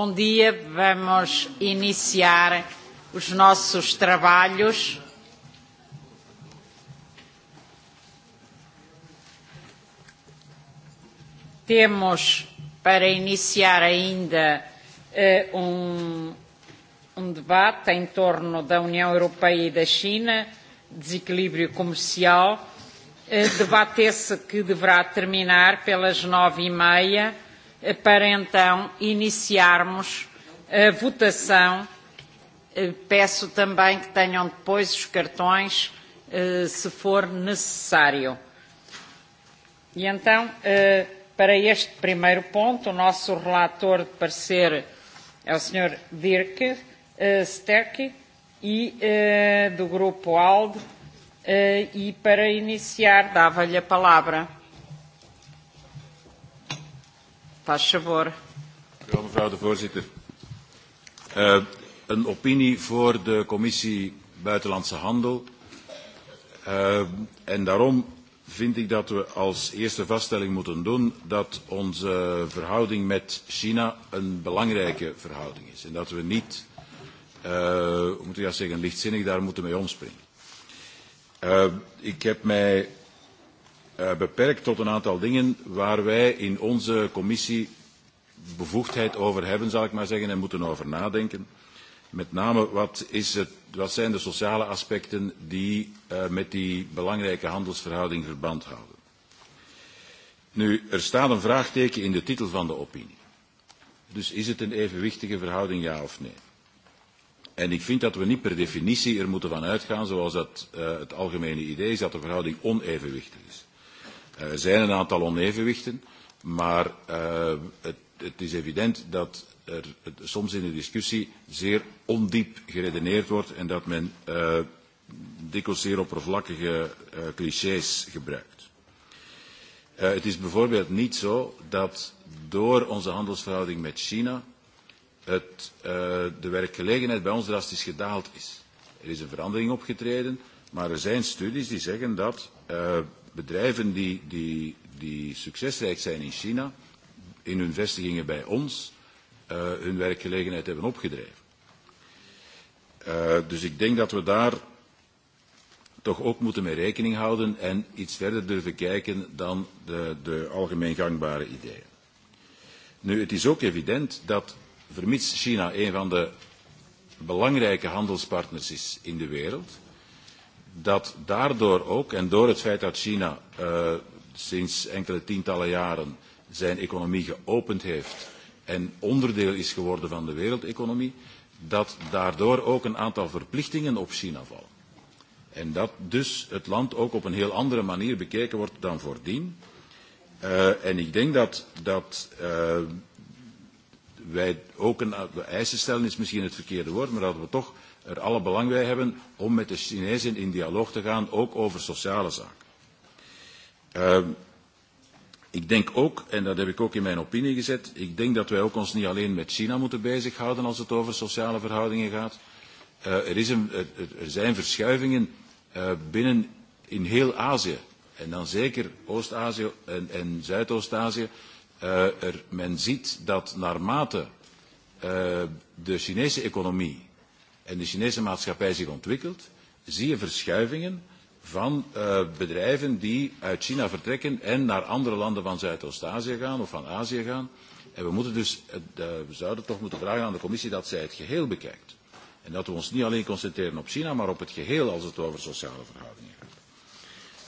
Bom dia, vamos iniciar os nossos trabalhos. Temos para iniciar ainda um, um debate em torno da União Europeia e da China, desequilíbrio comercial, debate esse que deverá terminar pelas nove e meia para então iniciarmos a votação. Peço também que tenham depois os cartões, se for necessário. E então, para este primeiro ponto, o nosso relator de parecer é o Sr. Dirk Sterk e do Grupo ALDE. E para iniciar, dava-lhe a palavra. Ja, mevrouw de voorzitter. Uh, een opinie voor de commissie Buitenlandse Handel. Uh, en daarom vind ik dat we als eerste vaststelling moeten doen dat onze verhouding met China een belangrijke verhouding is. En dat we niet, uh, hoe moet ik dat zeggen, lichtzinnig daar moeten mee omspringen. Uh, ik heb mij beperkt tot een aantal dingen waar wij in onze commissie bevoegdheid over hebben, zal ik maar zeggen, en moeten over nadenken. Met name wat, is het, wat zijn de sociale aspecten die met die belangrijke handelsverhouding verband houden. Nu, er staat een vraagteken in de titel van de opinie. Dus is het een evenwichtige verhouding, ja of nee? En ik vind dat we niet per definitie er moeten van uitgaan, zoals dat, het algemene idee is, dat de verhouding onevenwichtig is. Er zijn een aantal onevenwichten, maar het, het is evident dat er soms in de discussie zeer ondiep geredeneerd wordt en dat men uh, dikwijls zeer oppervlakkige uh, clichés gebruikt. Uh, het is bijvoorbeeld niet zo dat door onze handelsverhouding met China het, uh, de werkgelegenheid bij ons drastisch gedaald is. Er is een verandering opgetreden, maar er zijn studies die zeggen dat bedrijven die, die, die succesrijk zijn in China, in hun vestigingen bij ons, uh, hun werkgelegenheid hebben opgedreven. Uh, dus ik denk dat we daar toch ook moeten mee rekening houden en iets verder durven kijken dan de, de algemeen gangbare ideeën. Nu, het is ook evident dat, vermits China een van de belangrijke handelspartners is in de wereld, dat daardoor ook, en door het feit dat China uh, sinds enkele tientallen jaren zijn economie geopend heeft en onderdeel is geworden van de wereldeconomie, dat daardoor ook een aantal verplichtingen op China vallen. En dat dus het land ook op een heel andere manier bekeken wordt dan voordien. Uh, en ik denk dat, dat uh, wij ook een eisen stellen is misschien het verkeerde woord, maar dat we toch er alle belang bij hebben om met de Chinezen in dialoog te gaan, ook over sociale zaken. ik denk ook, en dat heb ik ook in mijn opinie gezet, ik denk dat wij ook ons niet alleen met China moeten bezighouden als het over sociale verhoudingen gaat. er, zijn verschuivingen binnen in heel Azië, en dan zeker Oost-Azië en, en Zuidoost-Azië. men ziet dat naarmate de Chinese economie en de Chinese maatschappij zich ontwikkelt, zie je verschuivingen van bedrijven die uit China vertrekken en naar andere landen van Zuidoost-Azië gaan of van Azië gaan. En we, moeten dus, we zouden toch moeten vragen aan de commissie dat zij het geheel bekijkt. En dat we ons niet alleen concentreren op China, maar op het geheel als het over sociale verhoudingen gaat.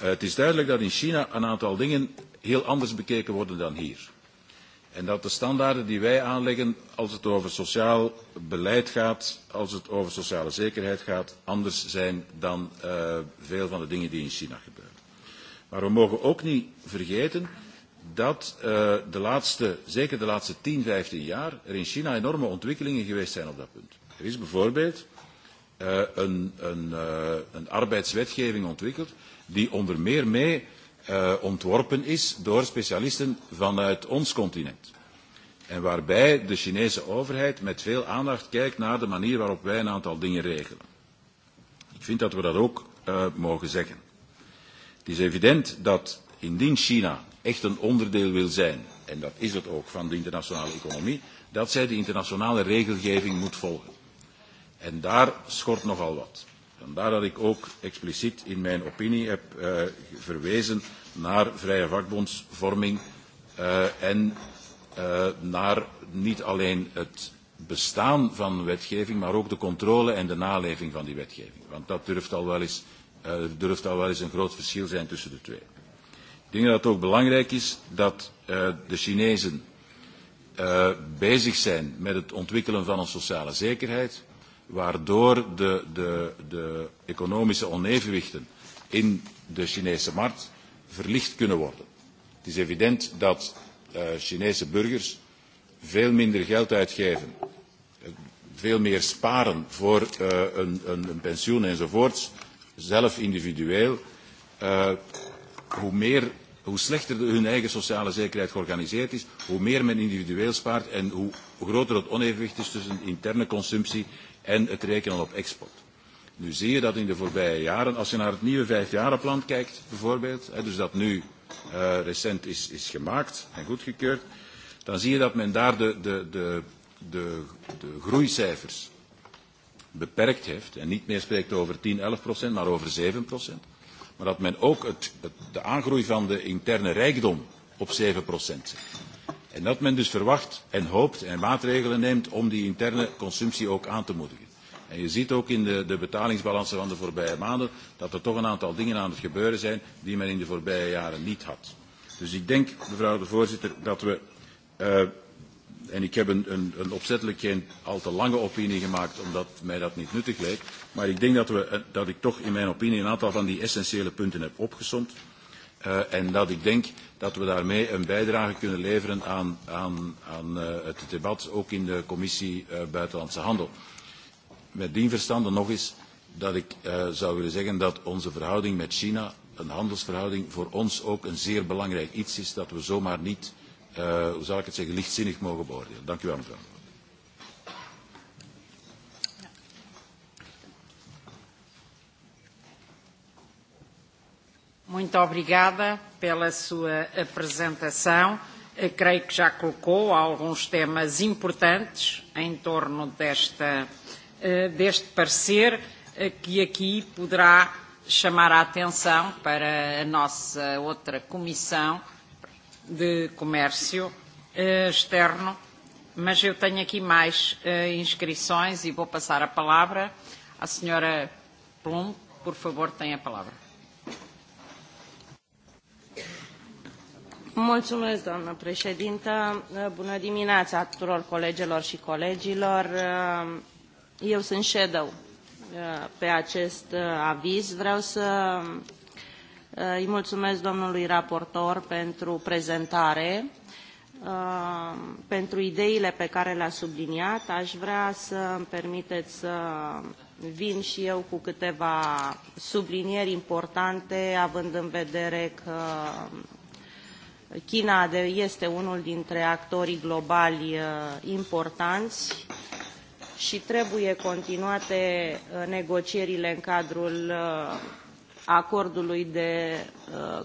Het is duidelijk dat in China een aantal dingen heel anders bekeken worden dan hier. En dat de standaarden die wij aanleggen als het over sociaal beleid gaat, als het over sociale zekerheid gaat, anders zijn dan veel van de dingen die in China gebeuren. Maar we mogen ook niet vergeten dat de laatste, zeker de laatste tien, vijftien jaar er in China enorme ontwikkelingen geweest zijn op dat punt. Er is bijvoorbeeld een, arbeidswetgeving ontwikkeld die onder meer mee ontworpen is door specialisten vanuit ons continent. En waarbij de Chinese overheid met veel aandacht kijkt naar de manier waarop wij een aantal dingen regelen. Ik vind dat we dat ook mogen zeggen. Het is evident dat indien China echt een onderdeel wil zijn, en dat is het ook van de internationale economie, dat zij de internationale regelgeving moet volgen. En daar schort nogal wat. Vandaar dat ik ook expliciet in mijn opinie heb verwezen naar vrije vakbondsvorming en naar niet alleen het bestaan van wetgeving, maar ook de controle en de naleving van die wetgeving. Want dat durft al wel eens, durft al wel eens een groot verschil zijn tussen de twee. Ik denk dat het ook belangrijk is dat de Chinezen bezig zijn met het ontwikkelen van een sociale zekerheid waardoor de, de, de economische onevenwichten in de Chinese markt verlicht kunnen worden. Het is evident dat Chinese burgers veel minder geld uitgeven, veel meer sparen voor een, pensioen enzovoort, zelf individueel, hoe, meer, hoe slechter hun eigen sociale zekerheid georganiseerd is, hoe meer men individueel spaart en hoe groter het onevenwicht is tussen interne consumptie en het rekenen op export. Nu zie je dat in de voorbije jaren, als je naar het nieuwe vijfjarenplan kijkt bijvoorbeeld, dus dat nu recent is, gemaakt en goedgekeurd, dan zie je dat men daar de, groeicijfers beperkt heeft en niet meer spreekt over 10, 11 procent, maar over 7 procent. Maar dat men ook de aangroei van de interne rijkdom op 7 procent zet. En dat men dus verwacht en hoopt en maatregelen neemt om die interne consumptie ook aan te moedigen. En je ziet ook in de, de betalingsbalansen van de voorbije maanden dat er toch een aantal dingen aan het gebeuren zijn die men in de voorbije jaren niet had. Dus ik denk, mevrouw de voorzitter, dat we. Uh, en ik heb een, een, een opzettelijk geen al te lange opinie gemaakt, omdat mij dat niet nuttig leek. Maar ik denk dat, we, dat ik toch in mijn opinie een aantal van die essentiële punten heb opgesomd en dat ik denk dat we daarmee een bijdrage kunnen leveren aan, het debat, ook in de commissie Buitenlandse Handel. Met dien verstande nog eens dat ik zou willen zeggen dat onze verhouding met China, een handelsverhouding, voor ons ook een zeer belangrijk iets is dat we zomaar niet, hoe zal ik het zeggen, lichtzinnig mogen beoordelen. Dank u wel, mevrouw. Muito obrigada pela sua apresentação. Eu creio que já colocou alguns temas importantes em torno desta, deste parecer, que aqui poderá chamar a atenção para a nossa outra comissão de comércio externo, mas eu tenho aqui mais inscrições e vou passar a palavra à senhora Plum. Por favor, tem a palavra. Mulțumesc, doamnă președintă. Bună dimineața tuturor colegelor și colegilor. Eu sunt shadow pe acest aviz. Vreau să îi mulțumesc domnului raportor pentru prezentare, pentru ideile pe care le-a subliniat. Aș vrea să îmi permiteți să vin și eu cu câteva sublinieri importante, având în vedere că China este unul dintre actorii globali importanți și trebuie continuate negocierile în cadrul acordului de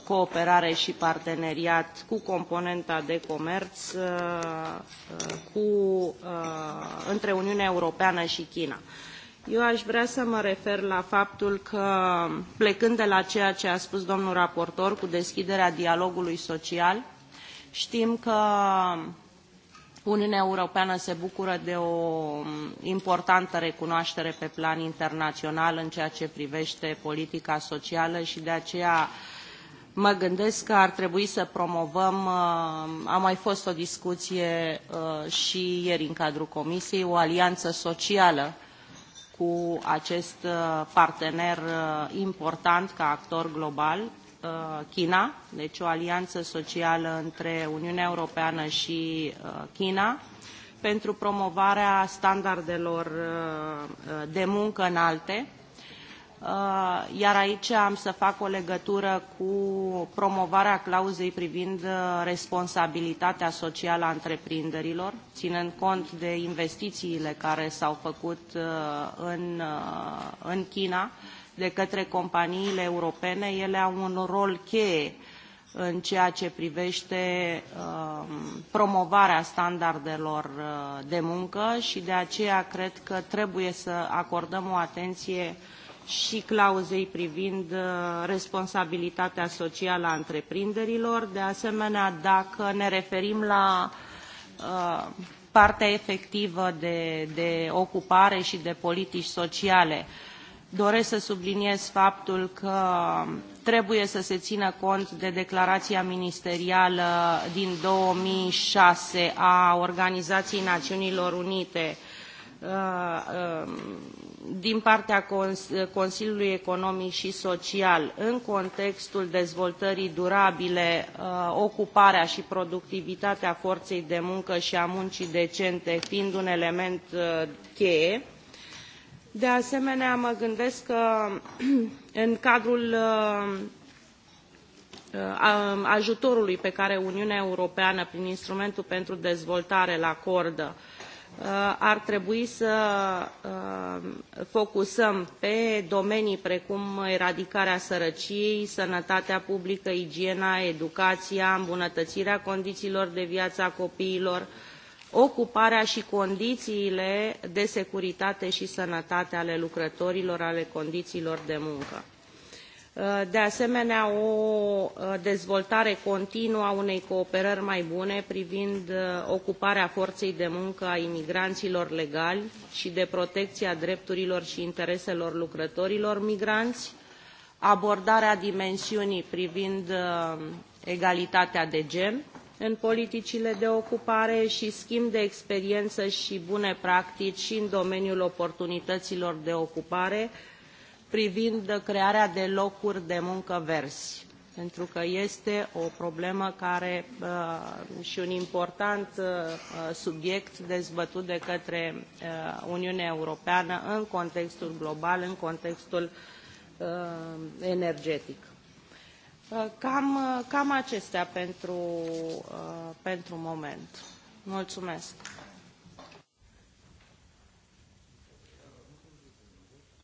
cooperare și parteneriat cu componenta de comerț cu, între Uniunea Europeană și China. Eu aș vrea să mă refer la faptul că, plecând de la ceea ce a spus domnul raportor cu deschiderea dialogului social, știm că Uniunea Europeană se bucură de o importantă recunoaștere pe plan internațional în ceea ce privește politica socială și de aceea mă gândesc că ar trebui să promovăm, a mai fost o discuție și ieri în cadrul Comisiei, o alianță socială cu acest partener important ca actor global, China, deci o alianță socială între Uniunea Europeană și China pentru promovarea standardelor de muncă înalte iar aici am să fac o legătură cu promovarea clauzei privind responsabilitatea socială a întreprinderilor, ținând cont de investițiile care s-au făcut în, în China de către companiile europene. Ele au un rol cheie în ceea ce privește promovarea standardelor de muncă și de aceea cred că trebuie să acordăm o atenție și clauzei privind responsabilitatea socială a întreprinderilor. De asemenea, dacă ne referim la partea efectivă de, de ocupare și de politici sociale, doresc să subliniez faptul că trebuie să se țină cont de declarația ministerială din 2006 a Organizației Națiunilor Unite din partea Consiliului Economic și Social în contextul dezvoltării durabile, ocuparea și productivitatea forței de muncă și a muncii decente fiind un element cheie. De asemenea, mă gândesc că în cadrul ajutorului pe care Uniunea Europeană prin instrumentul pentru dezvoltare îl acordă ar trebui să focusăm pe domenii precum eradicarea sărăciei, sănătatea publică, igiena, educația, îmbunătățirea condițiilor de viață a copiilor, ocuparea și condițiile de securitate și sănătate ale lucrătorilor, ale condițiilor de muncă de asemenea o dezvoltare continuă a unei cooperări mai bune privind ocuparea forței de muncă a imigranților legali și de protecția drepturilor și intereselor lucrătorilor migranți, abordarea dimensiunii privind egalitatea de gen în politicile de ocupare și schimb de experiență și bune practici și în domeniul oportunităților de ocupare, privind crearea de locuri de muncă verzi, pentru că este o problemă care și un important subiect dezbătut de către Uniunea Europeană în contextul global, în contextul energetic. Cam, cam acestea pentru, pentru moment. Mulțumesc!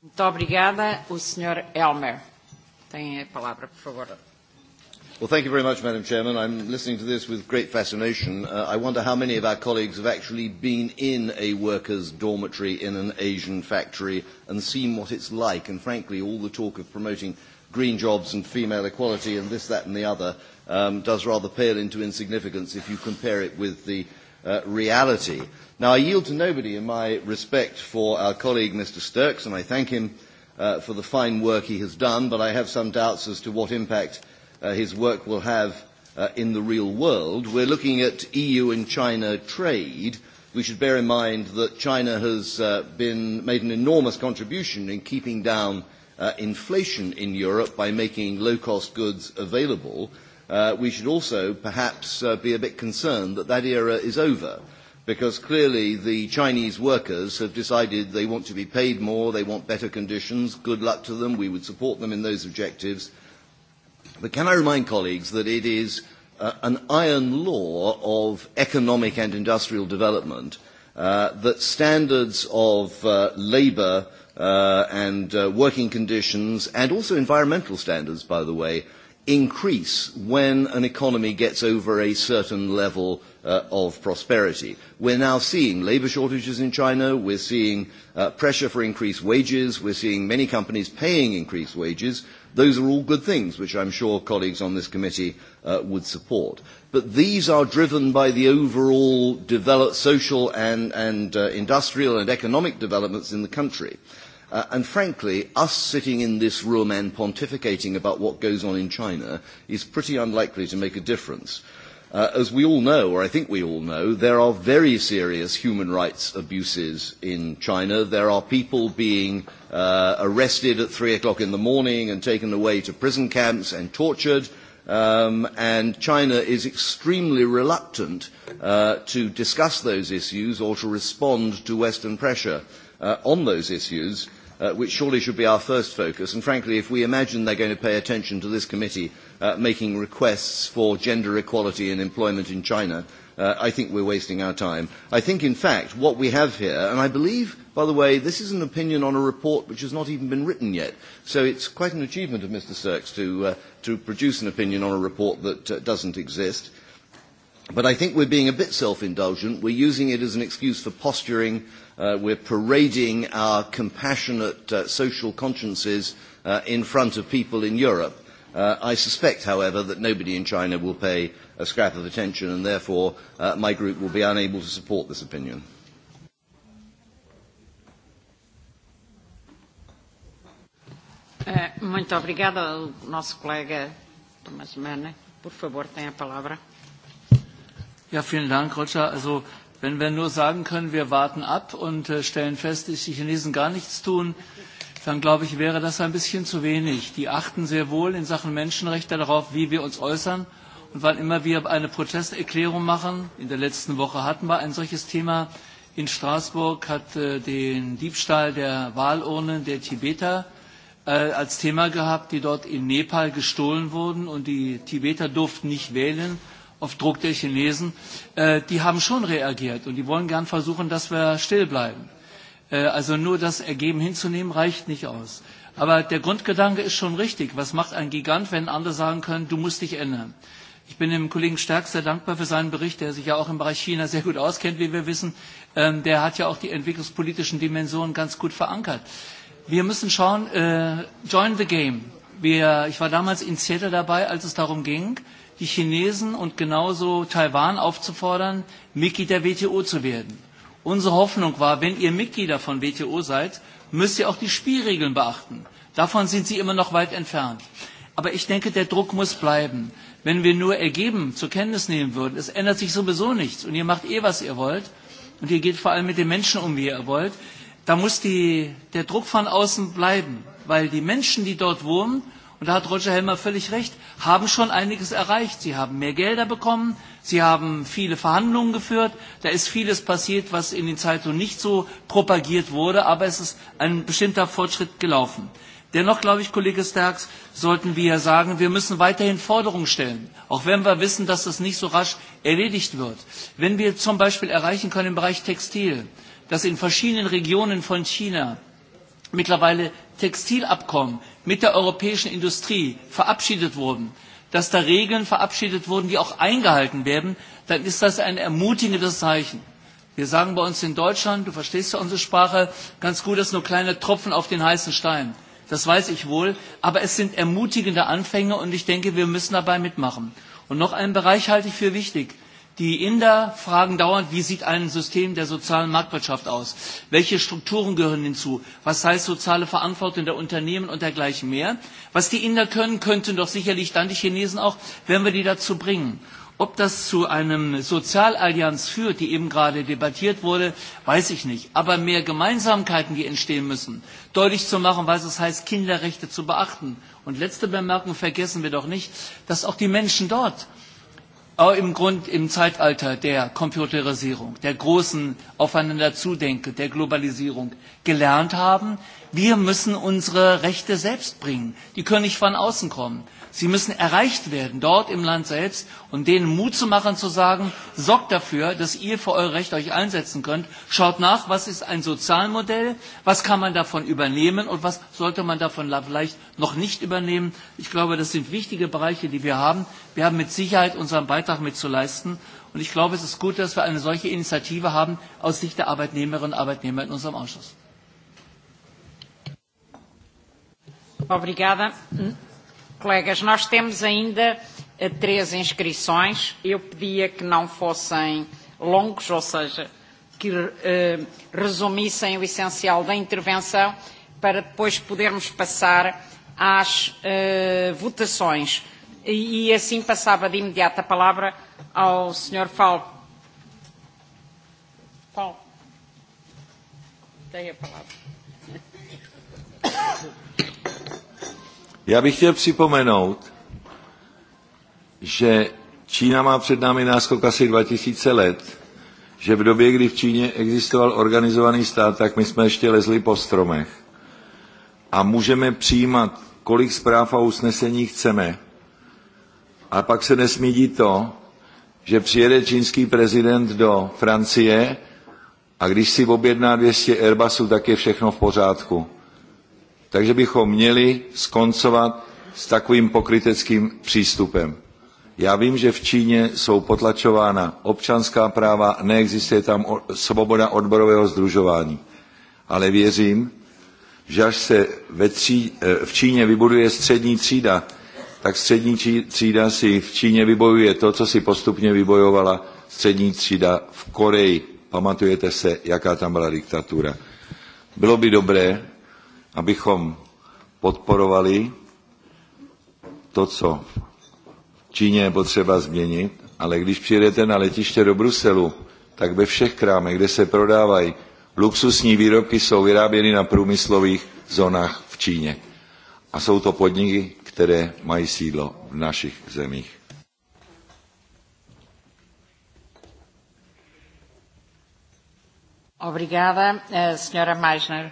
Muito obrigada. O Sr. Elmer tem a palavra, por favor. Well, thank you very much, Madam Chairman. I'm listening to this with great fascination. Uh, I wonder how many of our colleagues have actually been in a worker's dormitory in an Asian factory and seen what it's like. And frankly, all the talk of promoting green jobs and female equality and this, that and the other um, does rather pale into insignificance if you compare it with the reality. Now, I yield to nobody in my respect for our colleague, Mr. Sturks, and I thank him uh, for the fine work he has done, but I have some doubts as to what impact uh, his work will have uh, in the real world. We're looking at EU and China trade. We should bear in mind that China has uh, been, made an enormous contribution in keeping down uh, inflation in Europe by making low-cost goods available we should also perhaps be a bit concerned that that era is over because clearly the Chinese workers have decided they want to be paid more, they want better conditions. Good luck to them. We would support them in those objectives. But can I remind colleagues that it is uh, an iron law of economic and industrial development uh, that standards of uh, labour uh, and uh, working conditions and also environmental standards, by the way, increase when an economy gets over a certain level uh, of prosperity. We're now seeing labour shortages in China, we're seeing uh, pressure for increased wages, we're seeing many companies paying increased wages. Those are all good things, which I'm sure colleagues on this committee uh, would support. But these are driven by the overall develop, social and, and uh, industrial and economic developments in the country. Uh, and frankly, us sitting in this room and pontificating about what goes on in China is pretty unlikely to make a difference. Uh, as we all know, or I think we all know, there are very serious human rights abuses in China. There are people being uh, arrested at three o'clock in the morning and taken away to prison camps and tortured. Um, and China is extremely reluctant uh, to discuss those issues or to respond to Western pressure uh, on those issues which surely should be our first focus. And frankly, if we imagine they are going to pay attention to this committee making requests for gender equality and employment in China, I think we are wasting our time. I think, in fact, what we have here, and I believe, by the way, this is an opinion on a report which has not even been written yet, so it is quite an achievement of Mr. Sirks to, produce an opinion on a report that uh, doesn't exist. But I think we are being a bit self-indulgent. We are using it as an excuse for posturing uh, we're parading our compassionate uh, social consciences uh, in front of people in Europe. Uh, I suspect, however, that nobody in China will pay a scrap of attention, and therefore uh, my group will be unable to support this opinion. Muito obrigada. nosso colega Thomas Mann, por favor, tenha a palavra. Ja, vielen Dank, Roger. Also Wenn wir nur sagen können, wir warten ab und stellen fest, dass die Chinesen gar nichts tun, dann glaube ich, wäre das ein bisschen zu wenig. Die achten sehr wohl in Sachen Menschenrechte darauf, wie wir uns äußern. Und wann immer wir eine Protesterklärung machen, in der letzten Woche hatten wir ein solches Thema, in Straßburg hat den Diebstahl der Wahlurnen der Tibeter als Thema gehabt, die dort in Nepal gestohlen wurden und die Tibeter durften nicht wählen auf Druck der Chinesen, äh, die haben schon reagiert und die wollen gern versuchen, dass wir still bleiben. Äh, also nur das Ergeben hinzunehmen reicht nicht aus. Aber der Grundgedanke ist schon richtig. Was macht ein Gigant, wenn andere sagen können, du musst dich ändern? Ich bin dem Kollegen Stärk sehr dankbar für seinen Bericht, der sich ja auch im Bereich China sehr gut auskennt, wie wir wissen. Ähm, der hat ja auch die entwicklungspolitischen Dimensionen ganz gut verankert. Wir müssen schauen, äh, join the game. Wir, ich war damals in Seattle dabei, als es darum ging, äh, die Chinesen und genauso Taiwan aufzufordern, Mitglied der WTO zu werden. Unsere Hoffnung war, wenn ihr Mitglieder von WTO seid, müsst ihr auch die Spielregeln beachten. Davon sind sie immer noch weit entfernt. Aber ich denke, der Druck muss bleiben. Wenn wir nur ergeben zur Kenntnis nehmen würden, es ändert sich sowieso nichts und ihr macht eh, was ihr wollt und ihr geht vor allem mit den Menschen um, wie ihr wollt, da muss die, der Druck von außen bleiben, weil die Menschen, die dort wohnen, und da hat Roger Helmer völlig recht, haben schon einiges erreicht. Sie haben mehr Gelder bekommen, sie haben viele Verhandlungen geführt, da ist vieles passiert, was in den Zeitungen nicht so propagiert wurde, aber es ist ein bestimmter Fortschritt gelaufen. Dennoch, glaube ich, Kollege Sterks, sollten wir sagen, wir müssen weiterhin Forderungen stellen, auch wenn wir wissen, dass das nicht so rasch erledigt wird. Wenn wir zum Beispiel erreichen können im Bereich Textil, dass in verschiedenen Regionen von China mittlerweile Textilabkommen mit der europäischen Industrie verabschiedet wurden, dass da Regeln verabschiedet wurden, die auch eingehalten werden, dann ist das ein ermutigendes Zeichen. Wir sagen bei uns in Deutschland, du verstehst ja unsere Sprache, ganz gut, das nur kleine Tropfen auf den heißen Stein. Das weiß ich wohl, aber es sind ermutigende Anfänge und ich denke, wir müssen dabei mitmachen. Und noch einen Bereich halte ich für wichtig. Die Inder fragen dauernd, wie sieht ein System der sozialen Marktwirtschaft aus? Welche Strukturen gehören hinzu? Was heißt soziale Verantwortung der Unternehmen und dergleichen mehr? Was die Inder können, könnten doch sicherlich dann die Chinesen auch, wenn wir die dazu bringen. Ob das zu einem Sozialallianz führt, die eben gerade debattiert wurde, weiß ich nicht. Aber mehr Gemeinsamkeiten, die entstehen müssen, deutlich zu machen, was es heißt, Kinderrechte zu beachten. Und letzte Bemerkung vergessen wir doch nicht, dass auch die Menschen dort im Grund im Zeitalter der Computerisierung, der großen Aufeinanderzudenke, der Globalisierung gelernt haben, wir müssen unsere Rechte selbst bringen. Die können nicht von außen kommen. Sie müssen erreicht werden, dort im Land selbst, und denen Mut zu machen, zu sagen, sorgt dafür, dass ihr für euer Recht euch einsetzen könnt. Schaut nach, was ist ein Sozialmodell, was kann man davon übernehmen und was sollte man davon vielleicht noch nicht übernehmen. Ich glaube, das sind wichtige Bereiche, die wir haben. Wir haben mit Sicherheit unseren Beitrag mitzuleisten. Und ich glaube, es ist gut, dass wir eine solche Initiative haben aus Sicht der Arbeitnehmerinnen und Arbeitnehmer in unserem Ausschuss. Obrigada. Colegas, nós temos ainda três inscrições. Eu pedia que não fossem longos, ou seja, que resumissem o essencial da intervenção para depois podermos passar às votações. E assim passava de imediato a palavra ao Sr. Falco. Paulo, tem a palavra. Já bych chtěl připomenout, že Čína má před námi náskok asi 2000 let, že v době, kdy v Číně existoval organizovaný stát, tak my jsme ještě lezli po stromech. A můžeme přijímat, kolik zpráv a usnesení chceme. A pak se nesmí dít to, že přijede čínský prezident do Francie a když si objedná 200 Airbusů, tak je všechno v pořádku. Takže bychom měli skoncovat s takovým pokryteckým přístupem. Já vím, že v Číně jsou potlačována občanská práva, neexistuje tam svoboda odborového združování. Ale věřím, že až se ve tří, v Číně vybuduje střední třída, tak střední třída si v Číně vybojuje to, co si postupně vybojovala střední třída v Koreji. Pamatujete se, jaká tam byla diktatura. Bylo by dobré, abychom podporovali to, co v Číně je potřeba změnit, ale když přijedete na letiště do Bruselu, tak ve všech krámech, kde se prodávají luxusní výrobky, jsou vyráběny na průmyslových zónách v Číně. A jsou to podniky, které mají sídlo v našich zemích. Obrigada, senhora Meisner.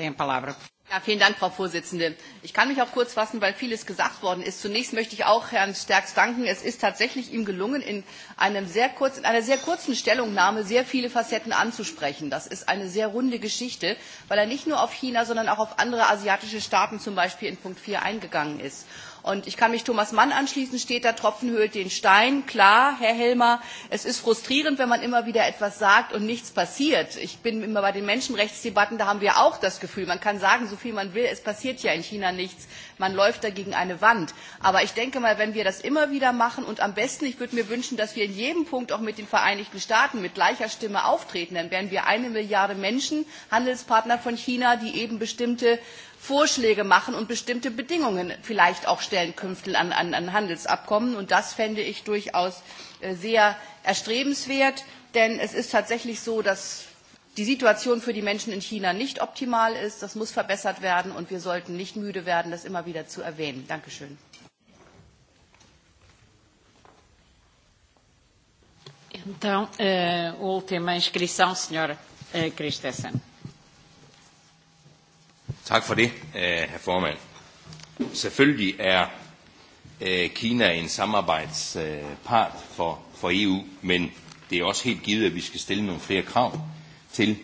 Tem palavra. Ja, vielen Dank, Frau Vorsitzende. Ich kann mich auch kurz fassen, weil vieles gesagt worden ist. Zunächst möchte ich auch Herrn Sterks danken. Es ist tatsächlich ihm gelungen, in, einem sehr kurz, in einer sehr kurzen Stellungnahme sehr viele Facetten anzusprechen. Das ist eine sehr runde Geschichte, weil er nicht nur auf China, sondern auch auf andere asiatische Staaten zum Beispiel in Punkt 4 eingegangen ist. Und ich kann mich Thomas Mann anschließen, steht da Tropfen höhlt den Stein. Klar, Herr Helmer, es ist frustrierend, wenn man immer wieder etwas sagt und nichts passiert. Ich bin immer bei den Menschenrechtsdebatten, da haben wir auch das Gefühl, man kann sagen, so viel man will, es passiert ja in China nichts. Man läuft dagegen eine Wand. Aber ich denke mal, wenn wir das immer wieder machen und am besten, ich würde mir wünschen, dass wir in jedem Punkt auch mit den Vereinigten Staaten mit gleicher Stimme auftreten, dann wären wir eine Milliarde Menschen, Handelspartner von China, die eben bestimmte Vorschläge machen und bestimmte Bedingungen vielleicht auch stellen künftig an, an, an Handelsabkommen. Und das fände ich durchaus sehr erstrebenswert, denn es ist tatsächlich so, dass die Situation für die Menschen in China nicht optimal ist. Das muss verbessert werden und wir sollten nicht müde werden, das immer wieder zu erwähnen. Dankeschön. Então, uh, última inscrição, senhora uh, Christensen. Tak for det, herr formand. Selvfølgelig er Kina en samarbejdspart for, for EU, men det er også helt givet, at vi skal stille nogle flere krav til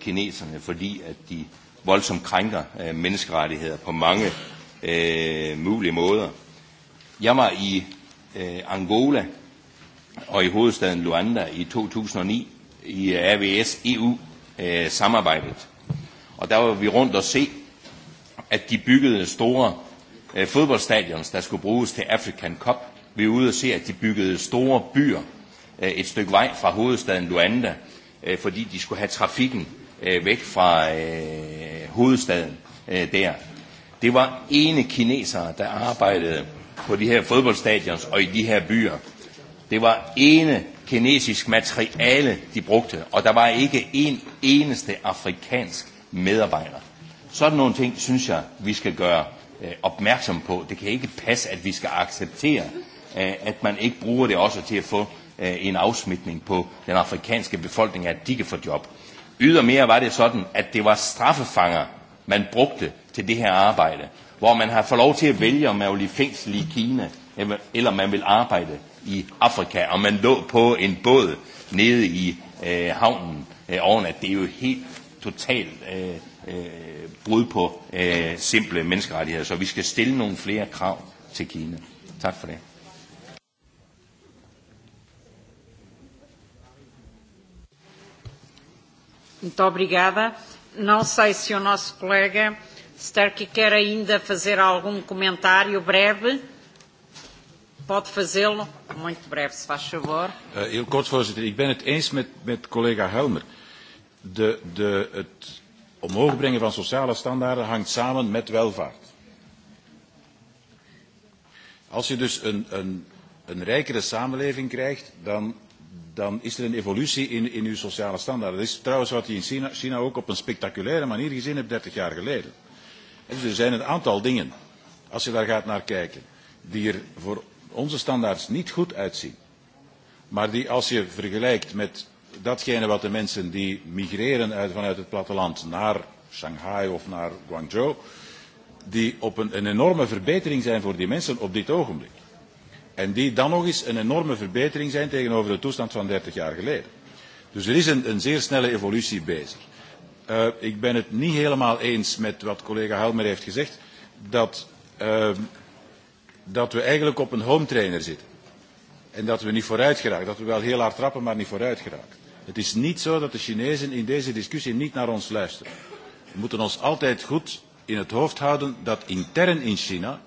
kineserne, fordi at de voldsomt krænker menneskerettigheder på mange øh, mulige måder. Jeg var i øh, Angola og i hovedstaden Luanda i 2009 i AVS EU-samarbejdet. Og der var vi rundt og se, at de byggede store øh, fodboldstadions, der skulle bruges til African Cup. Vi var ude og se, at de byggede store byer øh, et stykke vej fra hovedstaden Luanda, øh, fordi de skulle have trafikken øh, væk fra øh, hovedstaden øh, der. Det var ene kinesere, der arbejdede på de her fodboldstadions og i de her byer. Det var ene kinesisk materiale, de brugte, og der var ikke en eneste afrikansk medarbejdere. Sådan nogle ting, synes jeg, vi skal gøre øh, opmærksom på. Det kan ikke passe, at vi skal acceptere, øh, at man ikke bruger det også til at få øh, en afsmitning på den afrikanske befolkning, at de kan få job. Ydermere var det sådan, at det var straffefanger, man brugte til det her arbejde, hvor man har fået lov til at vælge, om man vil i fængsel i Kina, eller man vil arbejde i Afrika, og man lå på en båd nede i øh, havnen øh, oven, at det er jo helt totalt øh, øh, brud på øh, simple menneskerettigheder. Så vi skal stille nogle flere krav til Kina. Tak for det. Muito obrigada. Não sei se o nosso colega Sterky quer ainda fazer algum comentário breve. Pode fazê-lo, muito breve, se faz favor. Uh, eu, kort, voorzitter. Ik ben het eens met, met collega Helmer. Uh, de, de, het omhoog brengen van sociale standaarden hangt samen met welvaart. Als je dus een, een, een rijkere samenleving krijgt, dan, dan is er een evolutie in, in je sociale standaarden. Dat is trouwens wat je in China, China ook op een spectaculaire manier gezien hebt 30 jaar geleden. Dus er zijn een aantal dingen, als je daar gaat naar kijken, die er voor onze standaards niet goed uitzien. Maar die als je vergelijkt met datgene wat de mensen die migreren uit, vanuit het platteland naar Shanghai of naar Guangzhou, die op een, een enorme verbetering zijn voor die mensen op dit ogenblik. En die dan nog eens een enorme verbetering zijn tegenover de toestand van 30 jaar geleden. Dus er is een, een zeer snelle evolutie bezig. Uh, ik ben het niet helemaal eens met wat collega Helmer heeft gezegd, dat, uh, dat we eigenlijk op een home trainer zitten. En dat we niet vooruit geraken. Dat we wel heel hard trappen, maar niet vooruit geraken. Het is niet zo dat de Chinezen in deze discussie niet naar ons luisteren. We moeten ons altijd goed in het hoofd houden dat intern in China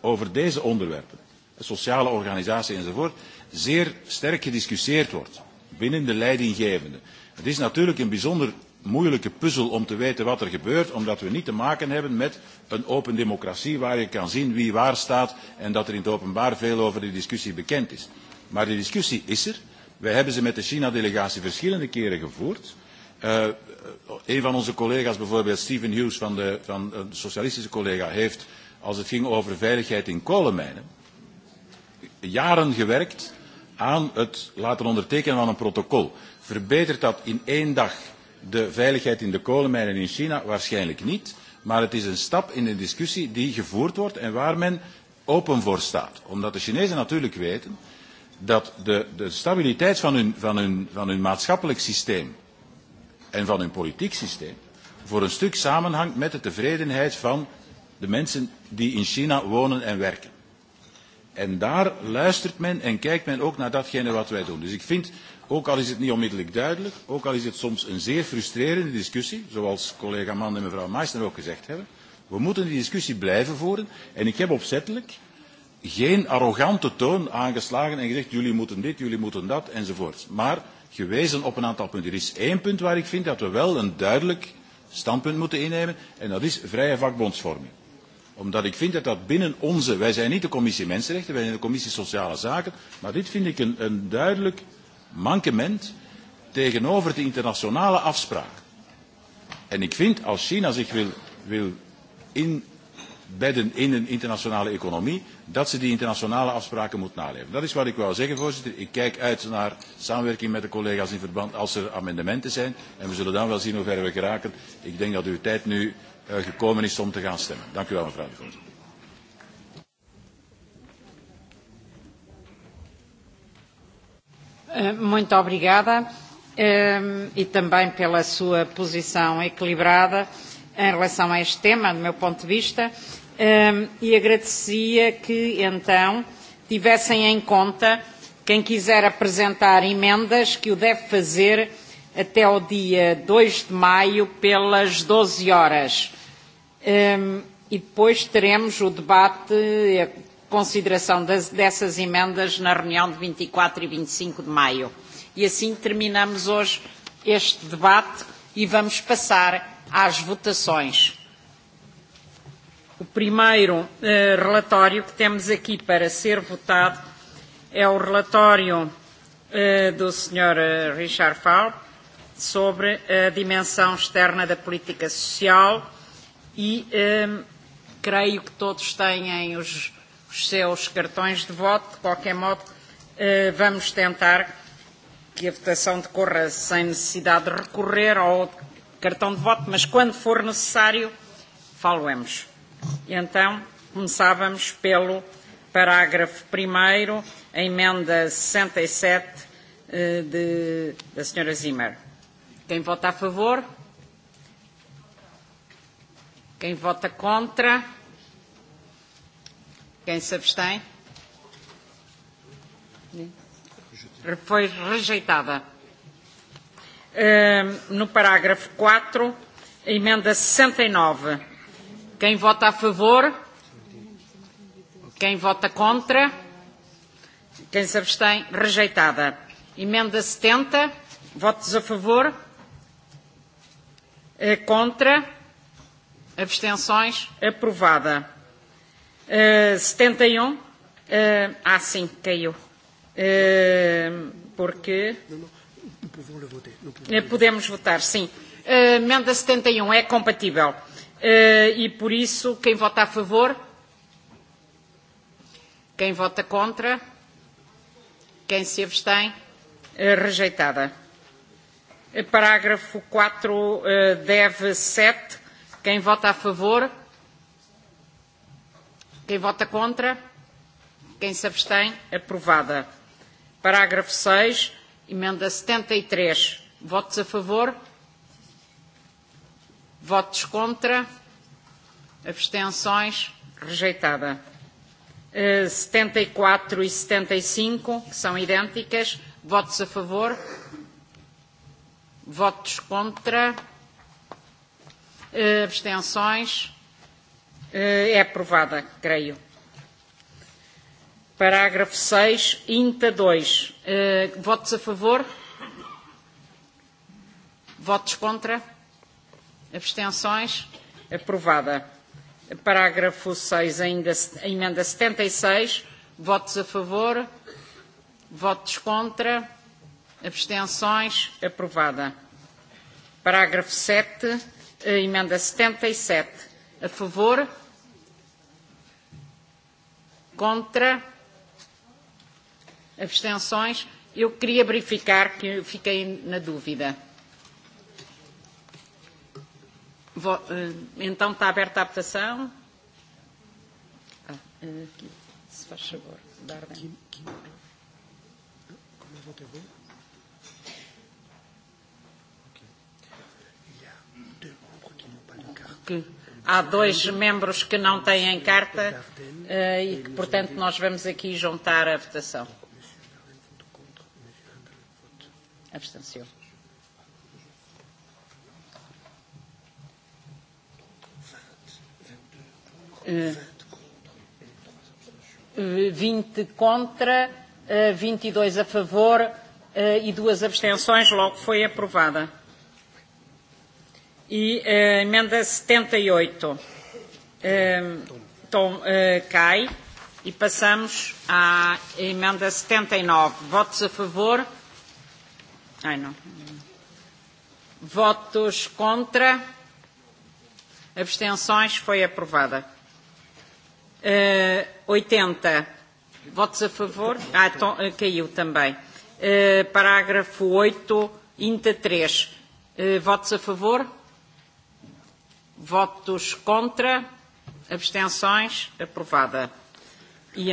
over deze onderwerpen, de sociale organisatie enzovoort, zeer sterk gediscussieerd wordt binnen de leidinggevenden. Het is natuurlijk een bijzonder moeilijke puzzel om te weten wat er gebeurt, omdat we niet te maken hebben met een open democratie waar je kan zien wie waar staat en dat er in het openbaar veel over de discussie bekend is. Maar die discussie is er Wij hebben ze met de China-delegatie verschillende keren gevoerd. Uh, een van onze collega's, bijvoorbeeld Stephen Hughes van de, van de socialistische collega, heeft, als het ging over veiligheid in kolenmijnen, jaren gewerkt aan het laten ondertekenen van een protocol. Verbetert dat in één dag de veiligheid in de kolenmijnen in China? Waarschijnlijk niet. Maar het is een stap in een discussie die gevoerd wordt en waar men open voor staat. Omdat de Chinezen natuurlijk weten dat de, de stabiliteit van hun, van, hun, van hun maatschappelijk systeem en van hun politiek systeem voor een stuk samenhangt met de tevredenheid van de mensen die in China wonen en werken. En daar luistert men en kijkt men ook naar datgene wat wij doen. Dus ik vind, ook al is het niet onmiddellijk duidelijk, ook al is het soms een zeer frustrerende discussie, zoals collega Mann en mevrouw Meissner ook gezegd hebben, we moeten die discussie blijven voeren. En ik heb opzettelijk geen arrogante toon aangeslagen en gezegd jullie moeten dit, jullie moeten dat enzovoort. Maar gewezen op een aantal punten. Er is één punt waar ik vind dat we wel een duidelijk standpunt moeten innemen en dat is vrije vakbondsvorming. Omdat ik vind dat dat binnen onze, wij zijn niet de commissie Mensenrechten, wij zijn de commissie Sociale Zaken, maar dit vind ik een, een duidelijk mankement tegenover de internationale afspraak. En ik vind als China zich wil, wil in, bedden in een internationale economie, dat ze die internationale afspraken moet naleven. Dat is wat ik wou zeggen, voorzitter. Ik kijk uit naar samenwerking met de collega's in verband als er amendementen zijn. En we zullen dan wel zien hoe ver we geraken. Ik denk dat uw tijd nu gekomen is om te gaan stemmen. Dank u wel, mevrouw de voorzitter. Muito obrigada e também pela sua posição equilibrada em relação a este tema, do meu ponto de vista e agradecia que, então, tivessem em conta quem quiser apresentar emendas que o deve fazer até ao dia 2 de maio pelas 12 horas. E depois teremos o debate, e a consideração das, dessas emendas na reunião de 24 e 25 de maio. E assim terminamos hoje este debate e vamos passar às votações. O primeiro relatório que temos aqui para ser votado é o relatório do Sr. Richard Falk sobre a dimensão externa da política social e um, creio que todos têm os, os seus cartões de voto. De qualquer modo, uh, vamos tentar que a votação decorra sem necessidade de recorrer ao cartão de voto, mas quando for necessário, faloemos. Então, começávamos pelo parágrafo 1 a emenda 67 de, da senhora Zimmer. Quem vota a favor? Quem vota contra? Quem se abstém? Foi rejeitada. No parágrafo 4, emenda 69 Quem vota a favor? Quem vota contra? Quem se abstém? Rejeitada. Emenda 70. Votos a favor? Contra? Abstenções? Aprovada. 71. ah, sim, caiu. porque. Podemos votar, sim. emenda 71 é compatível e por isso, quem vota a favor? Quem vota contra? Quem se abstém? Rejeitada. Parágrafo 4, deve 7. Quem vota a favor? Quem vota contra? Quem se abstém? Aprovada. Parágrafo 6, emenda 73. Votos a favor? Votos contra. Abstenções. Rejeitada. 74 e 75, que são idênticas. Votos a favor. Votos contra. Abstenções. É aprovada, creio. Parágrafo 6, INTA 2. Votos a favor? Votos contra? Abstenções? Aprovada. Parágrafo 6, ainda, emenda 76. Votos a favor? Votos contra? Abstenções? Aprovada. Parágrafo 7, emenda 77. A favor? Contra? Abstenções? Eu queria verificar que fiquei na dúvida. Então está aberta a votação. Se faz favor, Darden. Como Há dois membros que não têm carta e que, portanto, nós vamos aqui juntar a votação. Abstenção. 20 contra, 22 a favor e duas abstenções, logo foi aprovada. E a emenda 78 então, cai e passamos à emenda 79. Votos a favor? Ai, não. Votos contra? Abstenções? Foi aprovada. Uh, 80 votos a favor. Ah, então, caiu também. Uh, parágrafo 8, INTA 3. Uh, votos a favor? Votos contra? Abstenções? Aprovada. E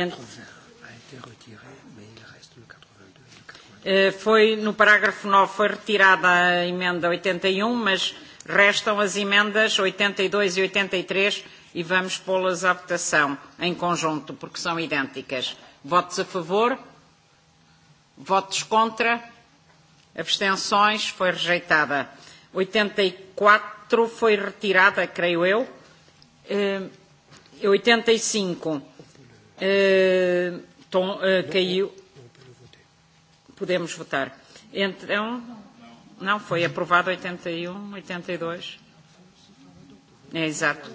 Foi no parágrafo 9 foi retirada a emenda 81, mas restam as emendas 82 e 83 e vamos pô-las à votação em conjunto, porque são idênticas. Votos a favor? Votos contra? Abstenções? Foi rejeitada. 84 foi retirada, creio eu. Uh, 85 uh, tom, uh, caiu. Podemos votar. Então, não, foi aprovado 81, 82. É exato.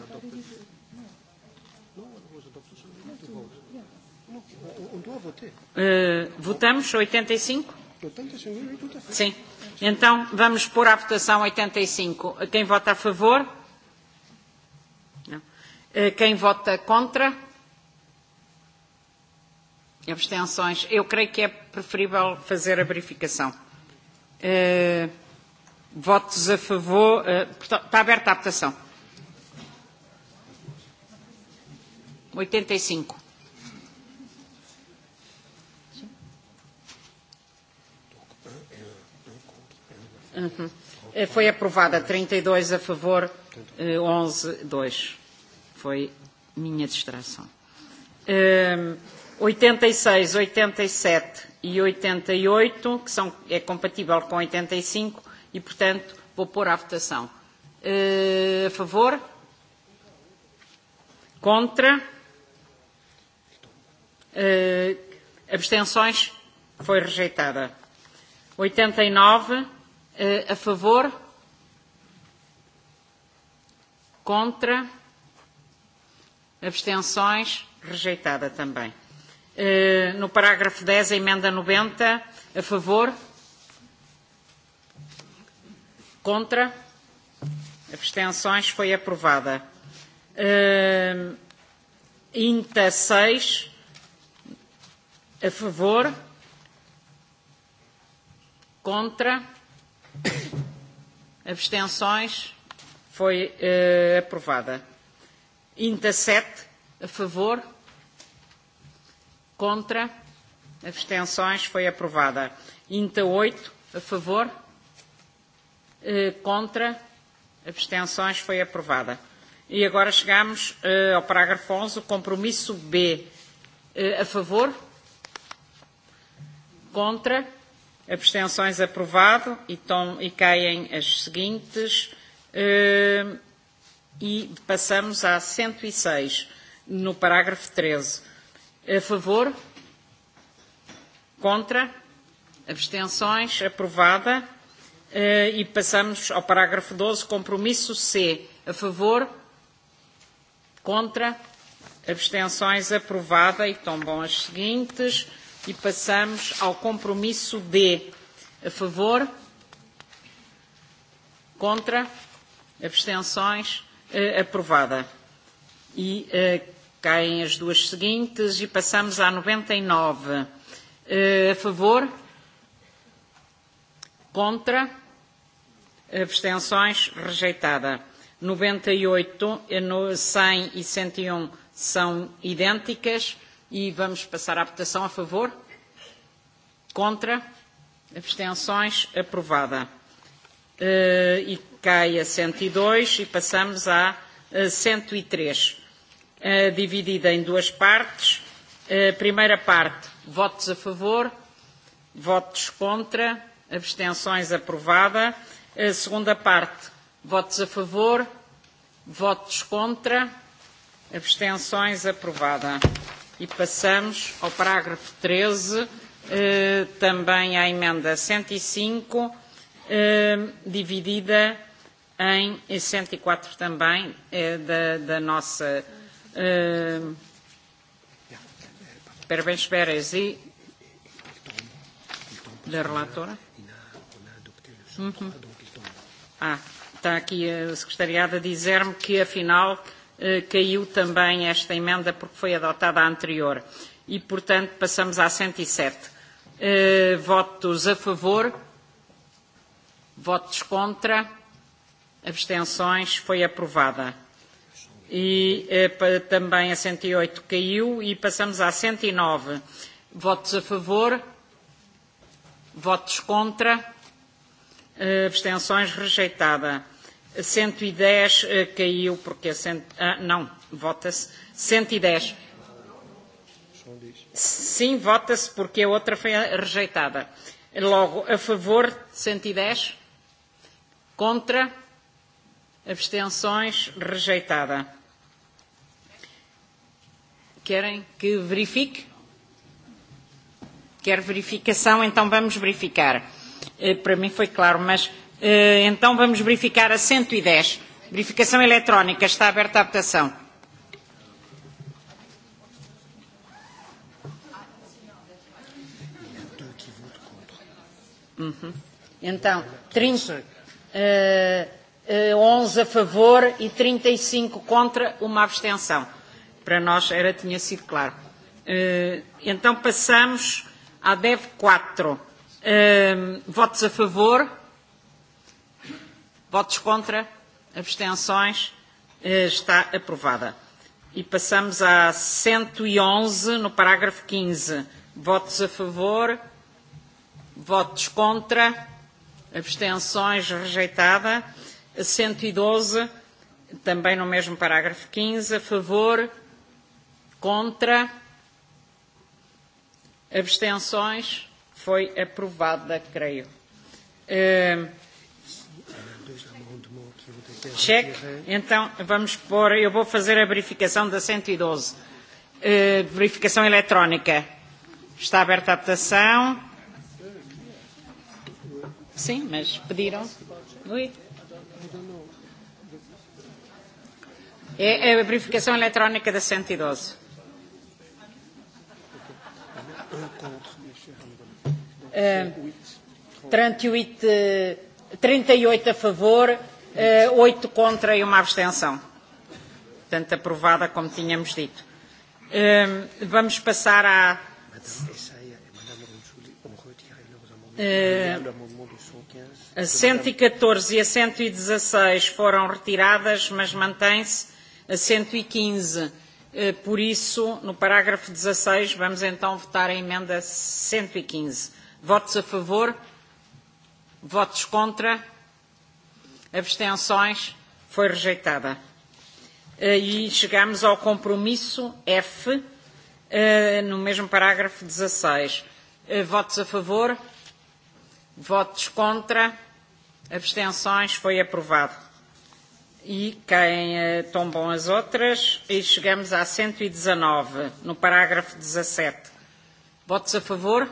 Uh, votamos 85? 85 Sim. Então, vamos pôr à votação 85. Quem vota a favor? Não. Quem vota contra? Abstenções. Eu creio que é preferível fazer a verificação. Uh, votos a favor. Uh, portanto, está aberta a votação. 85. Uhum. Foi aprovada 32 a favor, 11 2. Foi minha distração. Um, 86, 87 e 88, que são, é compatível com 85, e, portanto, vou pôr à votação. Uh, a favor? Contra? Uh, abstenções? Foi rejeitada. 89 uh, a favor? Contra? Abstenções? Rejeitada também. Uh, No parágrafo 10, a emenda 90, a favor? Contra? Abstenções? Foi aprovada. Uh, Inta 6, a favor? Contra? Abstenções? Foi uh, aprovada. Inta 7, a favor? Contra? Abstenções? Foi aprovada. Inta 8, a favor? Uh, contra? Abstenções? Foi aprovada. E agora chegamos uh, ao parágrafo 11, o compromisso B. Uh, a favor? Contra? Abstenções aprovado e, tom, e caem as seguintes. E passamos à 106, no parágrafo 13. A favor? Contra? Abstenções? Aprovada. E passamos ao parágrafo 12, compromisso C. A favor? Contra? Abstenções? Aprovada. E tombam as seguintes. E passamos ao compromisso D. A favor? Contra? Abstenções? Aprovada. E caem as duas seguintes e passamos à 99. A favor? Contra? Abstenções? Rejeitada. 98, 100 e 101 são idênticas. E vamos passar à votação a favor? Contra? Abstenções? Aprovada. Uh, e cai a 102 e passamos à uh, 103, uh, dividida em duas partes. Uh, primeira parte, votos a favor, votos contra, abstenções aprovada. Uh, segunda parte, votos a favor, votos contra, abstenções aprovada. E passamos ao parágrafo 13, eh, também à emenda 105, eh, dividida em 104 também, eh, da, da nossa. Eh, Parabéns, Pérez. E da relatora? Uhum. Ah, está aqui a secretariada a dizer-me que, afinal, caiu também esta emenda porque foi adotada a anterior. E, portanto, passamos à 107. Votos a favor? Votos contra? Abstenções? Foi aprovada. E também a 108 caiu e passamos à 109. Votos a favor? Votos contra? Abstenções? Rejeitada. 110 caiu porque a cent... ah, não, vota-se 110. Sim, vota-se porque a outra foi rejeitada. Logo, a favor 110, contra, abstenções, rejeitada. Querem que verifique? Quer verificação? Então vamos verificar. Para mim foi claro, mas Então vamos verificar a 110. Verificação eletrónica. Está aberta a votação. Uhum. Então, 30, uh, uh, 11 a favor e 35 contra, uma abstenção. Para nós era, tinha sido claro. Uh, então passamos à DEV 4. Uh, votos a favor, Votos contra? Abstenções? Está aprovada. E passamos à 111, no parágrafo 15. Votos a favor? Votos contra? Abstenções? Rejeitada. 112, também no mesmo parágrafo 15. A favor? Contra? Abstenções? Foi aprovada, creio. Uh, Check. Então, vamos pôr. Eu vou fazer a verificação da 112. Uh, verificação eletrónica. Está aberta a votação. Sim, mas pediram. Oui. É a verificação eletrónica da 112. Uh, 38, 38 a favor, oito contra e uma abstenção. Portanto, aprovada, como tínhamos dito. Vamos passar à. A 114 e a 116 foram retiradas, mas mantém-se a 115. Por isso, no parágrafo 16, vamos então votar a emenda 115. Votos a favor? Votos contra? abstenções, foi rejeitada. E chegamos ao compromisso F, no mesmo parágrafo 16. Votos a favor? Votos contra? Abstenções? Foi aprovado. E quem tombam as outras? E chegamos à 119, no parágrafo 17. Votos a favor?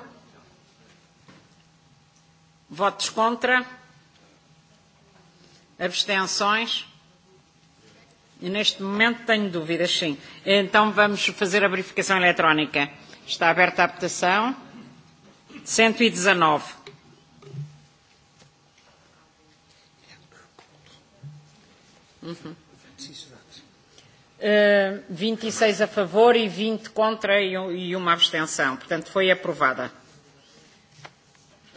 Votos contra? Abstenções? Neste momento tenho dúvidas, sim. Então vamos fazer a verificação eletrónica. Está aberta a votação. 119. Uhum. 26 a favor e 20 contra e uma abstenção. Portanto, foi aprovada.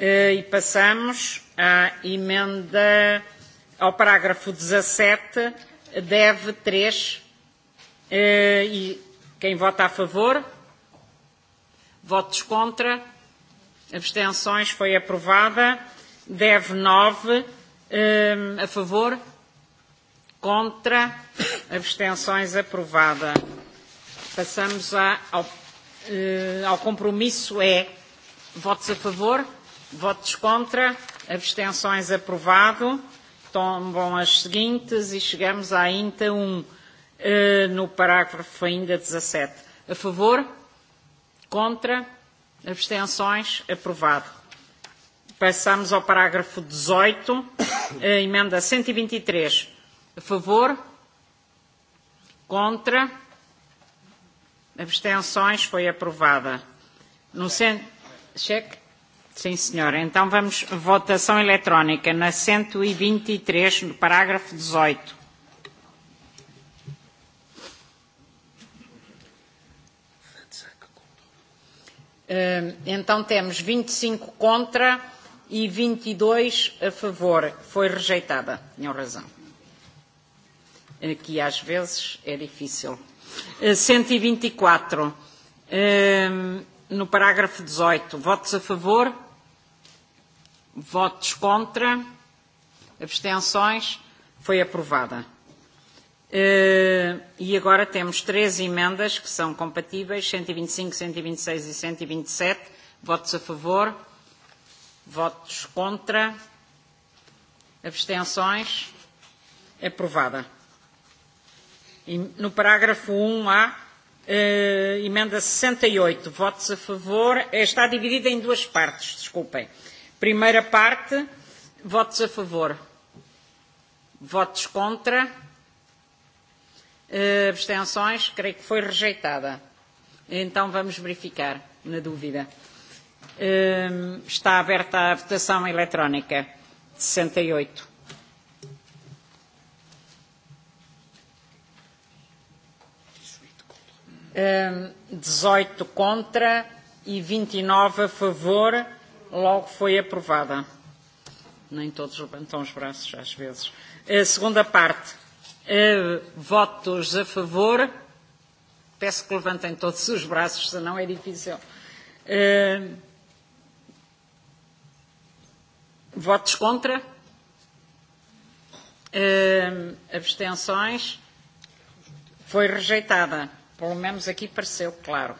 E passamos à emenda ao parágrafo 17, deve 3. E quem vota a favor? Votos contra? Abstenções? Foi aprovada. Deve 9. A favor? Contra? Abstenções? Aprovada. Passamos a, ao, ao compromisso E. Votos a favor? Votos contra? Abstenções? Aprovado tombam as seguintes e chegamos à INTA 1, no parágrafo ainda 17. A favor? Contra? Abstenções? Aprovado. Passamos ao parágrafo 18, a emenda 123. A favor? Contra? Abstenções? Foi aprovada. No centro... Cheque? Sim, senhora. Então vamos votação eletrónica na 123, no parágrafo 18. Então temos 25 contra e 22 a favor. Foi rejeitada. Tinham razão. Aqui às vezes é difícil. 124. No parágrafo 18. Votos a favor? Votos contra? Abstenções? Foi aprovada. E agora temos três emendas que são compatíveis, 125, 126 e 127. Votos a favor? Votos contra? Abstenções? Aprovada. no parágrafo 1 a eh, emenda 68. Votos a favor. Está dividida em duas partes, desculpem. Primeira parte, votos a favor. Votos contra. Abstenções, creio que foi rejeitada. Então vamos verificar, na dúvida. Está aberta a votação eletrónica. 68. dezoito contra e 29 e nove a favor logo foi aprovada. Nem todos levantam os braços, às vezes. A segunda parte. Votos a favor. Peço que levantem todos os braços, senão é difícil. Votos contra? Abstenções? Foi rejeitada. Pelo menos aqui pareceu claro.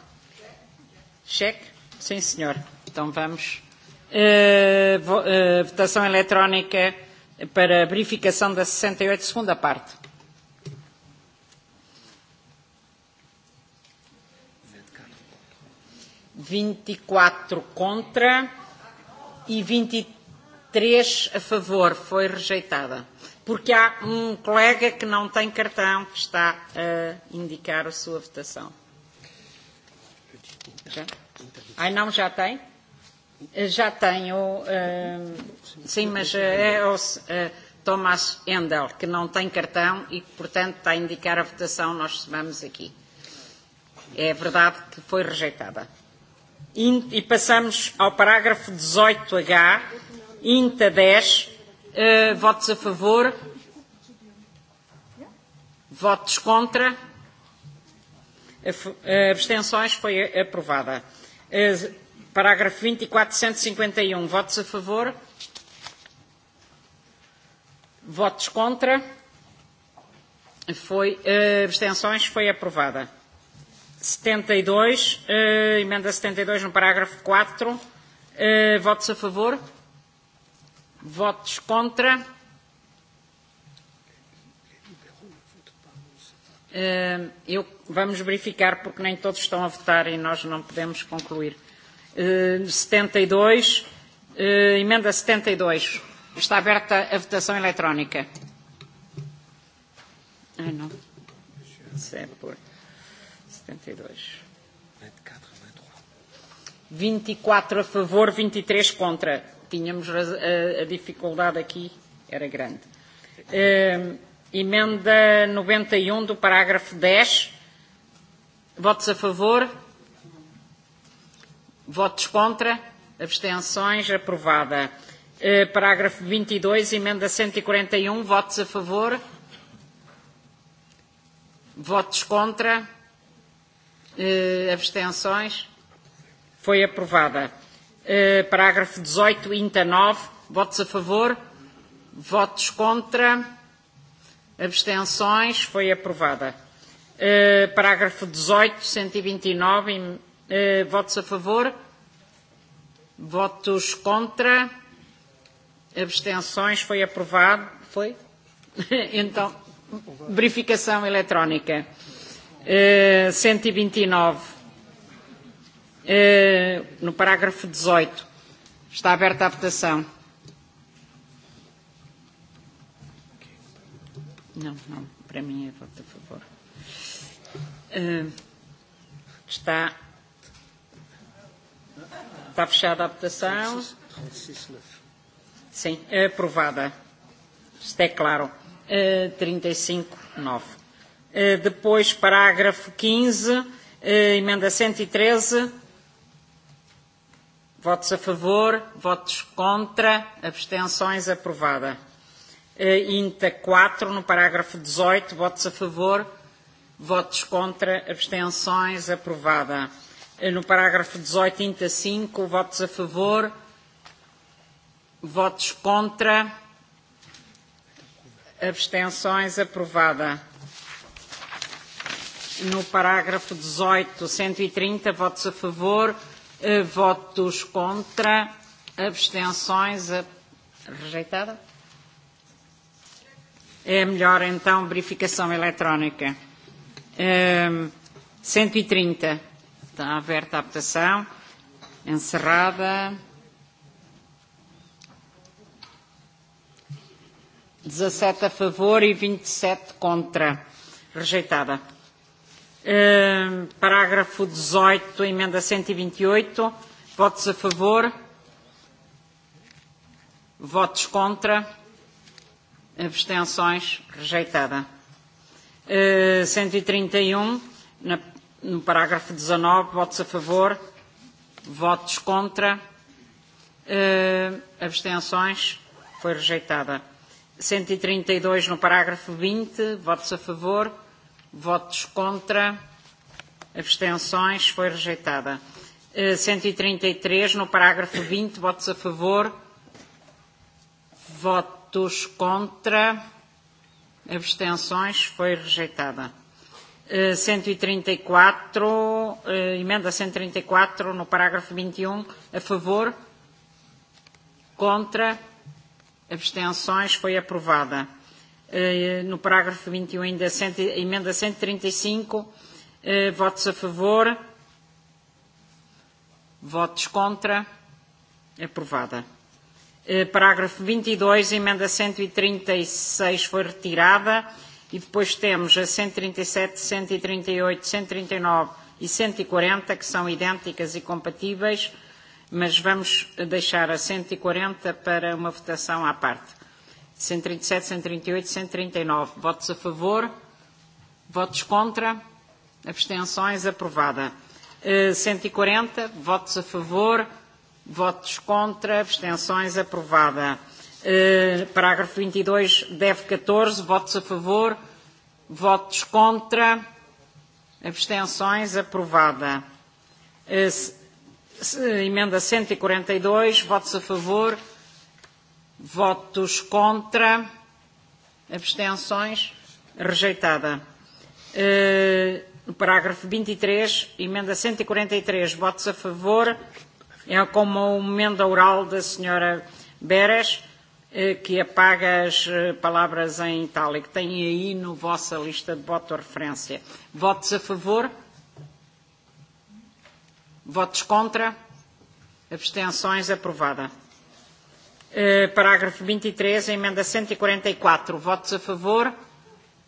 Cheque? Sim, senhor. Então vamos votação eletrónica para a verificação da 68, segunda parte. Vinte e quatro contra e vinte e três a favor. Foi rejeitada. Porque há um colega que não tem cartão que está a indicar a sua votação. Já? Ai, não, já tem? Já tenho, sim, mas é o Thomas Endel, que não tem cartão e que, portanto, está a indicar a votação, nós somamos aqui. É verdade que foi rejeitada. E passamos ao parágrafo 18H, INTA 10, votos a favor, votos contra, abstenções, foi aprovada. Parágrafo 24, 151. Votos a favor? Votos contra? Foi, uh, abstenções? Foi aprovada. 72, uh, emenda 72 no parágrafo 4. Uh, votos a favor? Votos contra? Uh, eu, vamos verificar porque nem todos estão a votar e nós não podemos concluir. 72, emenda 72. Está aberta a votação eletrónica. Ah, não. 72. 24 a favor, 23 contra. Tínhamos a, a, a dificuldade aqui, era grande. Uh, emenda 91 do parágrafo 10. Votos a favor? Votos contra? Abstenções? Aprovada. Parágrafo 22, emenda 141. Votos a favor? Votos contra? Abstenções? Foi aprovada. Parágrafo 18, INTA 9. Votos a favor? Votos contra? Abstenções? Foi aprovada. Parágrafo 18, 129, Votos a favor? Votos contra? Abstenções? Foi aprovado? Foi? Então, verificação eletrónica. 129. No parágrafo 18. Está aberta a votação. Não, não. Para mim é voto a favor. Está Está fechada a votação. Sim, aprovada. Isto é claro. Uh, 35, 9. Uh, depois, parágrafo 15, uh, emenda 113. Votos a favor, votos contra, abstenções, aprovada. Uh, INTA 4, no parágrafo 18, votos a favor, votos contra, abstenções, aprovada no parágrafo 18, 35, votos a favor, votos contra, abstenções, aprovada. No parágrafo 18, 130, votos a favor, votos contra, abstenções, rejeitada. É melhor então verificação eletrónica. Um, 130. Está aberta a votação. Encerrada. 17 a favor e 27 contra. Rejeitada. parágrafo 18, emenda 128. Votos a favor. Votos contra. Abstenções. Rejeitada. Uh, 131. Na no parágrafo 19, votos a favor, votos contra, uh, abstenções, foi rejeitada. 132 no parágrafo 20, votos a favor, votos contra, abstenções, foi rejeitada. 133 no parágrafo 20, votos a favor, votos contra, abstenções, foi rejeitada. 134, eh, emenda 134 no parágrafo 21, a favor, contra, abstenções, foi aprovada. Eh, no parágrafo 21, ainda cento, emenda 135, eh, votos a favor, votos contra, aprovada. Eh, parágrafo 22, emenda 136 foi retirada. E depois temos a 137, 138, 139 e 140, que são idênticas e compatíveis, mas vamos deixar a 140 para uma votação à parte. 137, 138, 139. Votos a favor? Votos contra? Abstenções? Aprovada. 140, votos a favor, votos contra, abstenções, aprovada parágrafo 22, deve 14, votos a favor, votos contra, abstenções, aprovada. Emenda 142, votos a favor, votos contra, abstenções, rejeitada. No parágrafo 23, emenda 143, votos a favor, é como uma emenda oral da senhora Beres, que apaga as palavras em itálico. Tem aí no vossa lista de voto a referência. Votos a favor? Votos contra? Abstenções? Aprovada. Parágrafo 23, emenda 144. Votos a favor?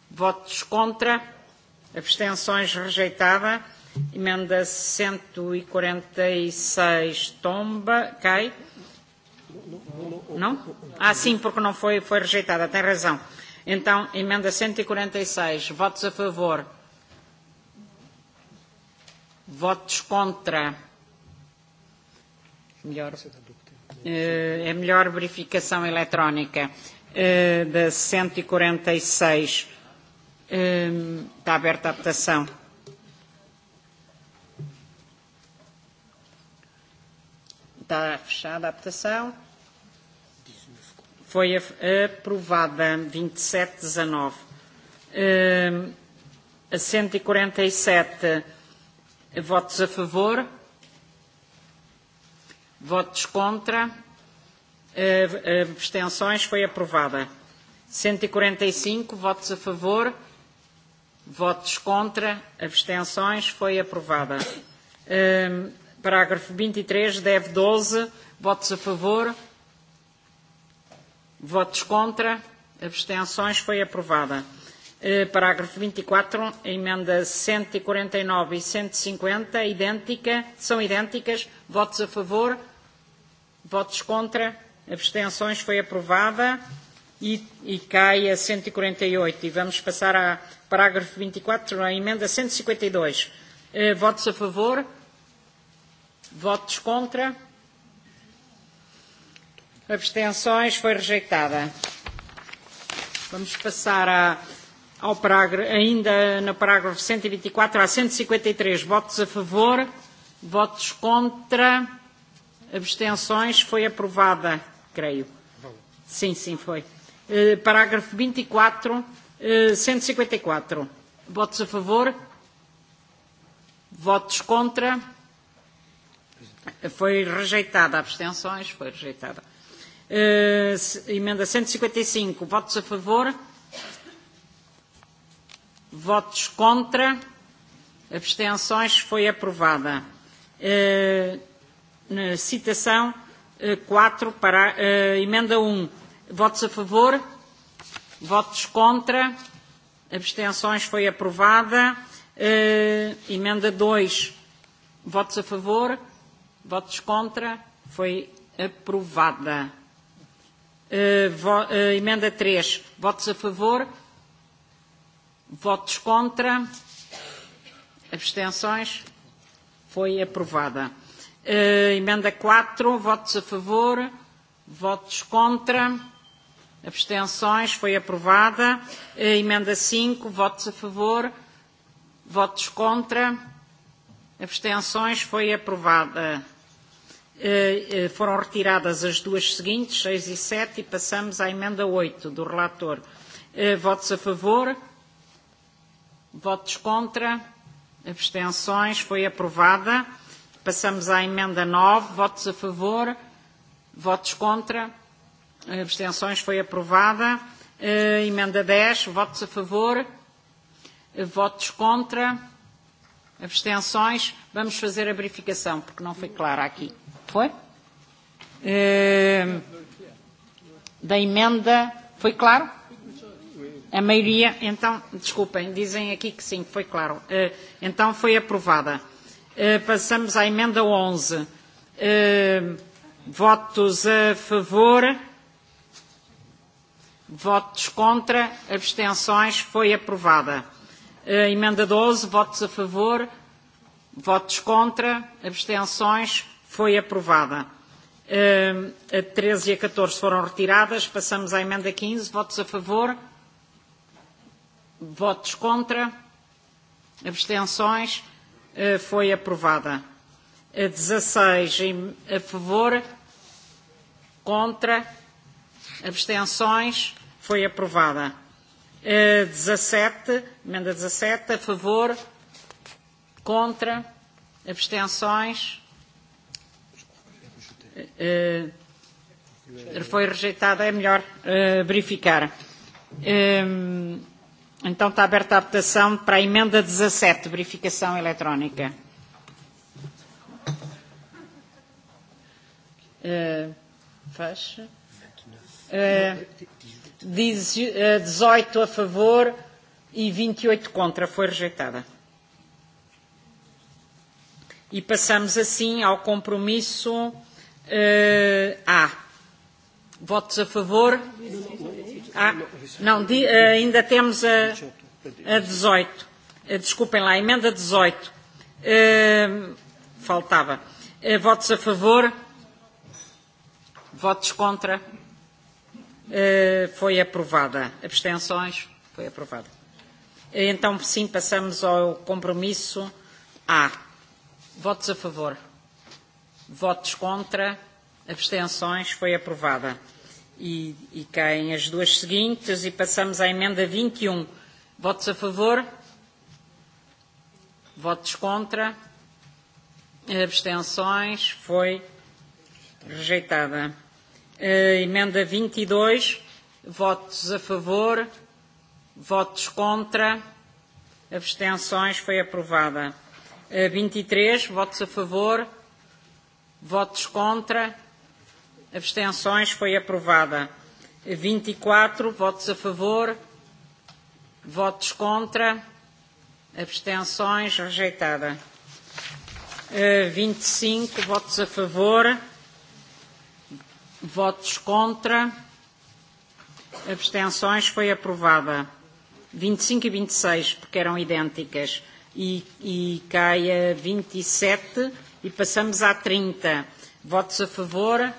Votos contra? Abstenções? Rejeitada. Emenda 146 tomba, cai. Não? Ah, sim, porque não foi, foi rejeitada, tem razão. Então, emenda 146, votos a favor. Votos contra. Melhor. É melhor verificação eletrónica da 146. Está aberta a votação. Está fechada a votação Foi aprovada 2719. Uh, 147 votos a favor, votos contra, uh, abstenções, foi aprovada. 145 votos a favor, votos contra, abstenções, foi aprovada. Uh, parágrafo 23, deve 12, votos a favor, Votos contra? Abstenções? Foi aprovada. Parágrafo 24, a emenda 149 e 150, idêntica, são idênticas. Votos a favor? Votos contra? Abstenções? Foi aprovada. E, e cai a 148. E vamos passar a parágrafo 24, a emenda 152. Votos a favor? Votos contra? Abstenções? Foi rejeitada. Vamos passar a, ao parágrafo, ainda no parágrafo 124 a 153. Votos a favor? Votos contra? Abstenções? Foi aprovada, creio. Sim, sim, foi. Uh, parágrafo 24, uh, 154. Votos a favor? Votos contra? Foi rejeitada. Abstenções? Foi rejeitada. Uh, emenda 155. Votos a favor? Votos contra? Abstenções? Foi aprovada. Uh, citação uh, 4 para uh, emenda 1. Votos a favor? Votos contra? Abstenções? Foi aprovada. Uh, emenda 2. Votos a favor? Votos contra? Foi aprovada. Emenda 3. Votos a favor? Votos contra? Abstenções? Foi aprovada. Emenda 4. Votos a favor? Votos contra? Abstenções? Foi aprovada. Emenda 5. Votos a favor? Votos contra? Abstenções? Foi aprovada foram retiradas as duas seguintes, seis e sete, e passamos à emenda oito do relator. Votos a favor? Votos contra? Abstenções? Foi aprovada. Passamos à emenda nove, Votos a favor? Votos contra? Abstenções? Foi aprovada. Emenda dez, Votos a favor? Votos contra? Abstenções? Vamos fazer a verificação, porque não foi clara aqui. Foi? É, da emenda. Foi claro? A maioria, então, desculpem, dizem aqui que sim, foi claro. É, então foi aprovada. É, passamos à emenda 11. É, votos a favor. Votos contra. Abstenções. Foi aprovada. Emenda 12, votos a favor, votos contra, abstenções, foi aprovada. A 13 e a 14 foram retiradas. Passamos à emenda 15, votos a favor, votos contra, abstenções, foi aprovada. A 16 a favor, contra, abstenções, foi aprovada. 17, emenda 17, a favor, contra, abstenções. Foi rejeitada, é melhor verificar. Então está aberta a votação para a emenda 17, verificação eletrónica. Fecha. 18 a favor e 28 contra. Foi rejeitada. E passamos assim ao compromisso uh, A. Votos a favor? Ah, não, de, uh, ainda temos a, a 18. Uh, desculpem lá, a emenda 18. Uh, faltava. Uh, votos a favor? Votos contra? Foi aprovada. Abstenções? Foi aprovada. Então, sim, passamos ao compromisso A. Votos a favor? Votos contra? Abstenções? Foi aprovada. E, e caem as duas seguintes e passamos à emenda 21. Votos a favor? Votos contra? Abstenções? Foi rejeitada. Emenda 22, votos a favor, votos contra, abstenções, foi aprovada. 23, votos a favor, votos contra, abstenções, foi aprovada. 24, votos a favor, votos contra, abstenções, rejeitada. 25, votos a favor, Votos contra. Abstenções. Foi aprovada. 25 e 26, porque eram idênticas. E, e cai a 27 e passamos à 30. Votos a favor.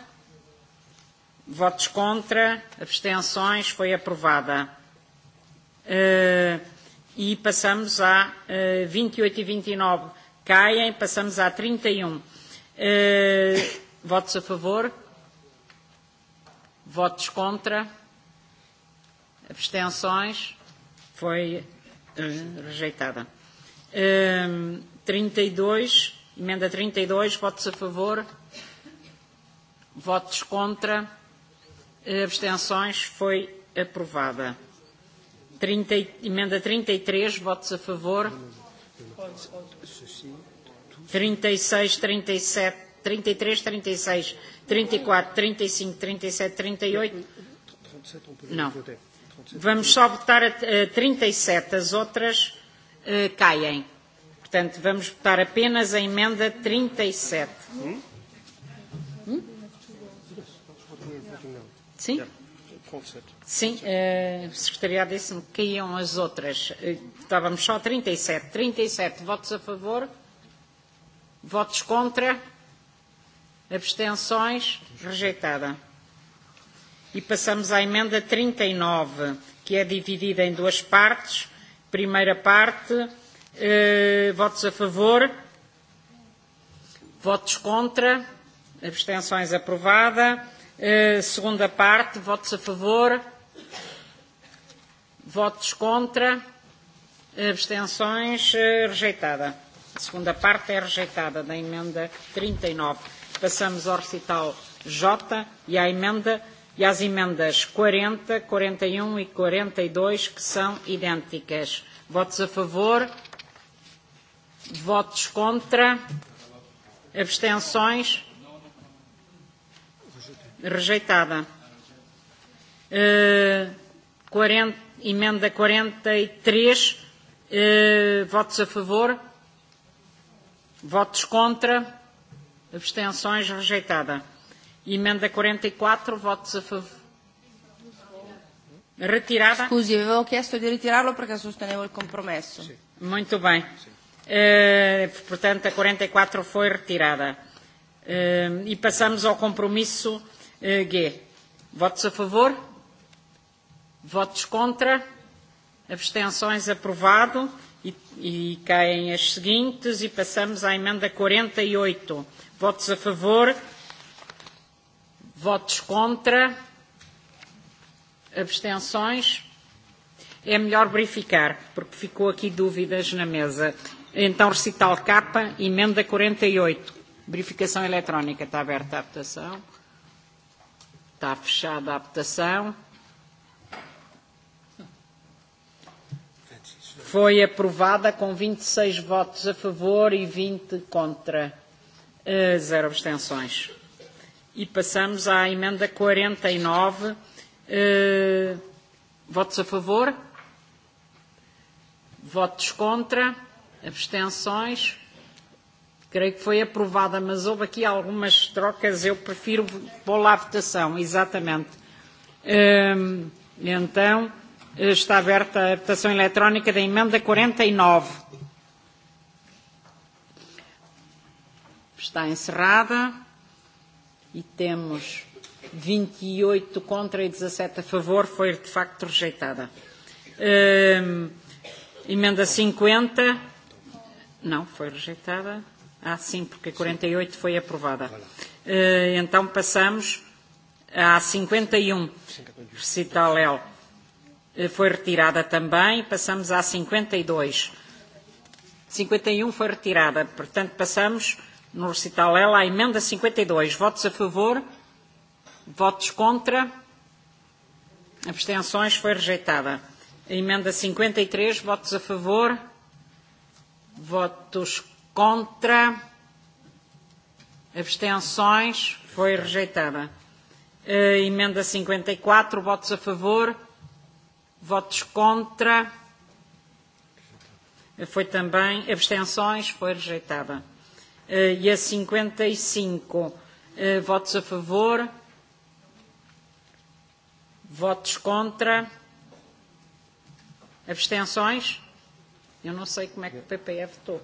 Votos contra. Abstenções. Foi aprovada. Uh, e passamos a uh, 28 e 29. Caem. Passamos a 31. Uh, votos a favor. Votos contra? Abstenções? Foi uh, rejeitada. Uh, 32, emenda 32, votos a favor? Votos contra? Abstenções? Foi aprovada. 30, emenda 33, votos a favor? 36, 37, 33, 36, 34, 35, 37, 38. Não. Vamos só votar a 37, as outras uh, caem. Portanto, vamos votar apenas a emenda 37. Hum? sete. Sim? Sim, a Secretariado disse-me que caíam as outras. Estávamos só a 37. 37 votos a favor, votos contra. Abstenções? Rejeitada. E passamos à emenda 39, que é dividida em duas partes. Primeira parte, eh, votos a favor, votos contra, abstenções aprovada. Eh, segunda parte, votos a favor, votos contra, abstenções, eh, rejeitada. A segunda parte é rejeitada da emenda 39. Passamos ao recital J e à emenda e às emendas 40, 41 e 42, que são idênticas. Votos a favor? Votos contra? Abstenções? Rejeitada. Uh, 40, emenda 43. Uh, votos a favor? Votos contra? Abstenções rejeitada. Emenda 44, votos a favor. Retirada. Scusi, avevo chiesto di ritirarlo perché sostenevo il compromesso. Sì. Molto bene. Sì. Eh, portanto, a 44 foi retirada. Eh, e passamos ao compromisso eh, G. Votos a favor? Votos contra? Abstenções aprovado. E, e caem as seguintes. E passamos à emenda 48. Votos a favor? Votos contra? Abstenções? É melhor verificar, porque ficou aqui dúvidas na mesa. Então, recital K, emenda 48. Verificação eletrónica. Está aberta a votação. Está fechada a votação. Foi aprovada com 26 votos a favor e 20 contra zero abstenções. E passamos à emenda 49. Uh, votos a favor? Votos contra? Abstenções? Creio que foi aprovada, mas houve aqui algumas trocas. Eu prefiro pôr lá a votação, exatamente. Uh, então, está aberta a votação eletrónica da emenda 49. está encerrada e temos 28 contra e 17 a favor, foi de facto rejeitada. Um, emenda 50, não, foi rejeitada. Ah, sim, porque a 48 foi aprovada. Uh, então passamos à 51, recital L. Foi retirada também, passamos à 52. 51 foi retirada, portanto passamos no recital ela, a emenda 52. Votos a favor? Votos contra? Abstenções? Foi rejeitada. A emenda 53. Votos a favor? Votos contra? Abstenções? Foi rejeitada. A emenda 54. Votos a favor? Votos contra? Foi também. Abstenções? Foi rejeitada e a 55. Votos a favor? Votos contra? Abstenções? Eu não sei como é que o PPE votou.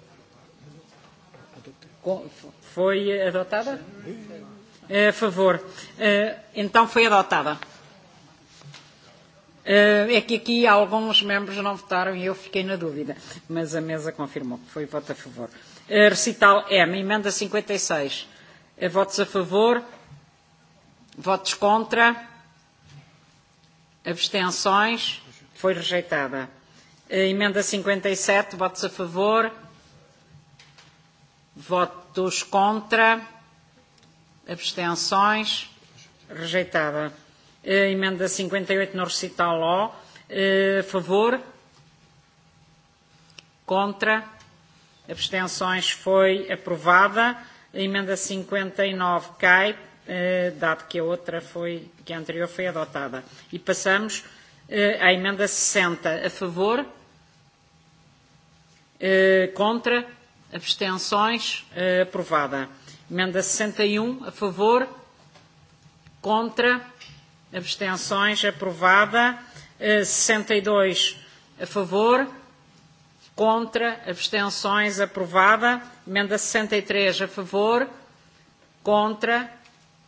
Foi adotada? A favor. Então foi adotada. É que aqui alguns membros não votaram e eu fiquei na dúvida, mas a mesa confirmou que foi voto a favor. Recital M, emenda 56. Votos a favor? Votos contra? Abstenções? Foi rejeitada. A emenda 57, votos a favor? Votos contra? Abstenções? Rejeitada. A emenda 58 no recital O. A favor? Contra? abstenções foi aprovada. A emenda 59 cai, dado que a outra foi, que a anterior foi adotada. E passamos à emenda 60. A favor? Contra? Abstenções? Aprovada. Emenda 61. A favor? Contra? Abstenções? Aprovada. 62. A favor? Contra, abstenções, aprovada. Emenda 63, a favor. Contra,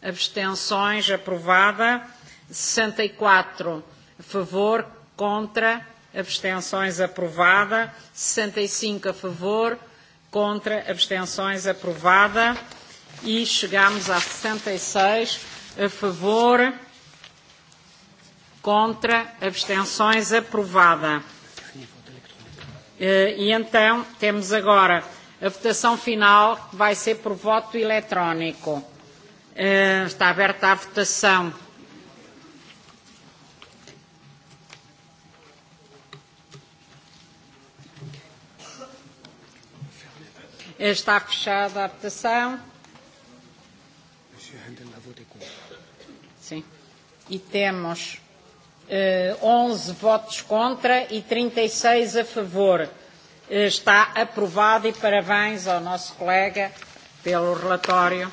abstenções, aprovada. 64, a favor. Contra, abstenções, aprovada. 65, a favor. Contra, abstenções, aprovada. E chegamos a 66, a favor. Contra, abstenções, aprovada. E então temos agora a votação final que vai ser por voto eletrónico. Está aberta a votação. Está fechada a votação. Sim. E temos 11 votos contra e 36 a favor. Está aprovado e parabéns ao nosso colega pelo relatório.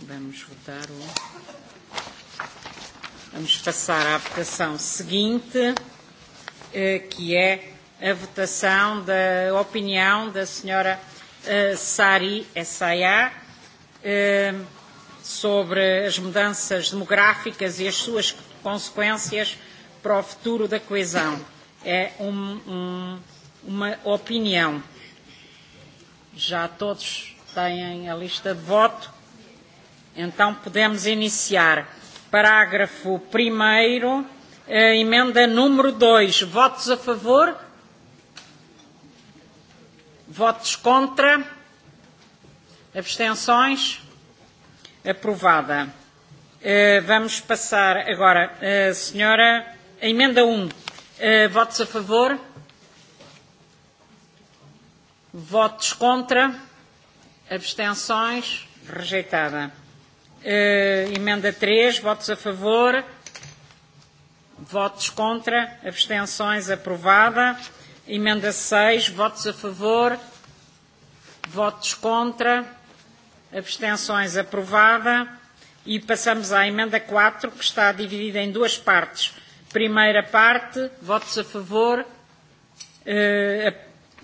Vamos votar o. Vamos passar à votação seguinte, que é a votação da opinião da senhora uh, Sari Essayá uh, sobre as mudanças demográficas e as suas consequências para o futuro da coesão. É um, um, uma opinião. Já todos têm a lista de voto, então podemos iniciar. Parágrafo 1, emenda número 2. Votos a favor? Votos contra? Abstenções? Aprovada. Uh, vamos passar agora, uh, senhora, a emenda 1. Uh, votos a favor? Votos contra? Abstenções? Rejeitada. Uh, emenda 3, votos a favor? Votos contra? Abstenções? Aprovada. Emenda 6, votos a favor, votos contra, abstenções aprovada. E passamos à emenda 4, que está dividida em duas partes. Primeira parte, votos a favor, eh,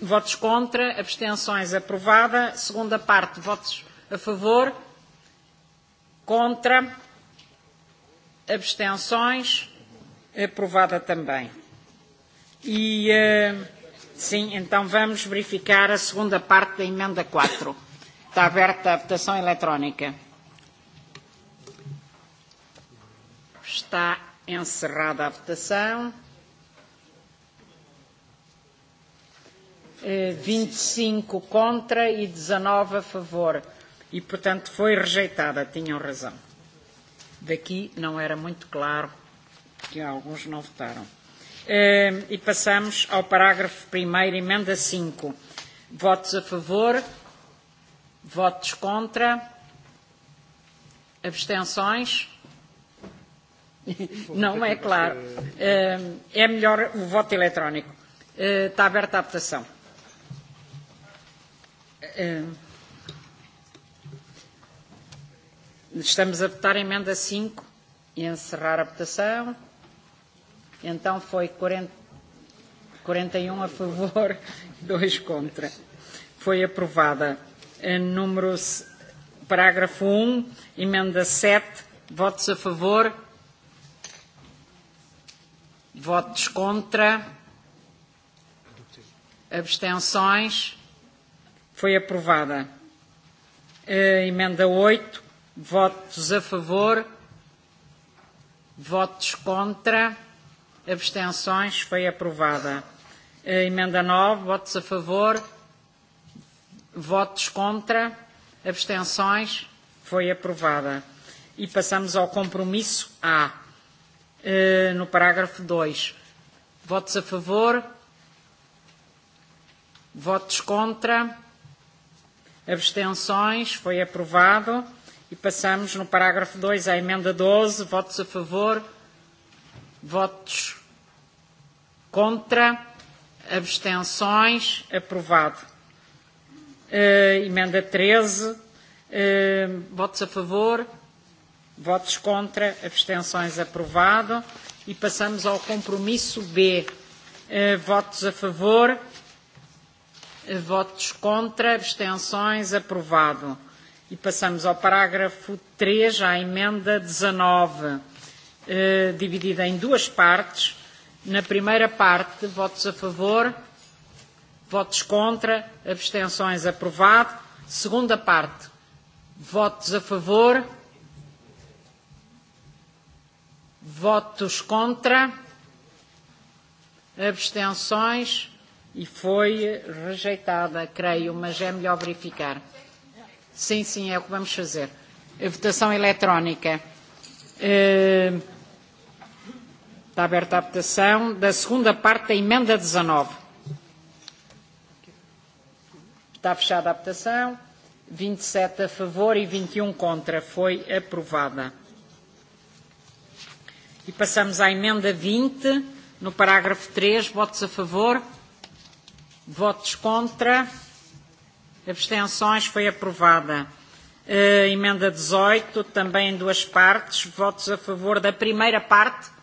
votos contra, abstenções aprovada. Segunda parte, votos a favor, contra, abstenções aprovada também. E uh, Sim, então vamos verificar a segunda parte da emenda 4. Está aberta a votação eletrónica. Está encerrada a votação. 25 contra e 19 a favor. E, portanto, foi rejeitada. Tinham razão. Daqui não era muito claro que alguns não votaram. E passamos ao parágrafo 1 emenda 5. Votos a favor? Votos contra? Abstenções? Não é claro. É melhor o voto eletrónico. Está aberta a votação. Estamos a votar a emenda 5 e encerrar a votação. Então foi 40, 41 a favor, 2 contra. Foi aprovada. Número, parágrafo 1, emenda 7, votos a favor, votos contra, abstenções. Foi aprovada. Emenda 8, votos a favor, votos contra, abstenções, foi aprovada. A emenda 9, votos a favor, votos contra, abstenções, foi aprovada. E passamos ao compromisso A, no parágrafo 2. Votos a favor, votos contra, abstenções, foi aprovado. E passamos no parágrafo 2 à emenda 12, votos a favor, votos votos contra, abstenções, aprovado. Uh, emenda 13, uh, votos a favor, votos contra, abstenções, aprovado. E passamos ao compromisso B. Uh, votos a favor, votos contra, abstenções, aprovado. E passamos ao parágrafo 3, à emenda 19 dividida em duas partes. Na primeira parte, votos a favor, votos contra, abstenções aprovado. Segunda parte, votos a favor, votos contra, abstenções e foi rejeitada, creio, mas é melhor verificar. Sim, sim, é o que vamos fazer. A votação eletrónica. Uh Está aberta a votação da segunda parte da emenda 19. Está fechada a votação. 27 a favor e 21 contra. Foi aprovada. E passamos à emenda 20, no parágrafo 3. Votos a favor? Votos contra? Abstenções? Foi aprovada. Uh, emenda 18, também em duas partes. Votos a favor da primeira parte?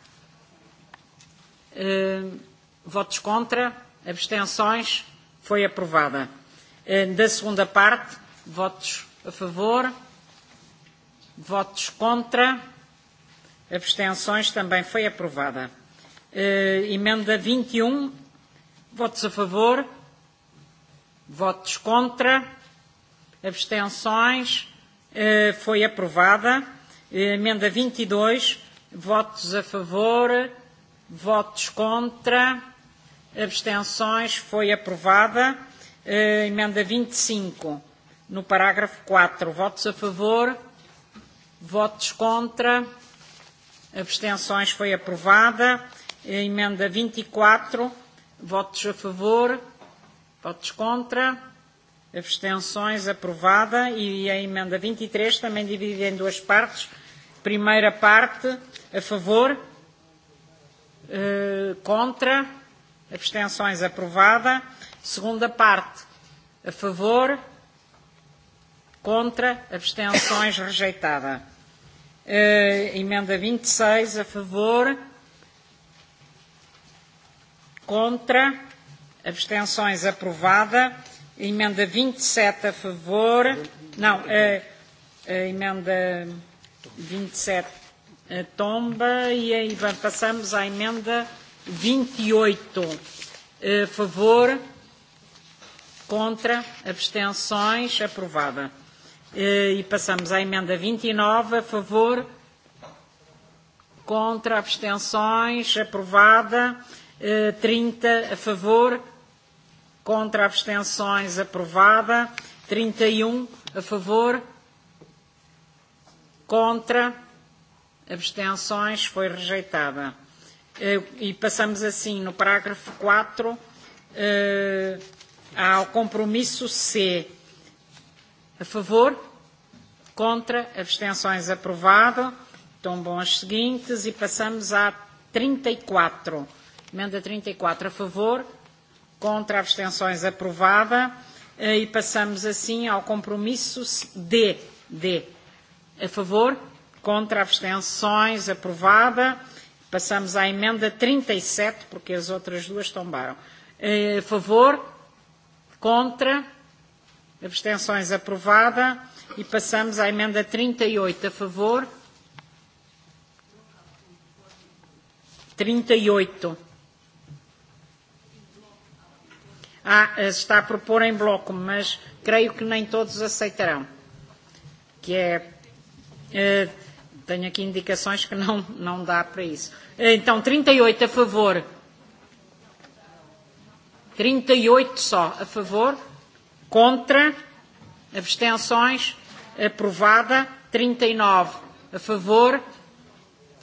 Votos contra? Abstenções? Foi aprovada. Da segunda parte, votos a favor? Votos contra? Abstenções? Também foi aprovada. Emenda 21. Votos a favor? Votos contra? Abstenções? Foi aprovada. Emenda 22. Votos a favor? votos contra, abstenções, foi aprovada. Uh, emenda 25, no parágrafo 4, votos a favor, votos contra, abstenções, foi aprovada. Uh, emenda 24, votos a favor, votos contra, abstenções, aprovada. E a emenda 23, também dividida em duas partes. Primeira parte, a favor, Contra? Abstenções aprovada. Segunda parte. A favor? Contra? Abstenções rejeitada. Uh, emenda 26. A favor? Contra? Abstenções aprovada. Emenda 27 a favor. Não, a, a emenda 27 tomba e passamos à emenda 28. A favor, contra, abstenções, aprovada. E passamos à emenda 29. A favor, contra, abstenções, aprovada. 30 a favor, contra, abstenções, aprovada. 31 a favor, contra, Abstenções? Foi rejeitada. E passamos assim no parágrafo 4 ao compromisso C. A favor? Contra? Abstenções? Aprovado. Tombam as seguintes e passamos à 34. Emenda 34 a favor, contra abstenções aprovada e passamos assim ao compromisso D. D. A favor, Contra, abstenções, aprovada. Passamos à emenda 37, porque as outras duas tombaram. Eh, favor, contra, abstenções, aprovada. E passamos à emenda 38, a favor. 38. Ah, está a propor em bloco, mas creio que nem todos aceitarão. Que é eh, tenho aqui indicações que não, não dá para isso. Então, 38 a favor. 38 só a favor. Contra. Abstenções. Aprovada. 39 a favor.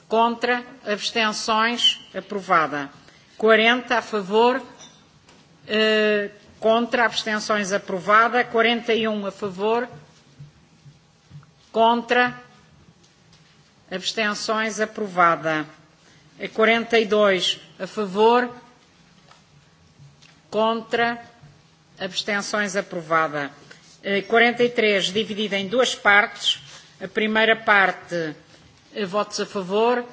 Contra. Abstenções. Aprovada. 40 a favor. Contra. Abstenções. Aprovada. 41 a favor. Contra abstenções, aprovada. A 42, a favor, contra, abstenções, aprovada. 43, dividida em duas partes. A primeira parte, votos a favor,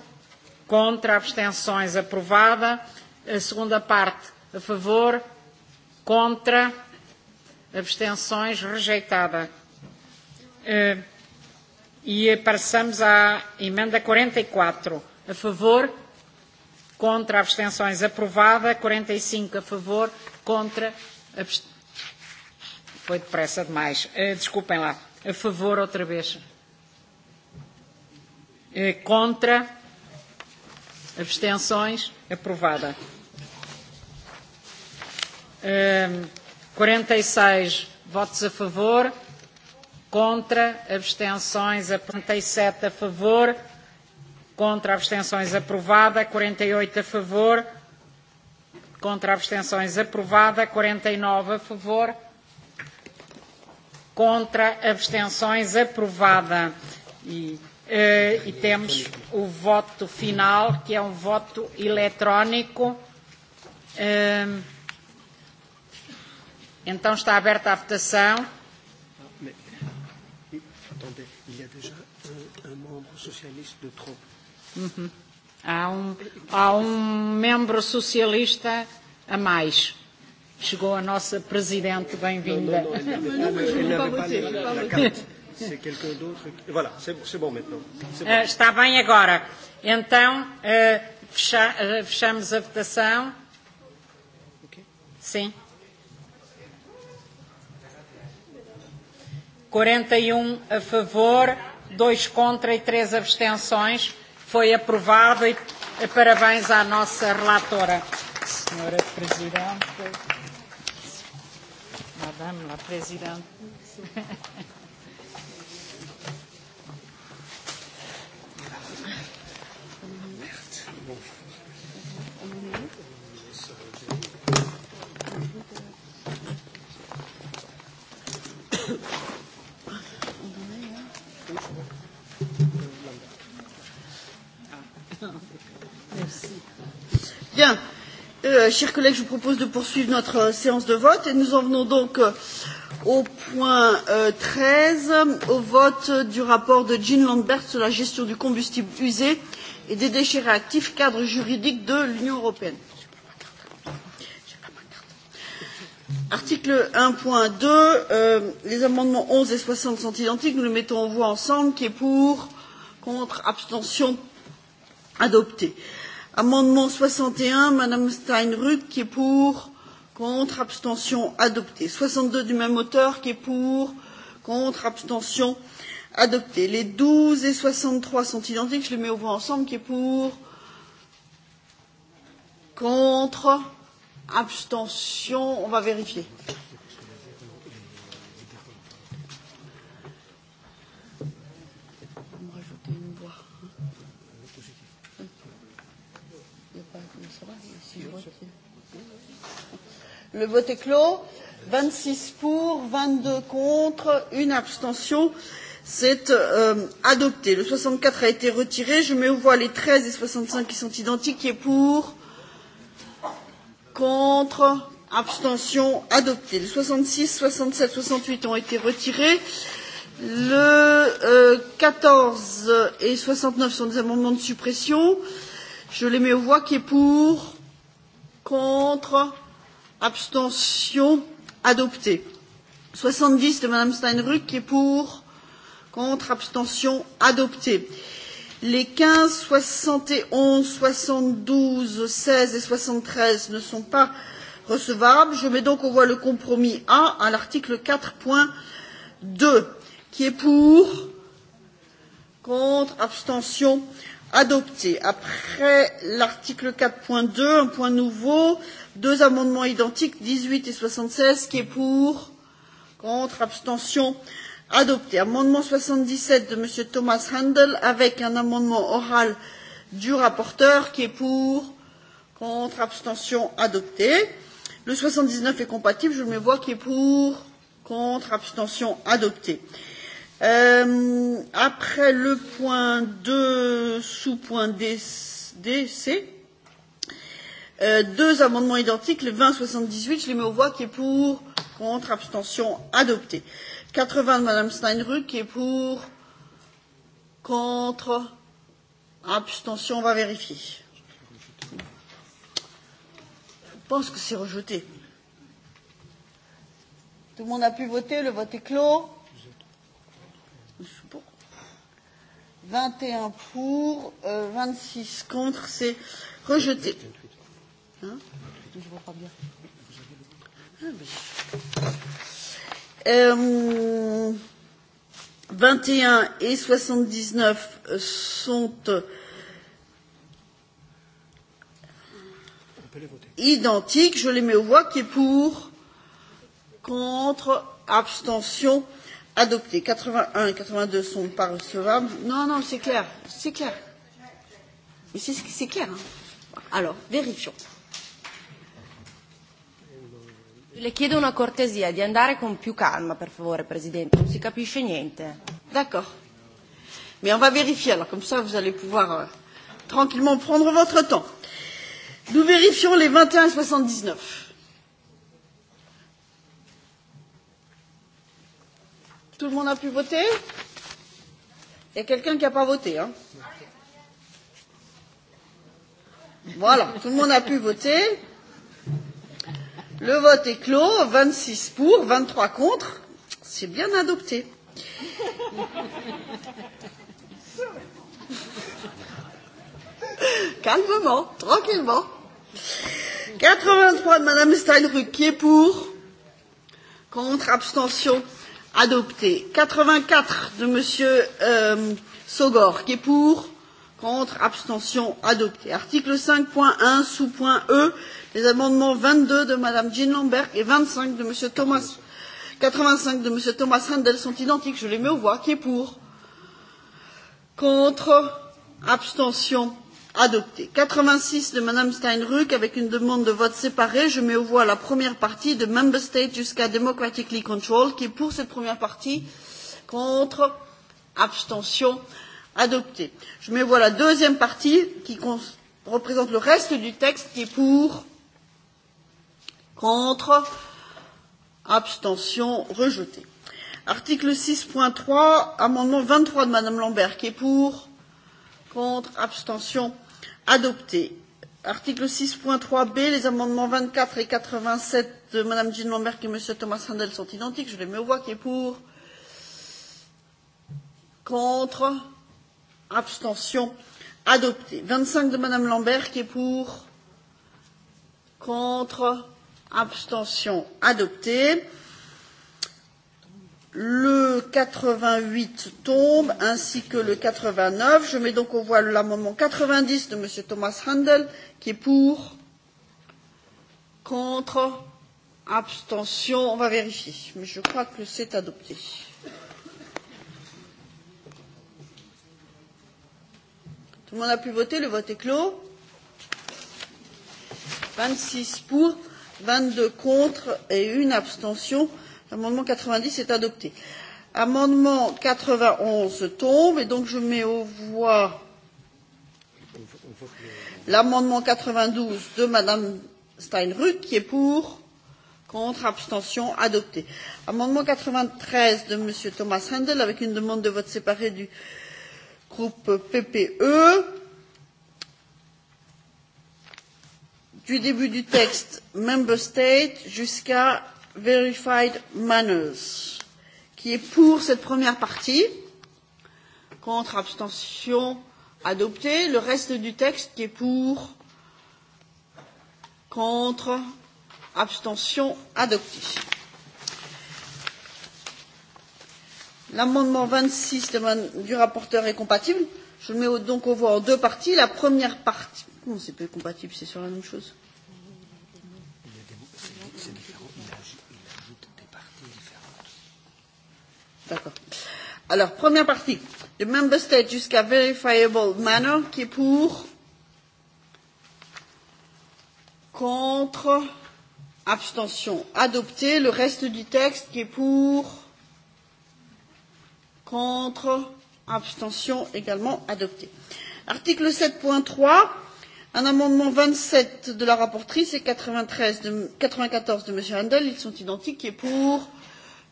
contra, abstenções, aprovada. A segunda parte, a favor, contra, abstenções, rejeitada. Uh, E passamos à emenda 44. A favor? Contra? Abstenções? Aprovada. 45 a favor? Contra? Foi depressa demais. Desculpem lá. A favor outra vez. Contra? Abstenções? Aprovada. 46 votos a favor Contra, abstenções, 47 a favor. Contra, abstenções, aprovada. 48 a favor. Contra, abstenções, aprovada. 49 a favor. Contra, abstenções, aprovada. E, uh, e temos o voto final, que é um voto eletrónico. Uh, então está aberta a votação attendez, il y a déjà un, un membre socialiste de trop. Uhum. Há, um, há um membro socialista a mais. Chegou a nossa presidente, bem-vinda. Está bem agora. Então, uh, fecha, uh, fechamos a votação. Okay. Sim. 41 a favor, 2 contra e 3 abstenções. Foi aprovado e parabéns à nossa relatora. Senhora Presidente. Madame la Presidente. Bien. Euh, chers collègues, je vous propose de poursuivre notre séance de vote et nous en venons donc au point euh, 13, au vote du rapport de Jean Lambert sur la gestion du combustible usé et des déchets réactifs, cadre juridique de l'Union européenne. Article 1.2, euh, les amendements 11 et 60 sont identiques, nous les mettons en voix ensemble, qui est pour, contre, abstention, adopté. Euh, Amendement 61, Madame Steinruck, qui est pour, contre, abstention, adopté. 62 du même auteur, qui est pour, contre, abstention, adopté. Les 12 et 63 sont identiques, je les mets au voie ensemble, qui est pour, contre, abstention, on va vérifier. Le vote est clos. 26 pour, 22 contre, une abstention. C'est euh, adopté. Le 64 a été retiré. Je mets aux voix les 13 et 65 qui sont identiques. Qui est pour Contre Abstention adopté. Le 66, 67, 68 ont été retirés. Le euh, 14 et 69 sont des amendements de suppression. Je les mets aux voix. Qui est pour Contre Abstention adopté. 70 de Mme Steinruck qui est pour. Contre. Abstention adopté. Les 15, 71, 72, 16 et 73 ne sont pas recevables. Je mets donc au voie le compromis A à l'article 4.2 qui est pour. Contre. Abstention adopté. Après l'article 4.2, un point nouveau, Deux amendements identiques, 18 et 76, qui est pour, contre, abstention, adopté. Amendement 77 de Monsieur Thomas Handel avec un amendement oral du rapporteur qui est pour, contre, abstention, adopté. Le 79 est compatible, je le mets voir qui est pour, contre, abstention, adopté. Euh, après le point 2 sous point D, D, C, deux amendements identiques, le vingt soixante dix huit, je les mets aux voix qui est pour, contre, abstention adopté. Quatre vingts de Madame Steinruck qui est pour, contre, abstention, on va vérifier. Je pense que c'est rejeté. Tout le monde a pu voter, le vote est clos. 21 pour, euh, 26 contre, c'est rejeté. Hein Je vous crois bien. Ah, ben. euh, 21 et 79 sont identiques. Je les mets aux voix qui est pour, contre, abstention, adopté. 81 et 82 sont pas recevables. Non, non, c'est clair, c'est clair. Mais c'est clair. Hein. Alors, vérifions. Le chiedo una cortesia di andare con più calma, per favore, Presidente, non si capisce niente. D'accord. Mais on va vérifier, alors comme ça vous allez pouvoir euh, tranquillement prendre votre temps. Nous vérifions les 21 et 79. Tout le monde a pu voter Il y a quelqu'un qui n'a pas voté. Hein voilà, tout le monde a pu voter. Le vote est clos. 26 pour, 23 contre. C'est bien adopté. Calmement, tranquillement. 83 de Madame Steinruck qui est pour. Contre, abstention, adopté. 84 de Monsieur euh, Sogor qui est pour Contre. Abstention. Adopté. Article 5.1 sous point E. Les amendements 22 de Madame Jean Lambert et 25 de Monsieur Thomas. 85 de Monsieur Thomas Handel sont identiques. Je les mets au voix. Qui est pour Contre. Abstention. adoptée. 86 de Madame Steinruck avec une demande de vote séparée, Je mets au voix la première partie de Member State jusqu'à Democratically Controlled. Qui est pour cette première partie Contre. Abstention. Adopté. Je mets voilà la deuxième partie qui représente le reste du texte qui est pour, contre, abstention, rejeté. Article 6.3, amendement 23 de Madame Lambert qui est pour, contre, abstention, adopté. Article 6.3b, les amendements 24 et 87 de Madame Jean Lambert et Monsieur Thomas Handel sont identiques. Je les mets aux voix qui est pour, contre, abstention adopté. 25 de Madame Lambert qui est pour, contre, abstention adopté. Le 88 tombe, ainsi que le 89. Je mets donc au voie l'amendement 90 de Monsieur Thomas Handel, qui est pour, contre, abstention. On va vérifier, mais je crois que c'est adopté. Tout le monde a pu voter, le vote est clos. 26 pour, 22 contre et une abstention. L'amendement 90 est adopté. Amendement 91 tombe et donc je mets aux voix l'amendement 92 de Madame Steinruck qui est pour, contre, abstention, adopté. Amendement 93 de Monsieur Thomas Handel avec une demande de vote séparé du euh, groupe PPE. Du début du texte Member State jusqu'à Verified Manners, qui est pour cette première partie, contre abstention adopté, le reste du texte qui est pour, contre abstention adopté. L'amendement 26 du rapporteur est compatible. Je le mets donc au voie en deux parties. La première partie. Non, c'est pas compatible C'est sur la même chose. D'accord. Alors, première partie. The member state jusqu'à verifiable manner qui est pour. Contre. Abstention. Adopté. Le reste du texte qui est pour Contre. Abstention également adopté. Article 7.3. Un amendement 27 de la rapportrice et 93 de, 94 de M. Handel. Ils sont identiques. Et pour.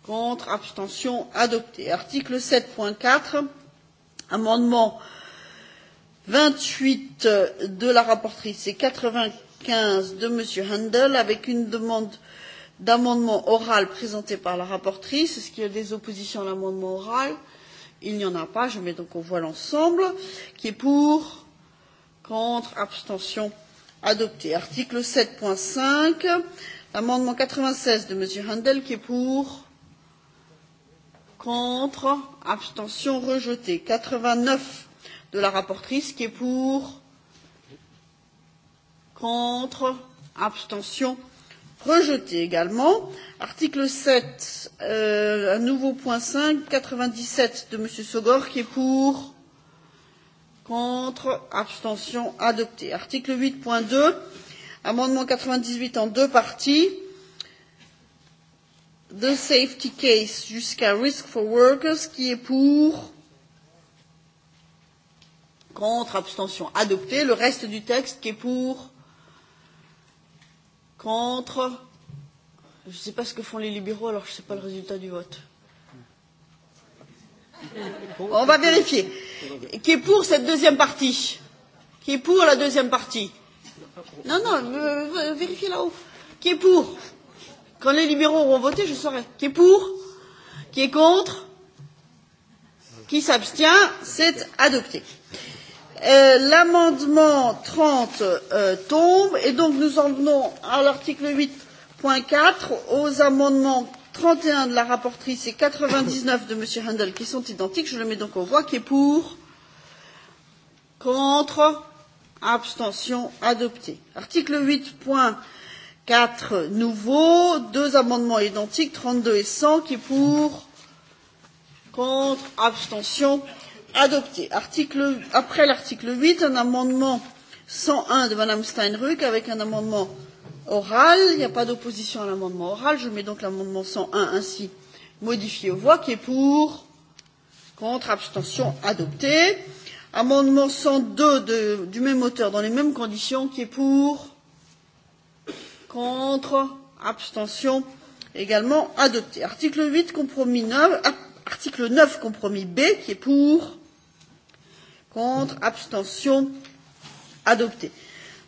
Contre. Abstention adopté. Article 7.4. Amendement 28 de la rapportrice et 95 de M. Handel avec une demande euh, d'amendement oral présenté par la rapporteure. Est-ce qu'il y a des oppositions à l'amendement oral Il n'y en a pas. Je mets donc aux voix l'ensemble. Qui est pour Contre Abstention Adopté. Article 7.5. L'amendement 96 de M. Handel qui est pour Contre Abstention rejeté. 89 de la rapporteure qui est pour Contre Abstention rejeté rejeté également. Article sept, euh, un nouveau point cinq, quatre-vingt-dix sept, de M. Sogor qui est pour, contre, abstention adopté. Article huit point deux, amendement quatre-vingt-dix-huit en deux parties. The safety case jusqu'à risk for workers qui est pour, contre, abstention adopté. Le reste du texte qui est pour, Contre. Je ne sais pas ce que font les libéraux, alors je ne sais pas le résultat du vote. On va vérifier. Qui est pour cette deuxième partie Qui est pour la deuxième partie Non, non, euh, vérifiez là-haut. Qui est pour Quand les libéraux auront voté, je saurai. Qui est pour Qui est contre Qui s'abstient C'est adopté l'amendement trente tombe et donc nous en venons à l'article huit point quatre aux amendements trente et un de la rapporteure et quatre vingt dix neuf de m. handel qui sont identiques. je le mets donc en voix qui est pour contre abstention adopté. article huit point quatre nouveau deux amendements identiques trente deux et cent qui est pour contre abstention adopté. Article, après l'article 8, un amendement 101 de Madame Steinruck avec un amendement oral. Il n'y a pas d'opposition à l'amendement oral. Je mets donc l'amendement 101 ainsi modifié aux voix qui est pour, contre, abstention adopté. Amendement 102 de, du même auteur dans les mêmes conditions qui est pour, contre, abstention également adopté. Article 8, compromis 9, Article 9, compromis B, qui est pour, contre, abstention, adopté.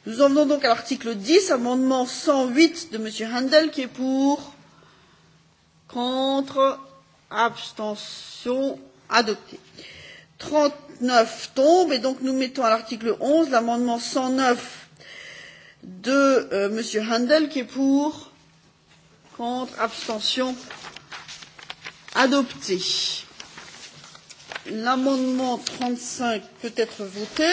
Nous en venons donc à l'article 10, amendement 108 de M. Handel, qui est pour, contre, abstention, adopté. 39 tombe et donc nous mettons à l'article 11 l'amendement 109 de euh, M. Handel, qui est pour, contre, abstention, Adopté. L'amendement 35 peut être voté.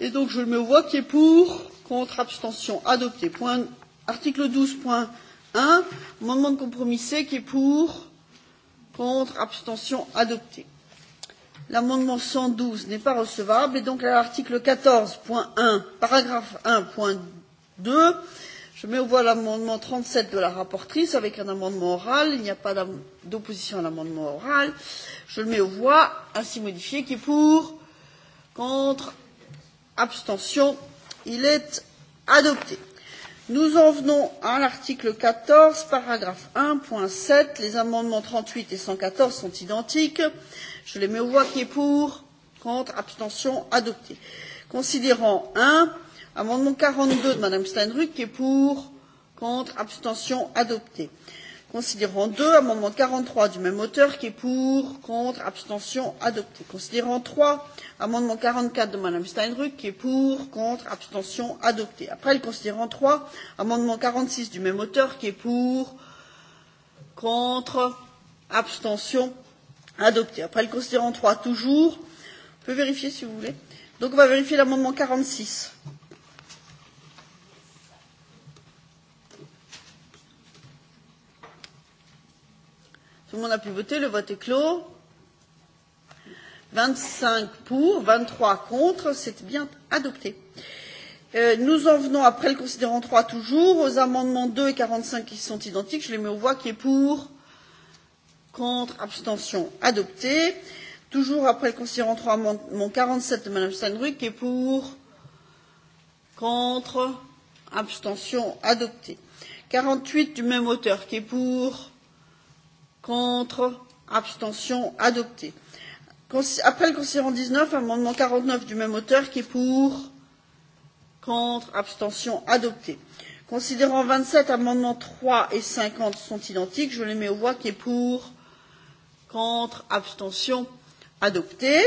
Et donc je me vois qui est pour, contre, abstention, adopté. Point, article 12.1, point amendement de compromis C qui est pour, contre, abstention, adopté. L'amendement 112 n'est pas recevable et donc à l'article 14.1, point paragraphe 1.2, point Je mets aux voix l'amendement 37 de la rapporteure avec un amendement oral. Il n'y a pas d'opposition à l'amendement oral. Je le mets aux voix ainsi modifié qui est pour, contre, abstention. Il est adopté. Nous en venons à l'article 14, paragraphe 1.7. Les amendements 38 et 114 sont identiques. Je les mets aux voix qui est pour, contre, abstention, adopté. Considérant 1, Amendement 42 de Madame Steinruck, qui est pour, contre, abstention adopté. Considérant 2, amendement 43 du même auteur, qui est pour, contre, abstention adopté. Considérant 3, amendement 44 de Madame Steinruck, qui est pour, contre, abstention adopté. Après le considérant 3, amendement 46 du même auteur, qui est pour, contre, abstention adopté. Après le considérant 3, toujours. On peut vérifier si vous voulez. Donc on va vérifier l'amendement 46. six. Tout le monde a pu voter, le vote est clos. 25 pour, 23 contre, c'est bien adopté. Euh, nous en venons après le considérant 3 toujours aux amendements 2 et 45 qui sont identiques. Je les mets aux voix qui est pour, contre, abstention, adopté. Toujours après le considérant 3, amendement 47 de Mme Steinruck qui est pour, contre, abstention, adopté. 48 du même auteur qui est pour, Contre. Abstention. Adopté. Après le considérant 19, amendement 49 du même auteur qui est pour. Contre. Abstention. Adopté. Considérant 27, amendements 3 et 50 sont identiques. Je les mets aux voix qui est pour. Contre. Abstention. Adopté.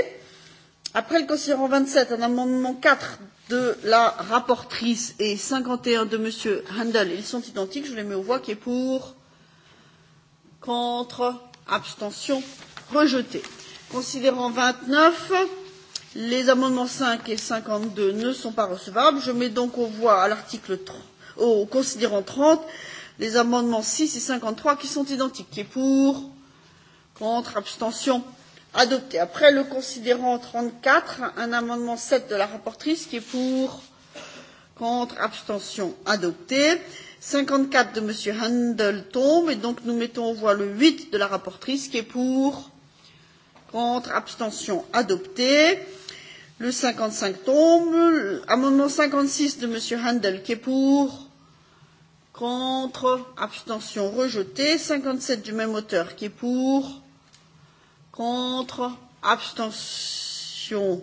Après le considérant 27, un amendement 4 de la rapporteure et 51 de M. Handel, ils sont identiques. Je les mets aux voix qui est pour Contre Abstention Rejeté. Considérant 29, les amendements 5 et 52 ne sont pas recevables. Je mets donc aux voix à l'article au considérant 30 les amendements 6 et 53 qui sont identiques. Qui est pour Contre Abstention Adopté. Après le considérant 34, un amendement 7 de la rapportrice qui est pour Contre Abstention Adopté cinquante quatre de m. handel tombe et donc nous mettons aux voix le huit de la rapporteure qui est pour contre abstention adopté le cinquante cinq tombe amendement cinquante six de m. handel qui est pour contre abstention rejeté cinquante sept du même auteur qui est pour contre abstention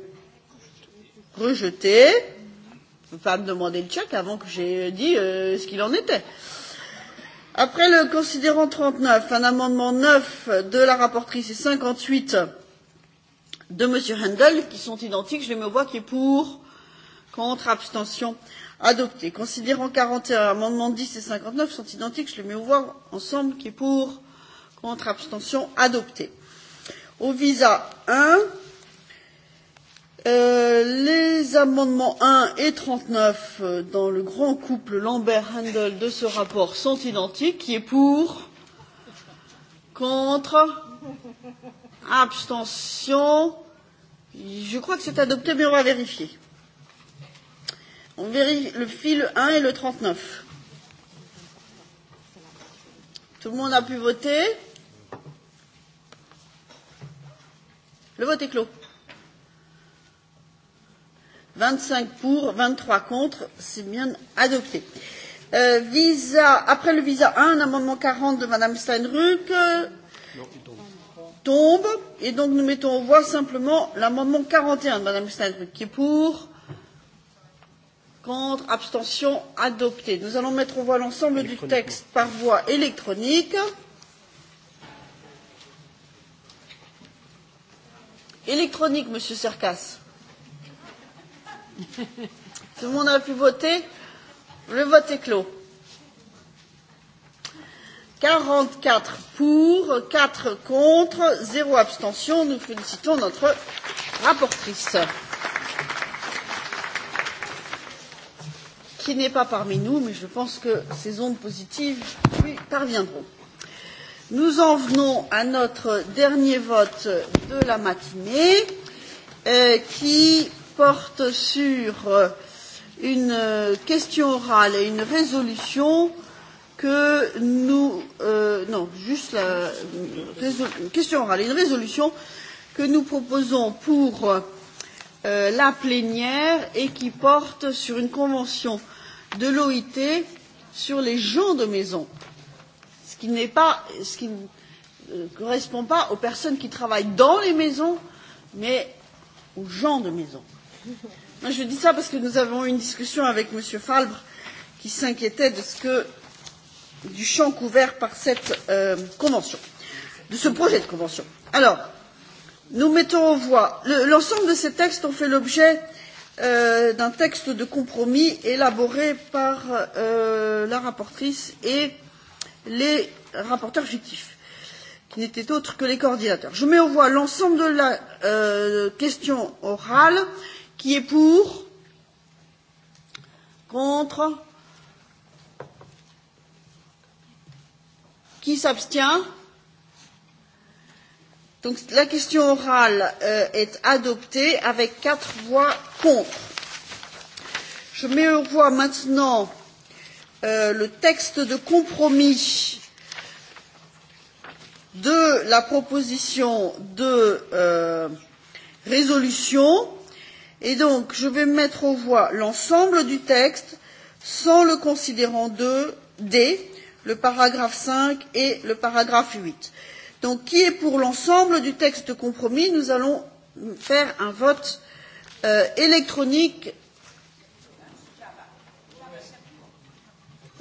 rejeté ne peux pas me demander le tchèque avant que j'ai dit euh, ce qu'il en était. Après le considérant 39, un amendement 9 de la rapportrice et 58 de M. Handel, qui sont identiques, je les me vois qui est pour, contre, abstention, adopté. Considérant 41, amendement 10 et 59 sont identiques, je les mets au voir ensemble, qui est pour, contre, abstention, adopté. Au visa 1, les amendements un et trente neuf dans le grand couple Lambert Handel de ce rapport sont identiques. Qui est pour Contre Abstention Je crois que c'est adopté, mais on va vérifier. On vérifie le fil un et le trente neuf. Tout le monde a pu voter Le vote est clos. 25 pour, 23 contre, c'est bien adopté. Euh, visa, après le visa 1, amendement 40 de Madame Steinruck euh, tombe, et donc nous mettons au voie simplement l'amendement 41 de Madame Steinruck, qui est pour, contre, abstention, adopté. Nous allons mettre au voie l'ensemble du texte par voie électronique. Électronique, Monsieur Cercas. Tout le monde a pu voter Le vote est clos. 44 pour, 4 contre, 0 abstention. Nous félicitons notre rapportrice. qui n'est pas parmi nous, mais je pense que ces ondes positives lui parviendront. Nous en venons à notre dernier vote de la matinée, euh, qui porte sur une question orale et une résolution que nous euh, non juste la une question orale et une résolution que nous proposons pour euh, la plénière et qui porte sur une convention de l'OIT sur les gens de maison, ce qui n'est pas ce qui ne correspond pas aux personnes qui travaillent dans les maisons, mais aux gens de maison. Je dis ça parce que nous avons eu une discussion avec M. Falbre qui s'inquiétait de ce que du champ couvert par cette euh, convention, de ce projet de convention. Alors, nous mettons en voie l'ensemble de ces textes ont fait l'objet euh, d'un texte de compromis élaboré par euh, la rapporteure et les rapporteurs fictifs, qui n'étaient autres que les coordinateurs. Je mets en voie l'ensemble de la euh, question orale. Euh, Qui est pour Contre Qui s'abstient Donc la question orale euh, est adoptée avec quatre voix contre. Je mets aux voix maintenant euh, le texte de compromis de la proposition de euh, résolution Et donc, je vais mettre aux voix l'ensemble du texte sans le considérant 2, D, le paragraphe 5 et le paragraphe 8. Donc, qui est pour l'ensemble du texte de compromis Nous allons faire un vote euh, électronique.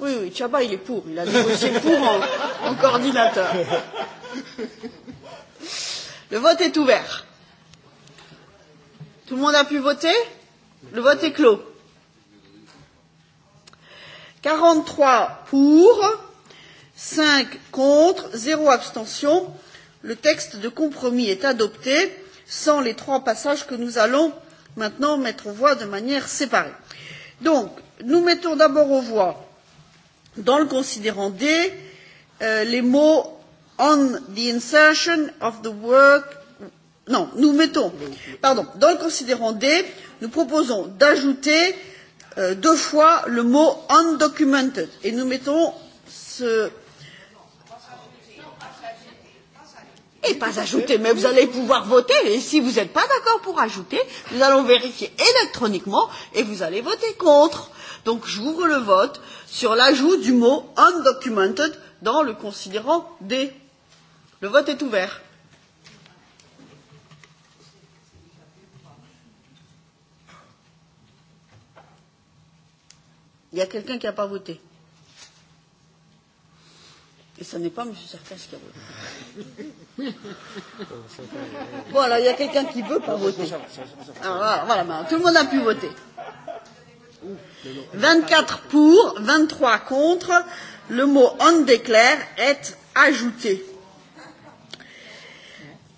Oui, oui, Chaba, il est pour. Il a négocié pour en, en coordinateur. Le vote est ouvert. Tout le monde a pu voter Le vote est clos. 43 pour, 5 contre, 0 abstention. Le texte de compromis est adopté sans les trois passages que nous allons maintenant mettre aux voix de manière séparée. Donc, nous mettons d'abord aux voix, dans le considérant D, euh, les mots on the insertion of the work non nous mettons pardon dans le considérant d nous proposons d'ajouter deux fois le mot undocumented et nous mettons ce et pas ajouter mais vous allez pouvoir voter et si vous n'êtes pas d'accord pour ajouter nous allons vérifier électroniquement et vous allez voter contre. donc j'ouvre le vote sur l'ajout du mot undocumented dans le considérant d. le vote est ouvert. Il y a quelqu'un qui n'a pas voté. Et ce n'est pas M. Sarkash qui a voté. bon, alors il y a quelqu'un qui ne veut pas voter. Alors, voilà, voilà, tout le monde a pu voter. 24 pour, 23 contre. Le mot on déclare est ajouté.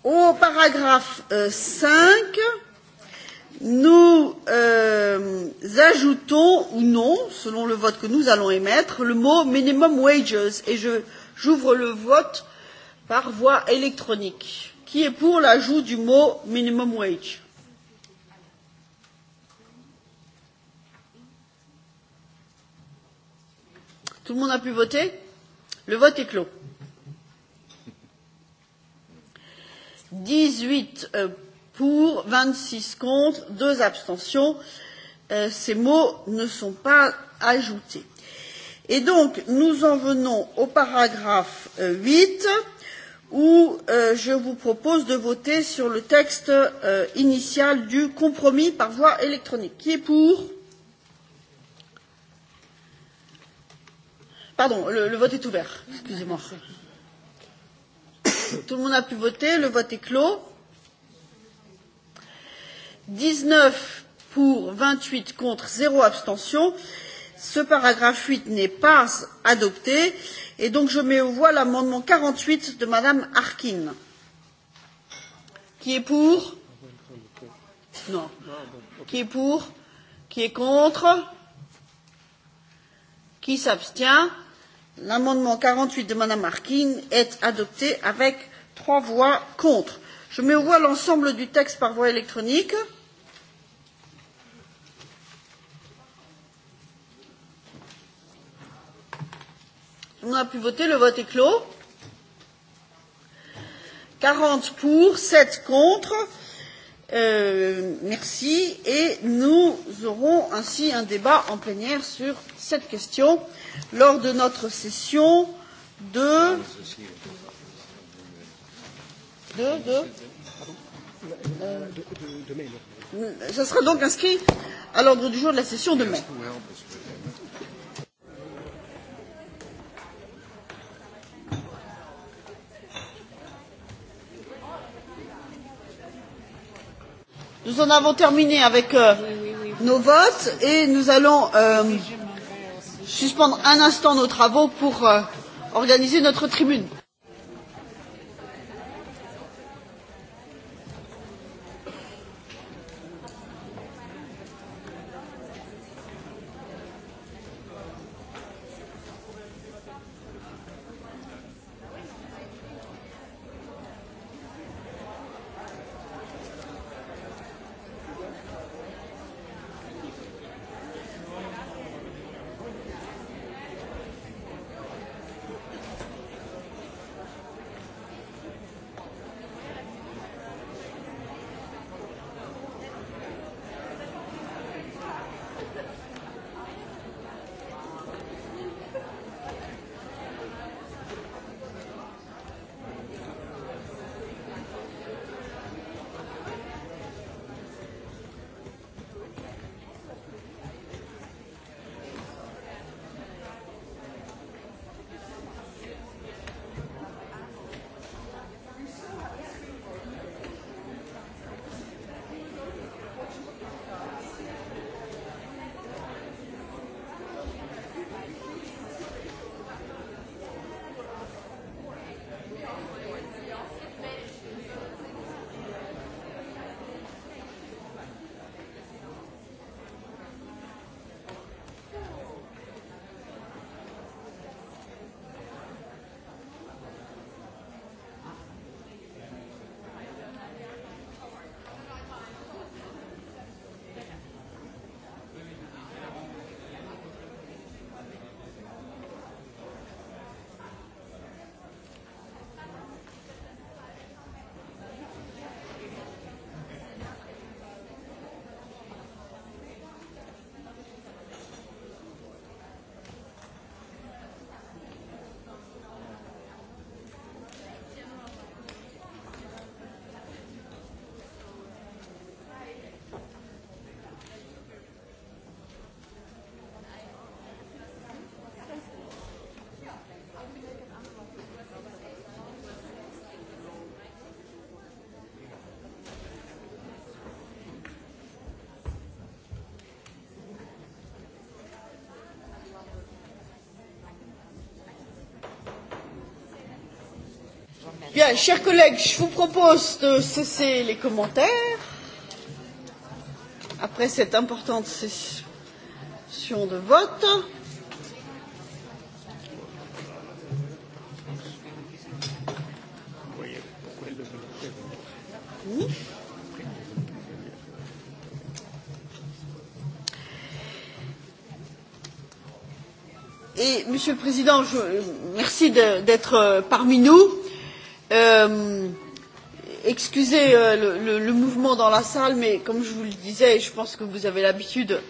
Au paragraphe 5, nous euh, ajoutons ou non, selon le vote que nous allons émettre, le mot minimum wages et j'ouvre le vote par voie électronique. Qui est pour l'ajout du mot minimum wage Tout le monde a pu voter Le vote est clos. 18 euh, pour, 26 contre, deux abstentions. Euh, ces mots ne sont pas ajoutés. Et donc, nous en venons au paragraphe 8 où euh, je vous propose de voter sur le texte euh, initial du compromis par voie électronique. Qui est pour Pardon, le, le vote est ouvert. Excusez-moi. Tout le monde a pu voter, le vote est clos dix neuf pour vingt huit contre zéro abstention ce paragraphe huit n'est pas adopté et donc je mets aux voix l'amendement quarante huit de madame harkin qui est pour non qui est pour qui est contre qui s'abstient l'amendement quarante huit de madame harkin est adopté avec trois voix contre. je mets aux voix l'ensemble du texte par voie électronique. On a pu voter, le vote est clos. 40 pour, 7 contre. Euh, merci. Et nous aurons ainsi un débat en plénière sur cette question lors de notre session de. de, de euh, ce sera donc inscrit à l'ordre du jour de la session de mai. Nous en avons terminé avec euh, nos votes et nous allons euh, suspendre un instant nos travaux pour euh, organiser notre tribune. Bien, chers collègues, je vous propose de cesser les commentaires après cette importante session de vote. Et Monsieur le Président, je, merci d'être parmi nous excusez le, mouvement dans la salle, mais comme je vous le disais, et je pense que vous avez l'habitude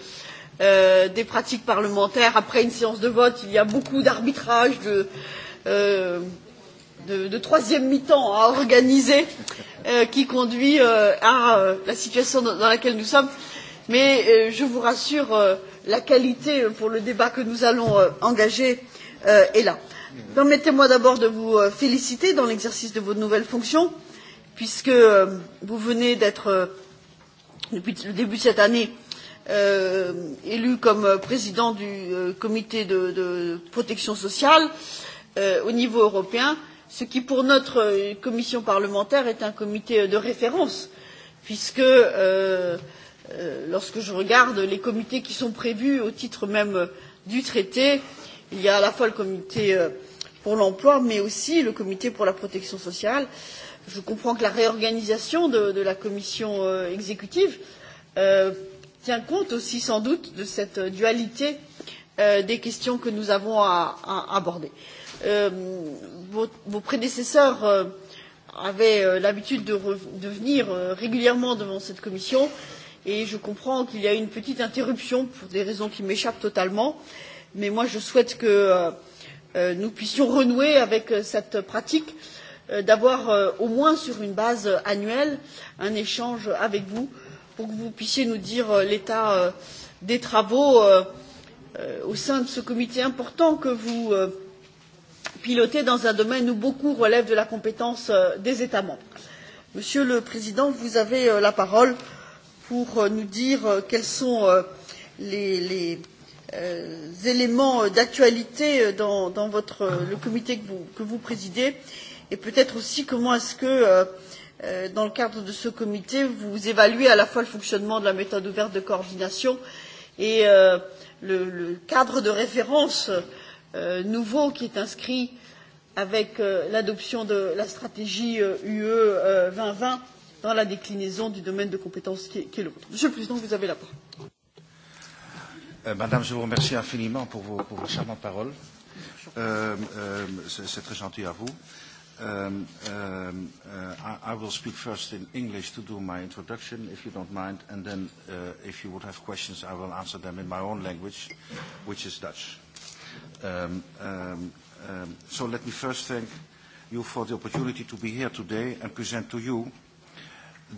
des pratiques parlementaires, après une séance de vote, il y a beaucoup d'arbitrage, de, troisième mi-temps à organiser qui conduit à la situation dans laquelle nous sommes. Mais je vous rassure, la qualité pour le débat que nous allons engager est là permettez moi d'abord de vous féliciter dans l'exercice de vos nouvelles fonctions puisque vous venez d'être depuis le début de cette année élu comme président du comité de protection sociale au niveau européen ce qui pour notre commission parlementaire est un comité de référence puisque lorsque je regarde les comités qui sont prévus au titre même du traité il y a à la fois le comité pour l'emploi, mais aussi le comité pour la protection sociale. Je comprends que la réorganisation de, de la commission euh, exécutive euh, tient compte aussi sans doute de cette dualité euh, des questions que nous avons à, à aborder. Euh, vos, vos prédécesseurs euh, avaient euh, l'habitude de, de venir euh, régulièrement devant cette commission et je comprends qu'il y a eu une petite interruption pour des raisons qui m'échappent totalement, mais moi je souhaite que euh, nous puissions renouer avec cette pratique d'avoir au moins sur une base annuelle un échange avec vous pour que vous puissiez nous dire l'état des travaux au sein de ce comité important que vous pilotez dans un domaine où beaucoup relève de la compétence des états membres. monsieur le président vous avez la parole pour nous dire quelles sont les éléments d'actualité dans, dans votre, le comité que vous, que vous présidez et peut être aussi comment est ce que dans le cadre de ce comité vous évaluez à la fois le fonctionnement de la méthode ouverte de coordination et le, cadre de référence nouveau qui est inscrit avec l'adoption de la stratégie UE deux mille vingt dans la déclinaison du domaine de compétences qui est le vôtre. Monsieur le Président, vous avez la parole Euh, Madame, je vous remercie infiniment pour vos, pour vos charmantes paroles. Euh, euh, C'est très gentil à vous. Um, um, uh, I, I will speak first in English to do my introduction, if you don't mind, and then uh, if you would have questions, I will answer them in my own language, which is Dutch. Um, um, um, so let me first thank you for the opportunity to be here today and present to you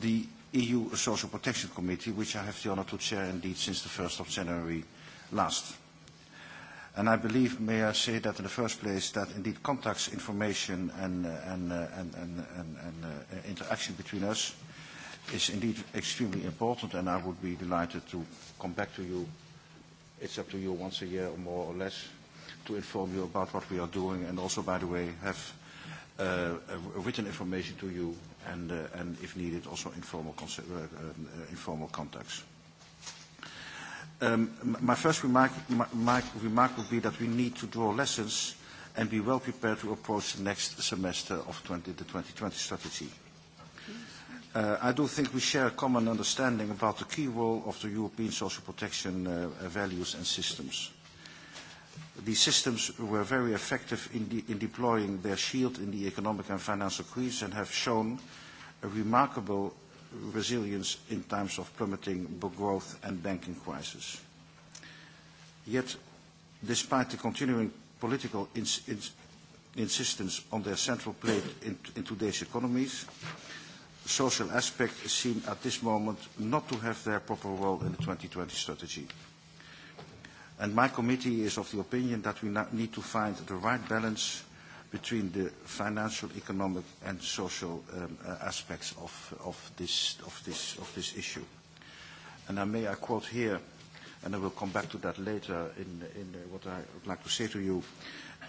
the EU Social Protection Committee, which I have the honor to chair indeed since the 1st of January Last, and I believe, may I say that in the first place, that indeed contacts, information, and, and, uh, and, and, and, and uh, interaction between us is indeed extremely important, and I would be delighted to come back to you. It's up to you once a year, or more or less, to inform you about what we are doing, and also, by the way, have uh, written information to you, and, uh, and if needed, also informal, uh, uh, informal contacts my first remark, my, my remark would be that we need to draw lessons and be well prepared to approach the next semester of 20, the 2020 strategy. Uh, I do think we share a common understanding about the key role of the European social protection uh, values and systems. These systems were very effective in, de in deploying their shield in the economic and financial crisis and have shown a remarkable resilience in times of plummeting growth and banking crisis. Yet, despite the continuing political insistence on their central plate in today's economies, social aspects seem at this moment not to have their proper role in the 2020 strategy. And my committee is of the opinion that we need to find the right balance between the financial, economic and social um, uh, aspects of, of, this, of, this, of this issue. And I may I quote here, and I will come back to that later in, in what I would like to say to you,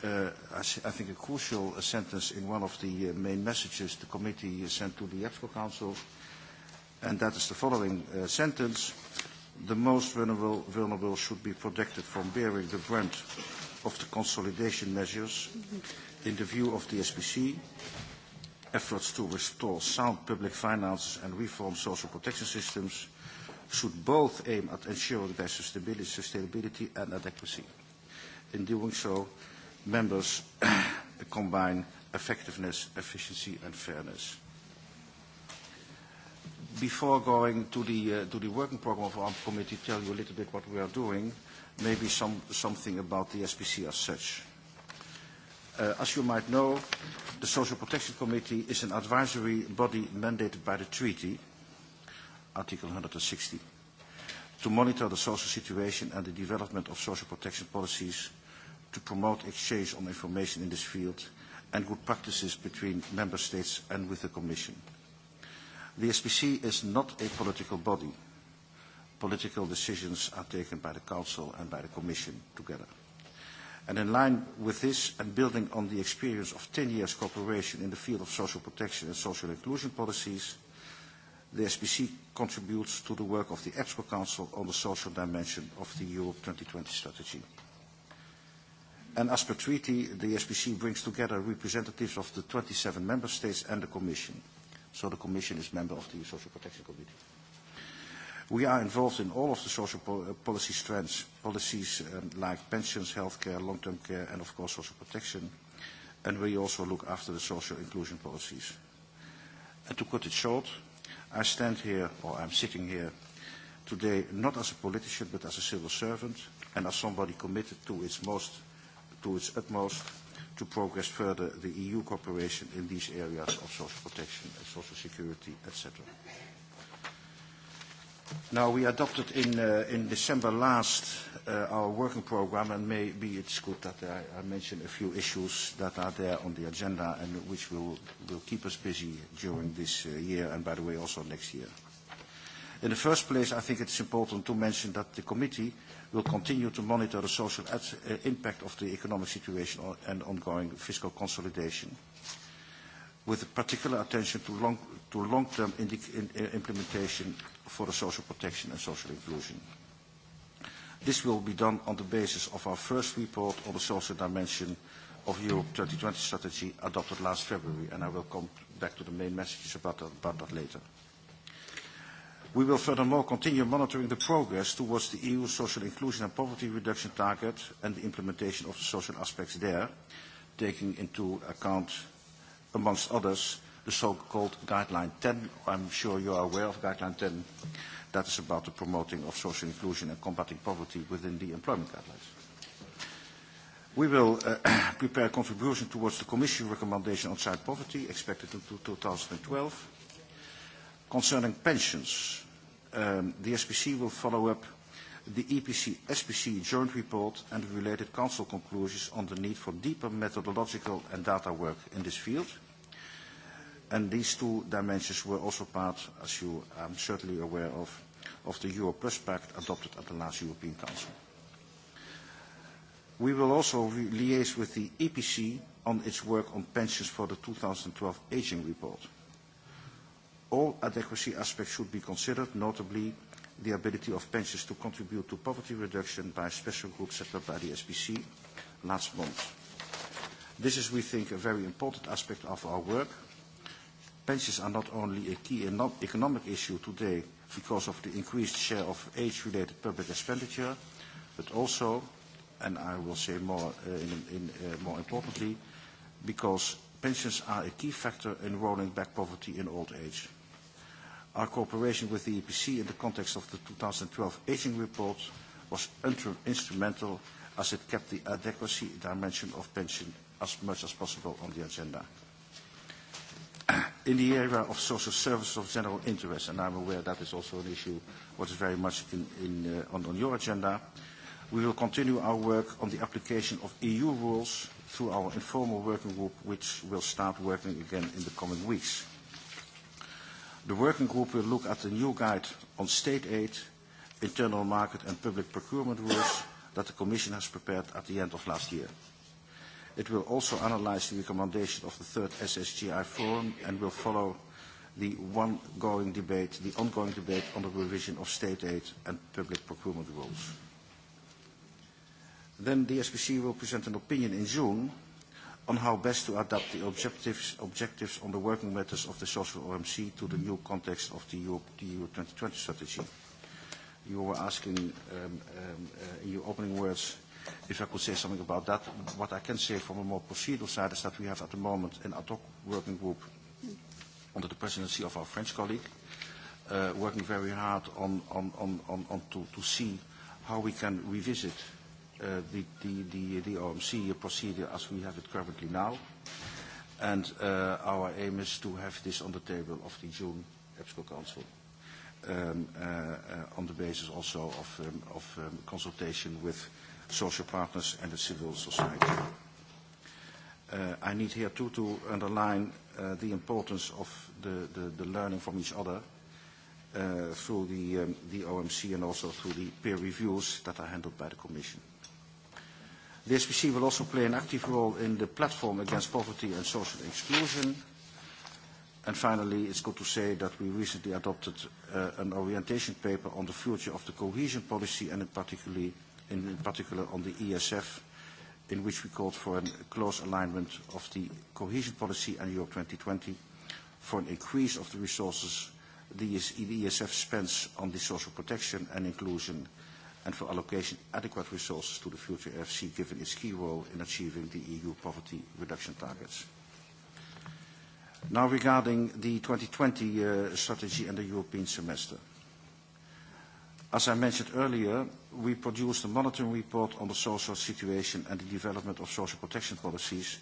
uh, I, I think a crucial sentence in one of the main messages the committee sent to the EPSCO Council, and that is the following uh, sentence. The most vulnerable, vulnerable should be protected from bearing the brunt of the consolidation measures. Mm-hmm in the view of the SPC, efforts to restore sound public finances and reform social protection systems should both aim at ensuring their sustainability and adequacy. In doing so, members combine effectiveness, efficiency and fairness. Before going to the, uh, to the working program of our committee, tell you a little bit what we are doing, maybe some, something about the SPC as such as you might know, the Social Protection Committee is an advisory body mandated by the treaty, Article 160, to monitor the social situation and the development of social protection policies, to promote exchange on information in this field, and good practices between member states and with the Commission. The SPC is not a political body. Political decisions are taken by the Council and by the Commission together in line with this, and building on the experience of 10 years cooperation in the field of social protection and social inclusion policies, the SPC contributes to the work of the EPSCO Council on the social dimension of the Europe 2020 strategy. And as per treaty, the SPC brings together representatives of the 27 member states and the Commission. So the Commission is member of the Social Protection Committee. We are involved in all of the social policy strands, policies like pensions, healthcare, long-term care, and of course social protection. And we also look after the social inclusion policies. And to cut it short, I stand here, or I'm sitting here today, not as a politician, but as a civil servant and as somebody committed to its, most, to its utmost to progress further the EU cooperation in these areas of social protection and social security, etc. Now, we adopted in, December last our working program, and maybe it's good that I, mention a few issues that are there on the agenda and which will, keep us busy during this year and, by the way, also next year. In the first place, I think it's important to mention that the committee will continue to monitor the social impact of the economic situation and ongoing fiscal consolidation, with particular attention to long-term implementation for the social protection and social inclusion. This will be done on the basis of our first report on the social dimension of Europe 2020 strategy adopted last February, and I will come back to the main messages about that, about that later. We will furthermore continue monitoring the progress towards the EU social inclusion and poverty reduction target and the implementation of the social aspects there, taking into account, amongst others, the so-called Guideline 10. I'm sure you are aware of Guideline 10. That is about the promoting of social inclusion and combating poverty within the employment guidelines. We will uh, prepare a contribution towards the Commission recommendation on child poverty expected in 2012. Concerning pensions, um, the SPC will follow up the EPC-SPC joint report and the related council conclusions on the need for deeper methodological and data work in this field – And these two dimensions were also part, as you are certainly aware of, of the Euro Plus Pact adopted at the last European Council. We will also liaise with the EPC on its work on pensions for the 2012 aging report. All adequacy aspects should be considered, notably the ability of pensions to contribute to poverty reduction by a special group set up by the SPC last month. This is, we think, a very important aspect of our work, Pensions are not only a key economic issue today because of the increased share of age-related public expenditure, but also, and I will say more importantly, because pensions are a key factor in rolling back poverty in old age. Our cooperation with the EPC in the context of the 2012 Aging Report was instrumental as it kept the adequacy dimension of pension as much as possible on the agenda in the area of social services of general interest, and I'm aware that is also an issue what is very much in, in, uh, on, on your agenda, we will continue our work on the application of EU rules through our informal working group, which will start working again in the coming weeks. The working group will look at the new guide on state aid, internal market and public procurement rules that the Commission has prepared at the end of last year. It will also analyze the recommendation of the third SSGI forum and will follow the ongoing debate, the ongoing debate on the revision of state aid and public procurement rules. Then the SPC will present an opinion in June on how best to adapt the objectives, objectives on the working methods of the social OMC to the new context of the EU, the EU 2020 strategy. You were asking um, um, uh, in your opening words If I could say something about that, what I can say from a more procedural side is that we have at the moment an ad hoc working group under the presidency of our French colleague, uh, working very hard on, on, on, on, on to, to see how we can revisit uh, the, the, the, the OMC procedure as we have it currently now. And uh, our aim is to have this on the table of the June EBSCO Council um, uh, uh, on the basis also of, um, of um, consultation with social partners and the civil society. Uh, I need here too to underline uh, the importance of the, the, the learning from each other uh, through the, um, the OMC and also through the peer reviews that are handled by the Commission. The SPC will also play an active role in the platform against poverty and social exclusion. And finally, it's good to say that we recently adopted uh, an orientation paper on the future of the cohesion policy and in particularly in particular on the ESF, in which we called for a close alignment of the cohesion policy and Europe 2020 for an increase of the resources the ESF spends on the social protection and inclusion and for allocation adequate resources to the future FC given its key role in achieving the EU poverty reduction targets. Now regarding the 2020 uh, strategy and the European semester. As I mentioned earlier, we produced a monitoring report on the social situation and the development of social protection policies,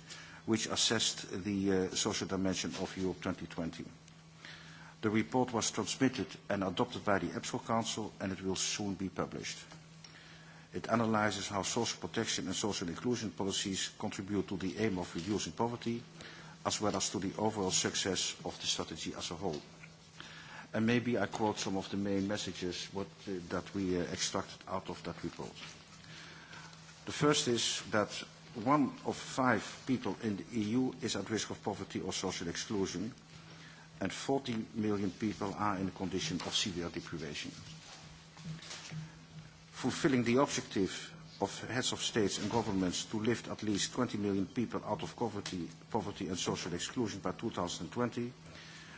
which assessed the social dimension of Europe 2020. The report was transmitted and adopted by the EPSCO Council, and it will soon be published. It analyses how social protection and social inclusion policies contribute to the aim of reducing poverty, as well as to the overall success of the strategy as a whole and maybe I quote some of the main messages what, uh, that we uh, extracted out of that report. The first is that one of five people in the EU is at risk of poverty or social exclusion, and 40 million people are in a condition of severe deprivation. Fulfilling the objective of heads of states and governments to lift at least 20 million people out of poverty, poverty and social exclusion by 2020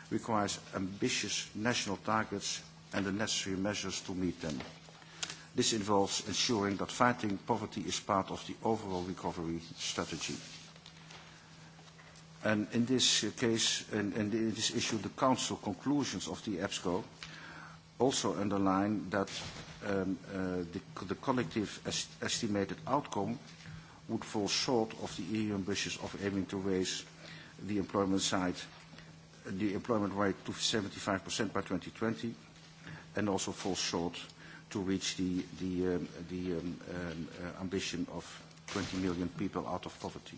requires ambitious national targets and the necessary measures to meet them. This involves ensuring that fighting poverty is part of the overall recovery strategy. And in this case, and, in this issue, the Council conclusions of the EBSCO also underline that um, uh, the, the collective est estimated outcome would fall short of the EU ambitions of aiming to raise the employment side the employment rate to 75% by 2020 and also falls short to reach the, the, um, the um, um, uh, ambition of 20 million people out of poverty.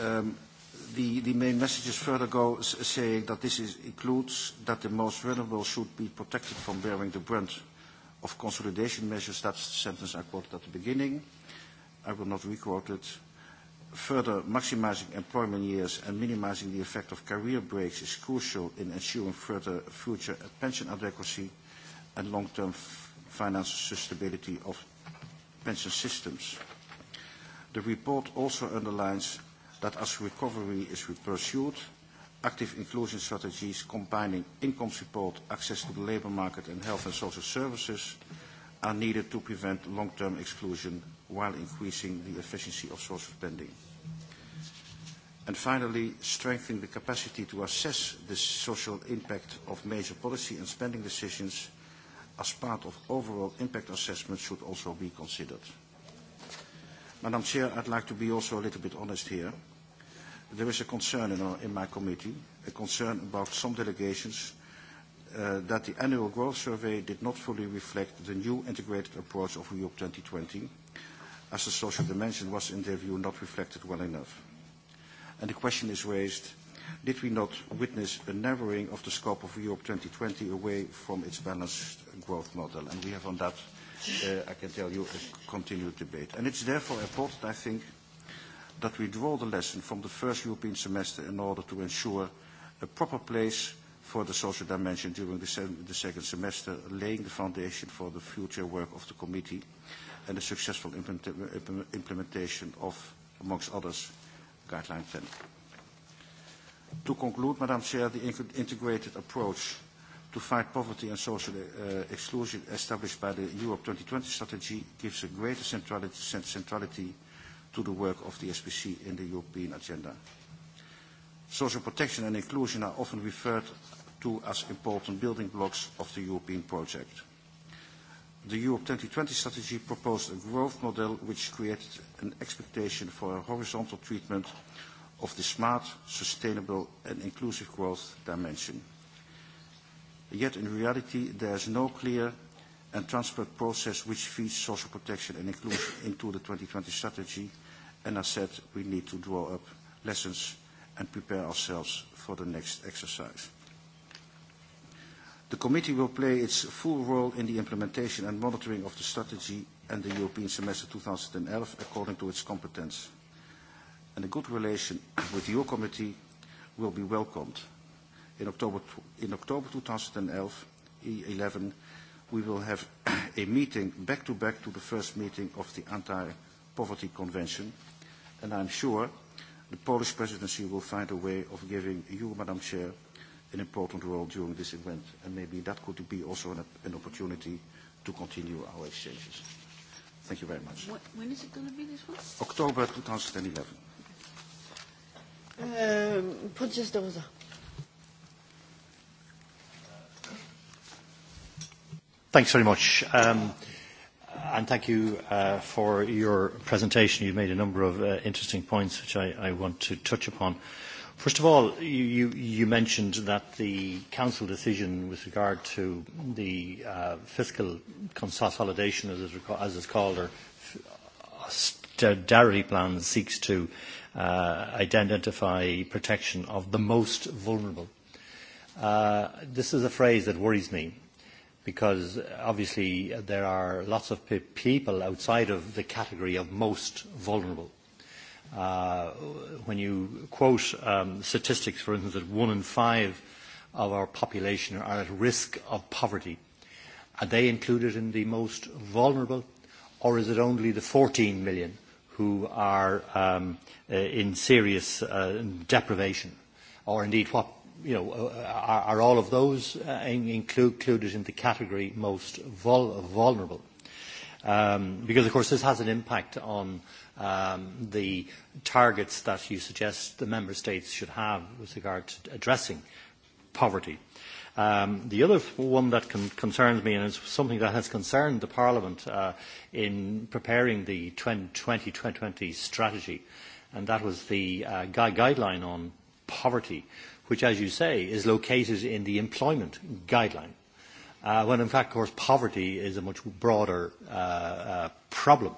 Um, the, the main messages further go saying that this is, includes that the most vulnerable should be protected from bearing the brunt of consolidation measures. That's the sentence I quoted at the beginning. I will not requote it Further, maximizing employment years and minimizing the effect of career breaks is crucial in ensuring further future pension adequacy and long-term financial sustainability of pension systems. The report also underlines that as recovery is pursued, active inclusion strategies combining income support, access to the labour market and health and social services are needed to prevent long-term exclusion while increasing the efficiency of source of lending. And finally, strengthening the capacity to assess the social impact of major policy and spending decisions as part of overall impact assessment should also be considered. Madam Chair, I'd like to be also a little bit honest here. There is a concern in, our, in my committee, a concern about some delegations uh, that the annual growth survey did not fully reflect the new integrated approach of Europe 2020 as the social dimension was in their view not reflected well enough. And the question is raised, did we not witness a narrowing of the scope of Europe 2020 away from its balanced growth model? And we have on that, uh, I can tell you, a continued debate. And it's therefore important, I think, that we draw the lesson from the first European semester in order to ensure a proper place for the social dimension during the, se the second semester, laying the foundation for the future work of the committee and the successful implementation of, amongst others, Guideline 10. To conclude, Madam Chair, the integrated approach to fight poverty and social uh, exclusion established by the Europe 2020 strategy gives a greater centrality, centrality to the work of the SPC in the European agenda. Social protection and inclusion are often referred to as important building blocks of the European project. The Europe 2020 strategy proposed a growth model which created an expectation for a horizontal treatment of the smart, sustainable and inclusive growth dimension. Yet in reality, there is no clear and transparent process which feeds social protection and inclusion into the 2020 strategy, and as said, we need to draw up lessons and prepare ourselves for the next exercise. The committee will play its full role in the implementation and monitoring of the strategy and the European semester 2011 according to its competence. And a good relation with your committee will be welcomed. In October, in October 2011, we will have a meeting back-to-back -to, -back to the first meeting of the Anti-Poverty Convention, and I'm sure the Polish presidency will find a way of giving you, Madam Chair, an important role during this event, and maybe that could be also an, an opportunity to continue our exchanges. Thank you very much. What, When is it going to be this one? October 2011. Okay. Um, Thanks very much. Um, and thank you uh, for your presentation. You've made a number of uh, interesting points which I, I want to touch upon. First of all, you, you mentioned that the Council decision with regard to the uh, fiscal consolidation, as, is as it's called, or austerity plan, seeks to uh, identify protection of the most vulnerable. Uh, this is a phrase that worries me because obviously there are lots of people outside of the category of most vulnerable Uh, when you quote um, statistics, for instance, that one in five of our population are at risk of poverty, are they included in the most vulnerable, or is it only the 14 million who are um, in serious uh, deprivation? Or indeed, what you know, are, are all of those uh, include, included in the category most vul- vulnerable? Um, because, of course, this has an impact on uh, um, the targets that you suggest the member states should have with regard to addressing poverty. Um, the other one that con- concerns me, and is something that has concerned the Parliament uh, in preparing the 2020 strategy, and that was the uh, guideline on poverty, which, as you say, is located in the employment guideline, uh, when in fact, of course, poverty is a much broader uh, uh, problem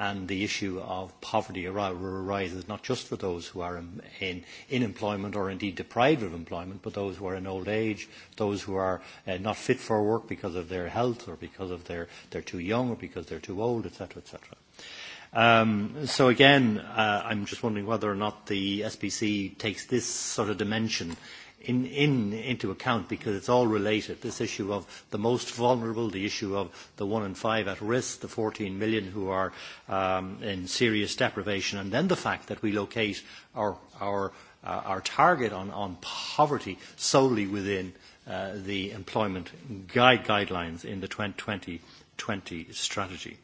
and the issue of poverty arises not just for those who are in, in employment or indeed deprived of employment, but those who are in old age, those who are uh, not fit for work because of their health or because of their, they're too young or because they're too old, etc., etc. Um, so again, uh, I'm just wondering whether or not the SPC takes this sort of dimension in, in, into account because it's all related. This issue of the most vulnerable, the issue of the one in five at risk, the 14 million who are um, in serious deprivation, and then the fact that we locate our, our, uh, our target on, on poverty solely within uh, the employment guide guidelines in the 2020 strategy.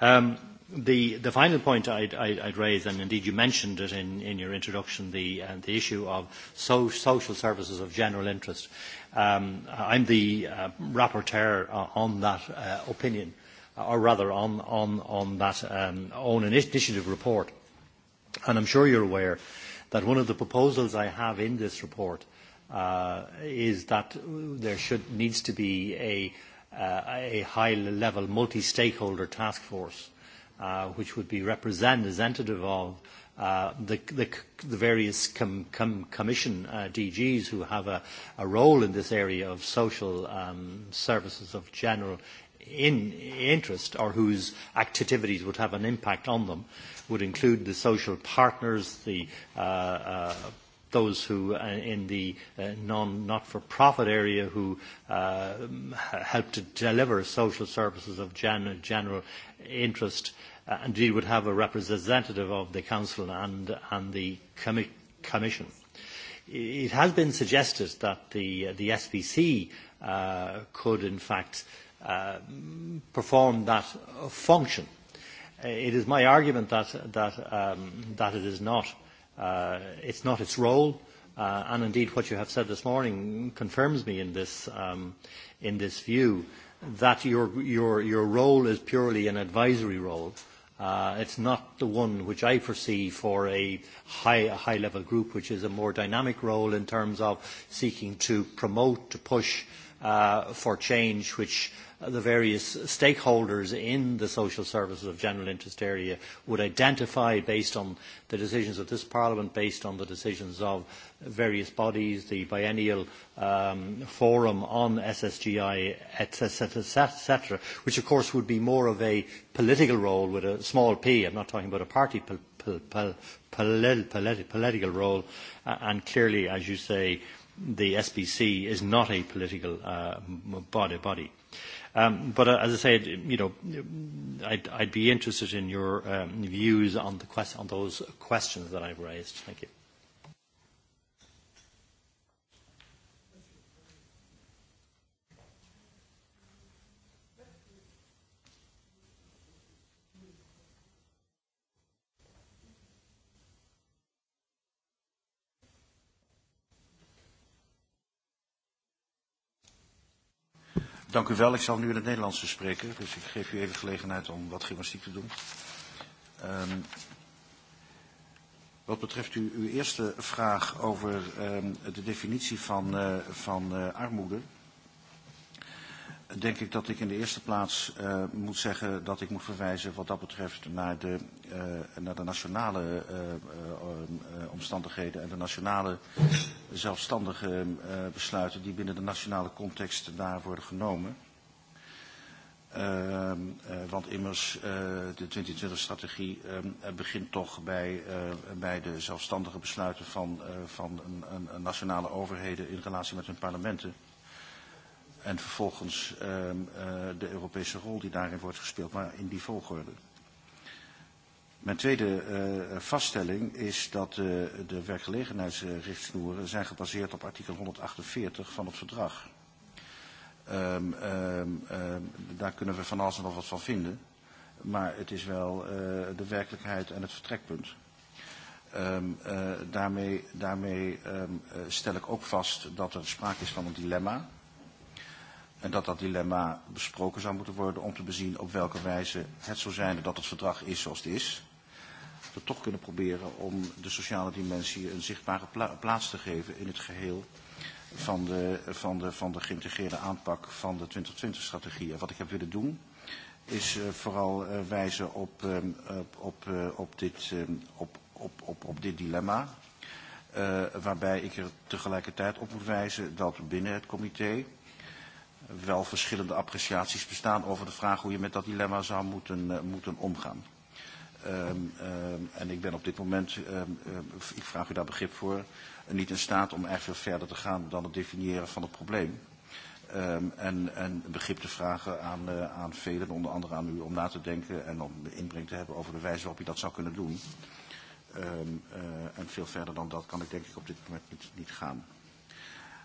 Um, The, the final point I'd, I'd raise, and indeed you mentioned it in, in your introduction, the, uh, the issue of so, social services of general interest. Um, I'm the uh, rapporteur on that uh, opinion, or rather on, on, on that um, own initiative report. And I'm sure you're aware that one of the proposals I have in this report uh, is that there should, needs to be a, uh, a high-level multi-stakeholder task force which would be representative of uh, the, the, the various com, com, commission uh, DGs who have a, a role in this area of social um, services of general in interest or whose activities would have an impact on them would include the social partners, the uh, uh, those who uh, in the uh, non not-for-profit area who uh, help to deliver social services of gen- general interest indeed would have a representative of the Council and, and the Commission. It has been suggested that the, the SPC uh, could in fact uh, perform that function. It is my argument that, that, um, that it is not. Uh, it's not its role, uh, and indeed what you have said this morning confirms me in this, um, in this view that your, your, your role is purely an advisory role it's not the one which I foresee for a high, level group, which is a more dynamic role in terms of seeking to promote, to push for change, which the various stakeholders in the social services of general interest area would identify based on the decisions of this Parliament, based on the decisions of various bodies, the biennial um, forum on SSGI, etc., etc., which of course would be more of a political role with a small p. I'm not talking about a party political role, and clearly, as you say, the SBC is not a political uh, body. body. Um, but as I said, you know, I'd, I'd be interested in your um, views on, the quest- on those questions that I've raised. Thank you. Dank u wel. Ik zal nu in het Nederlands spreken, dus ik geef u even gelegenheid om wat gymnastiek te doen. Um, wat betreft u, uw eerste vraag over um, de definitie van, uh, van uh, armoede denk ik dat ik in de eerste plaats uh, moet zeggen dat ik moet verwijzen wat dat betreft naar de, uh, naar de nationale uh, um, omstandigheden en de nationale zelfstandige uh, besluiten die binnen de nationale context daar worden genomen. Uh, uh, want immers uh, de 2020-strategie uh, begint toch bij, uh, bij de zelfstandige besluiten van, uh, van een, een, nationale overheden in relatie met hun parlementen. Uh, En vervolgens uh, uh, de Europese rol die daarin wordt gespeeld, maar in die volgorde. Mijn tweede uh, vaststelling is dat uh, de werkgelegenheidsrichtsnoeren zijn gebaseerd op artikel 148 van het verdrag. Um, um, um, daar kunnen we van alles en nog wat van vinden, maar het is wel uh, de werkelijkheid en het vertrekpunt. Um, uh, daarmee daarmee um, stel ik ook vast dat er sprake is van een dilemma En dat dat dilemma besproken zou moeten worden om te bezien op welke wijze het zou zijn dat het verdrag is zoals het is. We toch kunnen proberen om de sociale dimensie een zichtbare pla plaats te geven in het geheel van de, van de, van de geïntegreerde aanpak van de 2020-strategie. En Wat ik heb willen doen is uh, vooral uh, wijzen op, um, op, op, uh, op, dit, um, op, op, op, op dit dilemma. Uh, waarbij ik er tegelijkertijd op moet wijzen dat binnen het comité wel verschillende appreciaties bestaan over de vraag hoe je met dat dilemma zou moeten, uh, moeten omgaan. Um, um, en ik ben op dit moment, um, um, ik vraag u daar begrip voor, niet in staat om erg veel verder te gaan dan het definiëren van het probleem. Um, en, en begrip te vragen aan, uh, aan velen, onder andere aan u, om na te denken en om inbreng te hebben over de wijze waarop je dat zou kunnen doen. Um, uh, en veel verder dan dat kan ik denk ik op dit moment niet, niet gaan.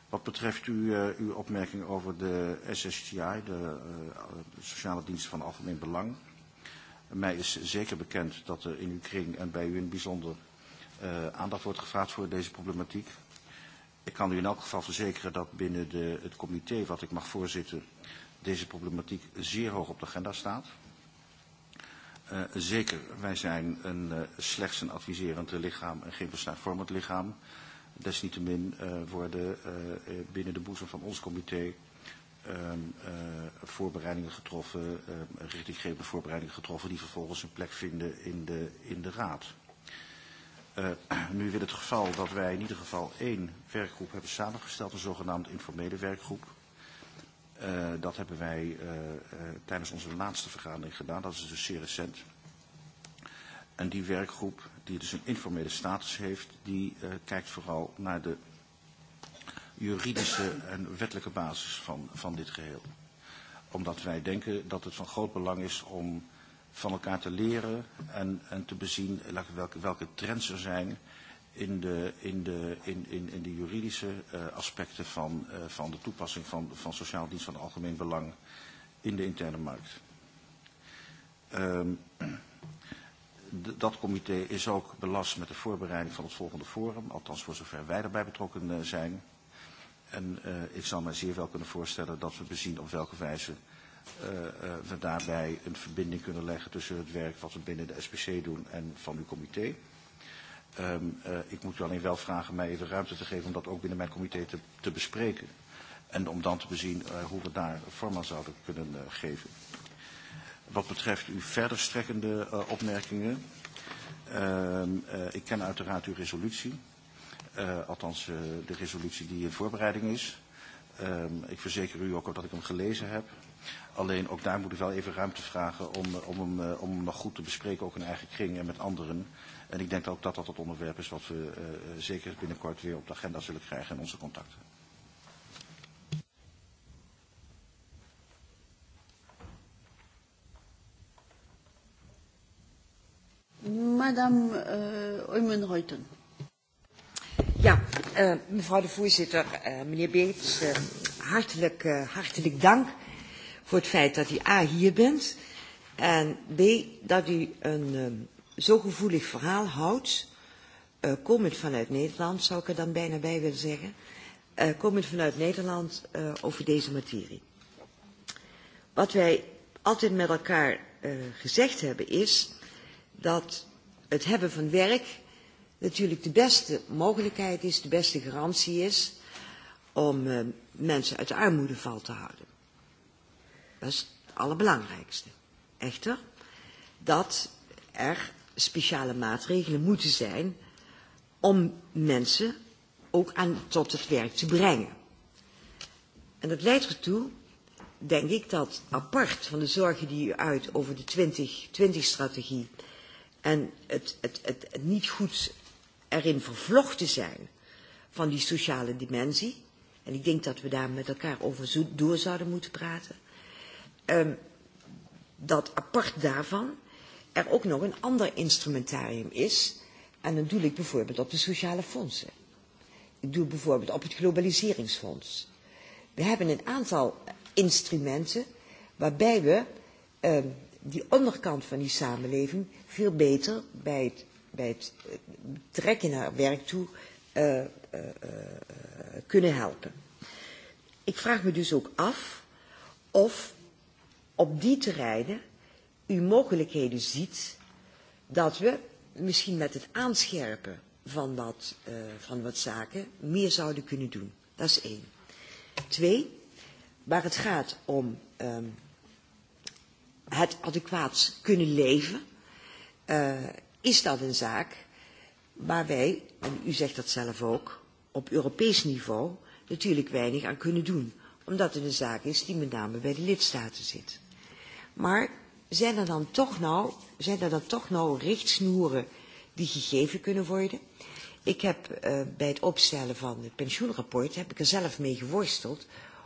Wat betreft uw, uh, uw opmerking over de SSTI, de uh, Sociale Dienst van Algemeen Belang. Mij is zeker bekend dat er in uw kring en bij u in het bijzonder uh, aandacht wordt gevraagd voor deze problematiek. Ik kan u in elk geval verzekeren dat binnen de, het comité wat ik mag voorzitten deze problematiek zeer hoog op de agenda staat. Uh, zeker, wij zijn een, uh, slechts een adviserend lichaam en geen besluitvormend lichaam. Desniettemin uh, worden uh, binnen de boezem van ons comité um, uh, voorbereidingen getroffen, uh, richtinggevende voorbereidingen getroffen, die vervolgens een plek vinden in de, in de Raad. Uh, nu weer het geval dat wij in ieder geval één werkgroep hebben samengesteld, een zogenaamd informele werkgroep. Uh, dat hebben wij uh, uh, tijdens onze laatste vergadering gedaan, dat is dus zeer recent. En die werkgroep, die dus een informele status heeft, die uh, kijkt vooral naar de juridische en wettelijke basis van, van dit geheel. Omdat wij denken dat het van groot belang is om van elkaar te leren en, en te bezien welke, welke trends er zijn in de, in de, in, in, in de juridische uh, aspecten van, uh, van de toepassing van, van sociaal dienst van algemeen belang in de interne markt. Um, dat comité is ook belast met de voorbereiding van het volgende forum, althans voor zover wij erbij betrokken zijn. En uh, ik zou mij zeer wel kunnen voorstellen dat we bezien op welke wijze uh, uh, we daarbij een verbinding kunnen leggen tussen het werk wat we binnen de SPC doen en van uw comité. Um, uh, ik moet u alleen wel vragen mij even ruimte te geven om dat ook binnen mijn comité te, te bespreken. En om dan te bezien uh, hoe we daar vorm aan zouden kunnen uh, geven wat betreft uw verder strekkende uh, opmerkingen. Uh, uh, ik ken uiteraard uw resolutie. Uh, althans, uh, de resolutie die in voorbereiding is. Uh, ik verzeker u ook dat ik hem gelezen heb. Alleen ook daar moet ik wel even ruimte vragen om, om, hem, om hem nog goed te bespreken, ook in eigen kring en met anderen. En ik denk ook dat dat het onderwerp is wat we uh, zeker binnenkort weer op de agenda zullen krijgen in onze contacten. Madame uh, Oymen-Reuten. Ja, uh, mevrouw de voorzitter, uh, meneer Beets, uh, hartelijk, uh, hartelijk dank voor het feit dat u A hier bent en B dat u een um, zo gevoelig verhaal houdt, uh, komend vanuit Nederland zou ik er dan bijna bij willen zeggen, uh, komend vanuit Nederland uh, over deze materie. Wat wij altijd met elkaar uh, gezegd hebben is dat het hebben van werk natuurlijk de beste mogelijkheid is, de beste garantie is om uh, mensen uit de armoede val te houden. Dat is het allerbelangrijkste. Echter, dat er speciale maatregelen moeten zijn om mensen ook aan, tot het werk te brengen. En dat leidt ertoe, denk ik, dat apart van de zorgen die u uit over de 2020-strategie 20 En het, het, het, het niet goed erin vervlochten zijn van die sociale dimensie. En ik denk dat we daar met elkaar over zo, door zouden moeten praten. Um, dat apart daarvan er ook nog een ander instrumentarium is. En dan doe ik bijvoorbeeld op de sociale fondsen. Ik doe bijvoorbeeld op het globaliseringsfonds. We hebben een aantal instrumenten waarbij we die onderkant van die samenleving veel beter bij het, bij het trekken naar werk toe uh, uh, uh, kunnen helpen. Ik vraag me dus ook af of op die terreinen u mogelijkheden ziet dat we misschien met het aanscherpen van wat, uh, van wat zaken meer zouden kunnen doen. Dat is één. Twee, waar het gaat om um, het adequaat kunnen leven, uh, is dat een zaak waar wij, en u zegt dat zelf ook, op Europees niveau natuurlijk weinig aan kunnen doen. Omdat het een zaak is die met name bij de lidstaten zit. Maar zijn er dan toch nou, zijn er dan toch nou richtsnoeren die gegeven kunnen worden? Ik heb uh, bij het opstellen van het pensioenrapport heb ik er zelf mee geworsteld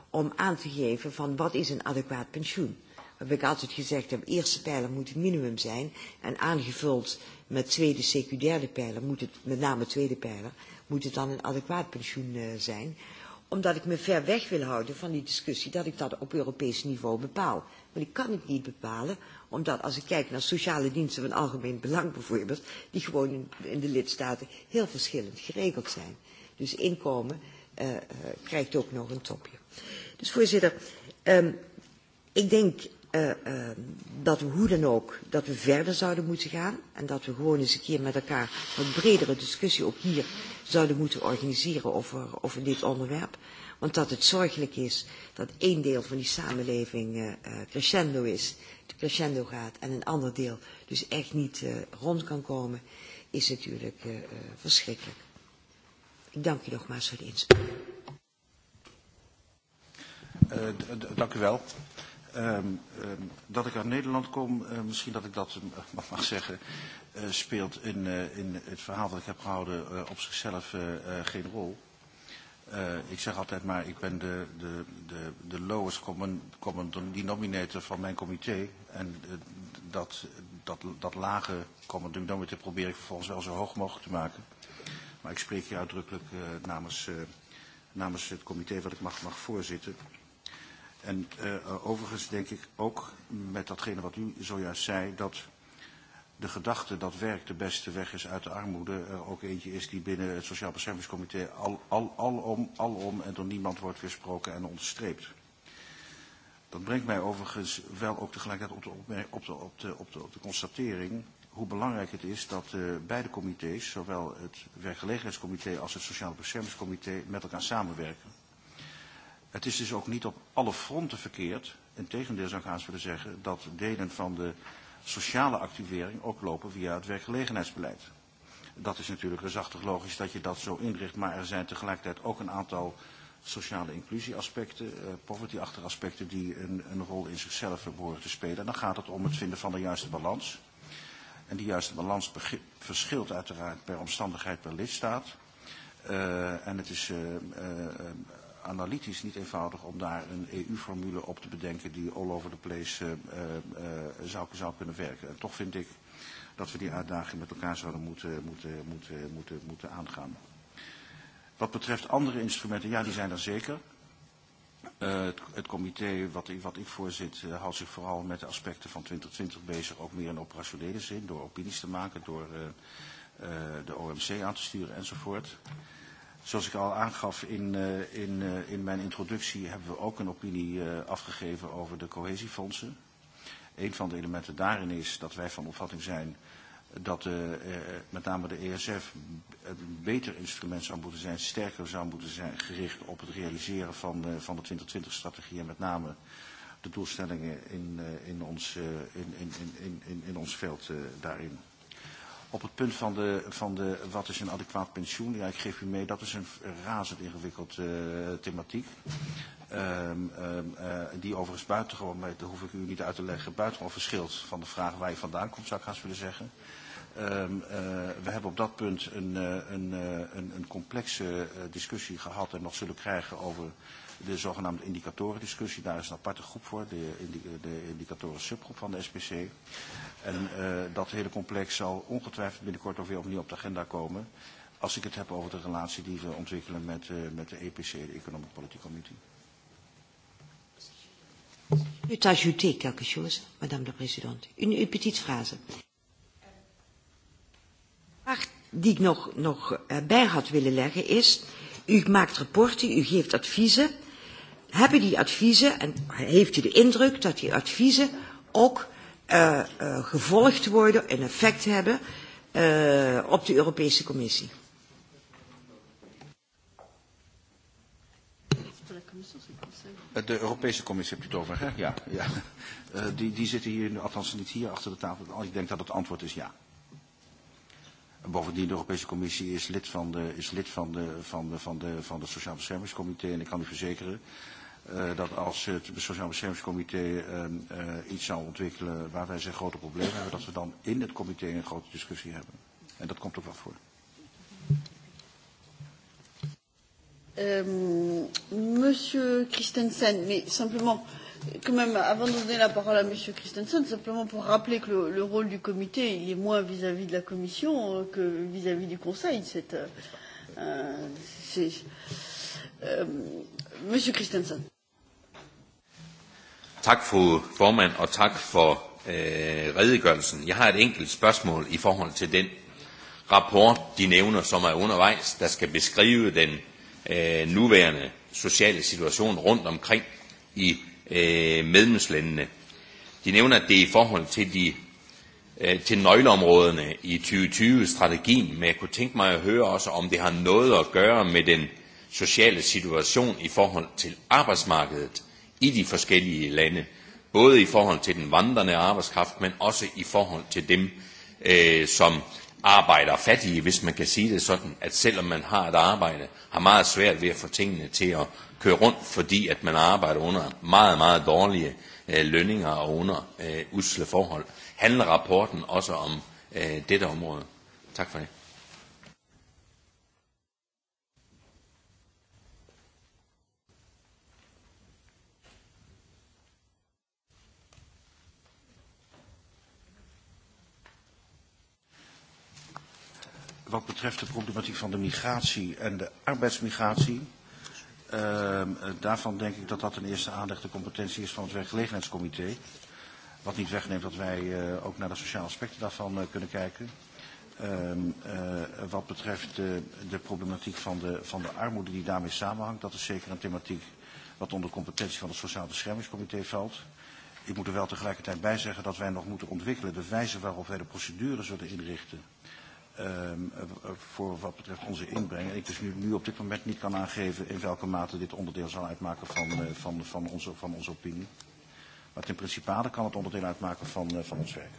om aan te geven van wat is een adequaat pensioen heb ik altijd gezegd, de eerste pijler moet het minimum zijn. En aangevuld met tweede, secundaire pijler, moet het, met name tweede pijler, moet het dan een adequaat pensioen uh, zijn. Omdat ik me ver weg wil houden van die discussie dat ik dat op Europees niveau bepaal. Maar die kan ik niet bepalen, omdat als ik kijk naar sociale diensten van algemeen belang bijvoorbeeld, die gewoon in, in de lidstaten heel verschillend geregeld zijn. Dus inkomen uh, uh, krijgt ook nog een topje. Dus voorzitter, um, ik denk uh, dat we hoe dan ook, dat we verder zouden moeten gaan. En dat we gewoon eens een keer met elkaar een bredere discussie ook hier zouden moeten organiseren over, over dit onderwerp. Want dat het zorgelijk is dat één deel van die samenleving uh, crescendo is, de crescendo gaat, en een ander deel dus echt niet uh, rond kan komen, is natuurlijk uh, verschrikkelijk. Ik dank u nogmaals voor de inspraak. Uh, dank u wel. Um, um, dat ik uit Nederland kom, uh, misschien dat ik dat uh, mag zeggen, uh, speelt in, uh, in het verhaal dat ik heb gehouden uh, op zichzelf uh, uh, geen rol. Uh, ik zeg altijd maar, ik ben de, de, de, de lowest common, common denominator van mijn comité. En uh, dat, dat, dat lage common denominator probeer ik vervolgens wel zo hoog mogelijk te maken. Maar ik spreek hier uitdrukkelijk uh, namens, uh, namens het comité wat ik mag, mag voorzitten. En uh, overigens denk ik ook met datgene wat u zojuist zei, dat de gedachte dat werk de beste weg is uit de armoede uh, ook eentje is die binnen het Sociaal Beschermingscomité al, al, alom, alom en door niemand wordt weersproken en onderstreept. Dat brengt mij overigens wel ook tegelijkertijd op de, op de, op de, op de, op de constatering hoe belangrijk het is dat uh, beide comité's, zowel het werkgelegenheidscomité als het Sociaal Beschermingscomité, met elkaar samenwerken. Het is dus ook niet op alle fronten verkeerd. tegendeel zou ik haast willen zeggen dat delen van de sociale activering ook lopen via het werkgelegenheidsbeleid. Dat is natuurlijk reusachtig logisch dat je dat zo inricht, maar er zijn tegelijkertijd ook een aantal sociale inclusieaspecten, eh, poverty-achtige aspecten die een, een rol in zichzelf behoren te spelen. En dan gaat het om het vinden van de juiste balans. En die juiste balans verschilt uiteraard per omstandigheid per lidstaat. Uh, en het is uh, uh, analytisch niet eenvoudig om daar een EU-formule op te bedenken die all over the place uh, uh, zou, zou kunnen werken. En toch vind ik dat we die uitdaging met elkaar zouden moeten, moeten, moeten, moeten, moeten aangaan. Wat betreft andere instrumenten, ja, die zijn er zeker. Uh, het, het comité wat, wat ik voorzit uh, houdt zich vooral met de aspecten van 2020 bezig, ook meer in operationele zin, door opinies te maken, door uh, uh, de OMC aan te sturen enzovoort. Uh, Zoals ik al aangaf in, uh, in, uh, in mijn introductie hebben we ook een opinie uh, afgegeven over de cohesiefondsen. Een van de elementen daarin is dat wij van opvatting zijn dat de, uh, met name de ESF een beter instrument zou moeten zijn, sterker zou moeten zijn gericht op het realiseren van, uh, van de 2020-strategie en met name de doelstellingen in, uh, in, ons, uh, in, in, in, in, in ons veld uh, daarin. Op het punt van, de, van de, wat is een adequaat pensioen, ja, ik geef u mee, dat is een razend ingewikkeld uh, thematiek. Um, um, uh, die overigens buitengewoon, dat hoef ik u niet uit te leggen, buitengewoon verschilt van de vraag waar je vandaan komt, zou ik haast willen zeggen. Um, uh, we hebben op dat punt een, uh, een, uh, een, een complexe discussie gehad en nog zullen krijgen over uh, de zogenaamde indicatorendiscussie. Daar is een aparte groep voor, de, de indicatoren subgroep van de SPC. En uh, dat hele complex zal ongetwijfeld binnenkort ook weer opnieuw op de agenda komen. Als ik het heb over de relatie die we ontwikkelen met, uh, met de EPC, de Economic Policy Committee. U ajoutez quelque chose, Madame la Présidente. Une, une petite phrase. Vraag die ik nog, nog bij had willen leggen is, u maakt rapporten, u geeft adviezen hebben die adviezen, en heeft u de indruk dat die adviezen ook uh, uh, gevolgd worden, en effect hebben uh, op de Europese Commissie? De Europese Commissie hebt u het over, hè? Ja. ja. Uh, die, die zitten hier, althans niet hier achter de tafel. Ik denk dat het antwoord is ja. Bovendien, de Europese Commissie is lid van, de, is lid van, de, van, de, van, de, van het Sociaal Beschermingscomité. En ik kan u verzekeren uh, dat als het Sociaal Beschermingscomité uh, uh, iets zou ontwikkelen waar wij zijn grote problemen hebben, dat we dan in het comité een grote discussie hebben. En dat komt ook wel voor. Monsieur Christensen, mais simplement, quand même, avant de donner la parole à Monsieur Christensen, simplement pour rappeler que le, le rôle du comité, il est moins vis-à-vis -vis de la Commission que vis-à-vis -vis du Conseil. euh, euh, Monsieur Christensen. Tak, fru formand, og tak for øh, redegørelsen. Jeg har et enkelt spørgsmål i forhold til den rapport, de nævner, som er undervejs, der skal beskrive den øh, nuværende sociale situation rundt omkring i øh, medlemslandene. De nævner, at det er i forhold til, de, øh, til nøgleområderne i 2020-strategien, men jeg kunne tænke mig at høre også, om det har noget at gøre med den sociale situation i forhold til arbejdsmarkedet i de forskellige lande, både i forhold til den vandrende arbejdskraft, men også i forhold til dem, øh, som arbejder fattige, hvis man kan sige det sådan, at selvom man har et arbejde, har meget svært ved at få tingene til at køre rundt, fordi at man arbejder under meget, meget dårlige øh, lønninger og under øh, usle forhold. Handler rapporten også om øh, dette område? Tak for det. wat betreft de problematiek van de migratie en de arbeidsmigratie. Uh, daarvan denk ik dat dat een eerste aandacht de competentie is van het werkgelegenheidscomité. Wat niet wegneemt dat wij uh, ook naar de sociale aspecten daarvan uh, kunnen kijken. Uh, uh, wat betreft de, de problematiek van de, van de armoede die daarmee samenhangt, dat is zeker een thematiek wat onder competentie van het Sociaal Beschermingscomité valt. Ik moet er wel tegelijkertijd bij zeggen dat wij nog moeten ontwikkelen de wijze waarop wij de procedure zullen inrichten um, voor wat betreft onze inbreng. En ik dus nu, nu op dit moment niet kan aangeven in welke mate dit onderdeel zal uitmaken van, uh, van, van, onze, van onze opinie. Maar ten principale kan het onderdeel uitmaken van, uh, van ons werk.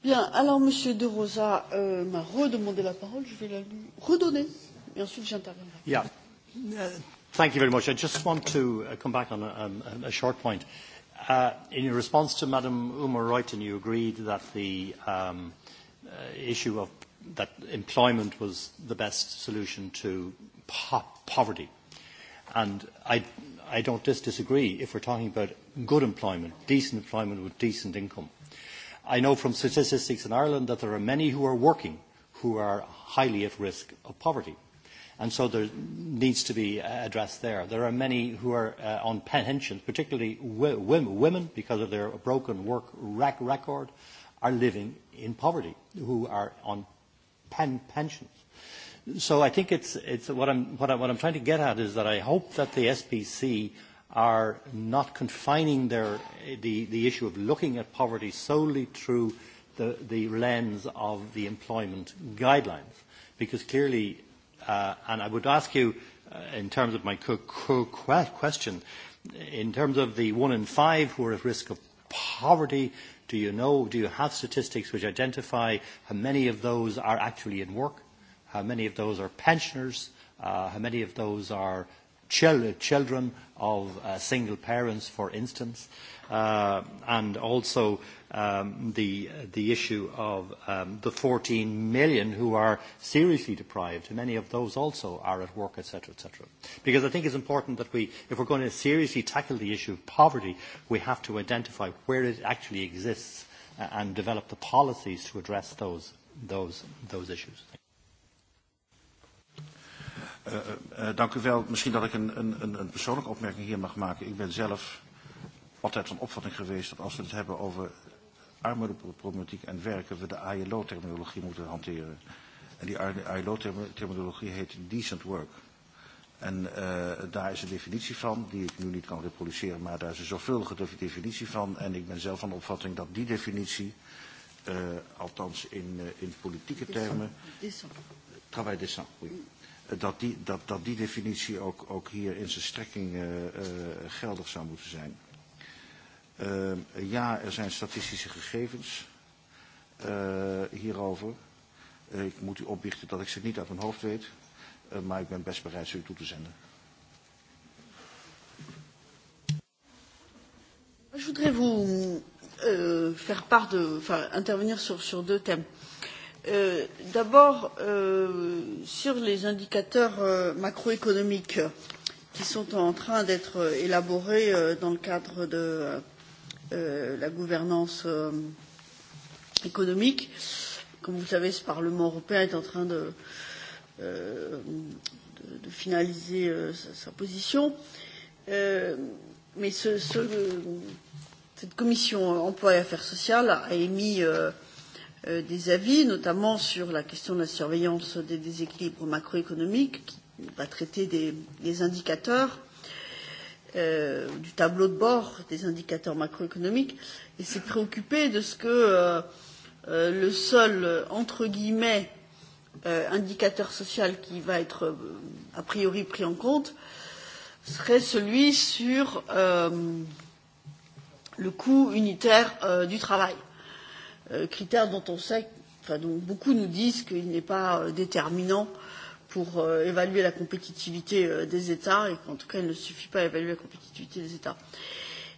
Bien, alors Monsieur De Rosa euh, m'a redemandé la parole, je vais la lui redonner et ensuite j'interviendrai. Yeah. Uh, thank you very much. I just want to uh, come back on a, um, a short point. Uh, in your response to Madam Umar Ruijten you agreed that the um, uh, issue of that employment was the best solution to po- poverty. And I, I don't dis- disagree if we're talking about good employment, decent employment with decent income. I know from statistics in Ireland that there are many who are working who are highly at risk of poverty and so there needs to be addressed there. There are many who are uh, on pensions, particularly women, because of their broken work rec- record, are living in poverty, who are on pen- pensions. So I think it's, it's what, I'm, what, I, what I'm trying to get at is that I hope that the SPC are not confining their, the, the issue of looking at poverty solely through the, the lens of the employment guidelines, because clearly Uh, and I would ask you, uh, in terms of my co- co- question, in terms of the one in five who are at risk of poverty, do you know, do you have statistics which identify how many of those are actually in work, how many of those are pensioners, uh, how many of those are children of uh, single parents, for instance, uh, and also um, the, the issue of um, the 14 million who are seriously deprived. Many of those also are at work, etc., etc. Because I think it's important that we, if we're going to seriously tackle the issue of poverty, we have to identify where it actually exists and develop the policies to address those, those, those issues. Uh, uh, dank u wel. Misschien dat ik een, een, een persoonlijke opmerking hier mag maken. Ik ben zelf altijd van opvatting geweest dat als we het hebben over armoedeproblematiek en werken, we de ILO-terminologie moeten hanteren. En die ILO-terminologie heet decent work. En uh, daar is een definitie van, die ik nu niet kan reproduceren, maar daar is een zorgvuldige definitie van. En ik ben zelf van opvatting dat die definitie, uh, althans in, uh, in politieke termen... Travail decent, oui dat die, dat, dat die definitie ook, ook hier in zijn strekking uh, uh, geldig zou moeten zijn. Uh, ja, er zijn statistische gegevens uh, hierover. Uh, ik moet u opbiechten dat ik ze niet uit mijn hoofd weet, uh, maar ik ben best bereid ze u toe te zenden. Je voudrais vous euh, faire part de, enfin, intervenir sur, sur deux thèmes. D'abord, sur les indicateurs macroéconomiques qui sont en train d'être élaborés dans le cadre de la gouvernance économique. Comme vous le savez, ce Parlement européen est en train de, de finaliser sa position. Mais ce, ce, cette commission emploi et affaires sociales a émis des avis, notamment sur la question de la surveillance des déséquilibres macroéconomiques, qui va traiter des, des indicateurs, euh, du tableau de bord des indicateurs macroéconomiques, et s'est préoccupé de ce que euh, euh, le seul, entre guillemets, euh, indicateur social qui va être euh, a priori pris en compte serait celui sur euh, le coût unitaire euh, du travail. Euh, critère dont on sait, enfin dont beaucoup nous disent qu'il n'est pas déterminant pour évaluer la compétitivité des États et qu'en tout cas il ne suffit pas à évaluer la compétitivité des États.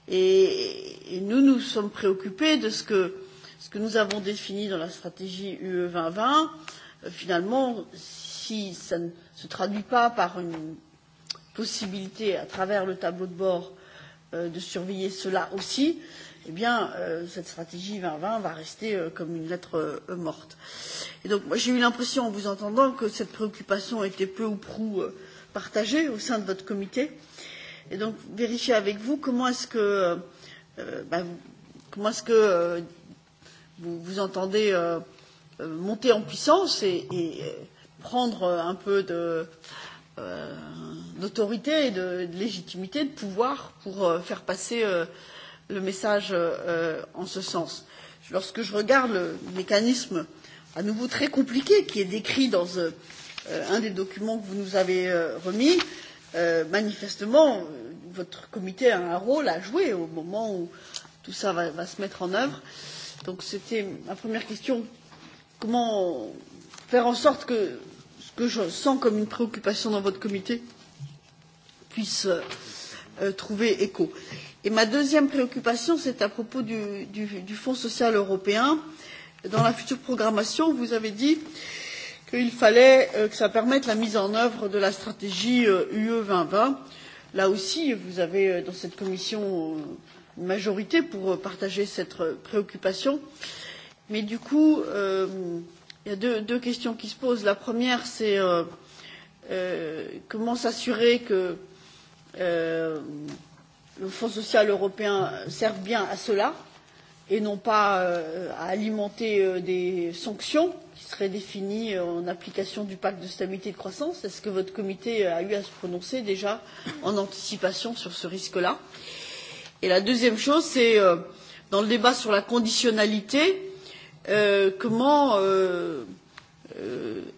Et, et nous nous sommes préoccupés de ce que ce que nous avons défini dans la stratégie UE 2020, finalement, si ça ne se traduit pas par une possibilité à travers le tableau de bord de surveiller cela aussi, eh bien, euh, cette stratégie 2020 va rester euh, comme une lettre euh, morte. Et donc, moi, j'ai eu l'impression, en vous entendant, que cette préoccupation était peu ou prou euh, partagée au sein de votre comité. Et donc, vérifier avec vous comment est-ce que, euh, bah, comment est-ce que euh, vous, vous entendez euh, monter en puissance et, et prendre un peu de d'autorité et de, de légitimité, de pouvoir pour euh, faire passer euh, le message euh, en ce sens. Lorsque je regarde le mécanisme à nouveau très compliqué qui est décrit dans euh, un des documents que vous nous avez euh, remis, euh, manifestement, votre comité a un rôle à jouer au moment où tout ça va, va se mettre en œuvre. Donc c'était ma première question. Comment faire en sorte que ce que je sens comme une préoccupation dans votre comité puisse euh, trouver écho. Et ma deuxième préoccupation, c'est à propos du, du, du Fonds social européen. Dans la future programmation, vous avez dit qu'il fallait que ça permette la mise en œuvre de la stratégie UE 2020. Là aussi, vous avez dans cette commission une majorité pour partager cette préoccupation. Mais du coup, euh, il y a deux, deux questions qui se posent. La première, c'est euh, euh, comment s'assurer que euh, le Fonds social européen serve bien à cela et non pas à alimenter des sanctions qui seraient définies en application du pacte de stabilité et de croissance. Est-ce que votre comité a eu à se prononcer déjà en anticipation sur ce risque-là Et la deuxième chose, c'est dans le débat sur la conditionnalité, comment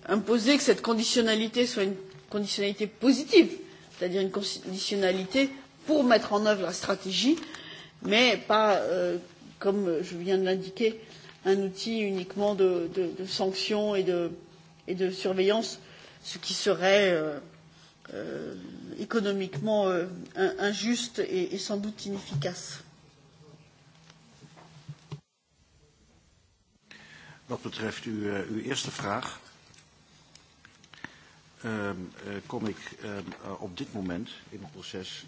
imposer que cette conditionnalité soit une conditionnalité positive, c'est-à-dire une conditionnalité pour mettre en œuvre la stratégie, mais pas, comme je viens de l'indiquer, un outil uniquement de, sanctions et de, surveillance, ce qui serait économiquement injuste et sans doute inefficace. Wat betreft uw, uw eerste vraag, um, uh, kom ik um, uh, op dit moment in het proces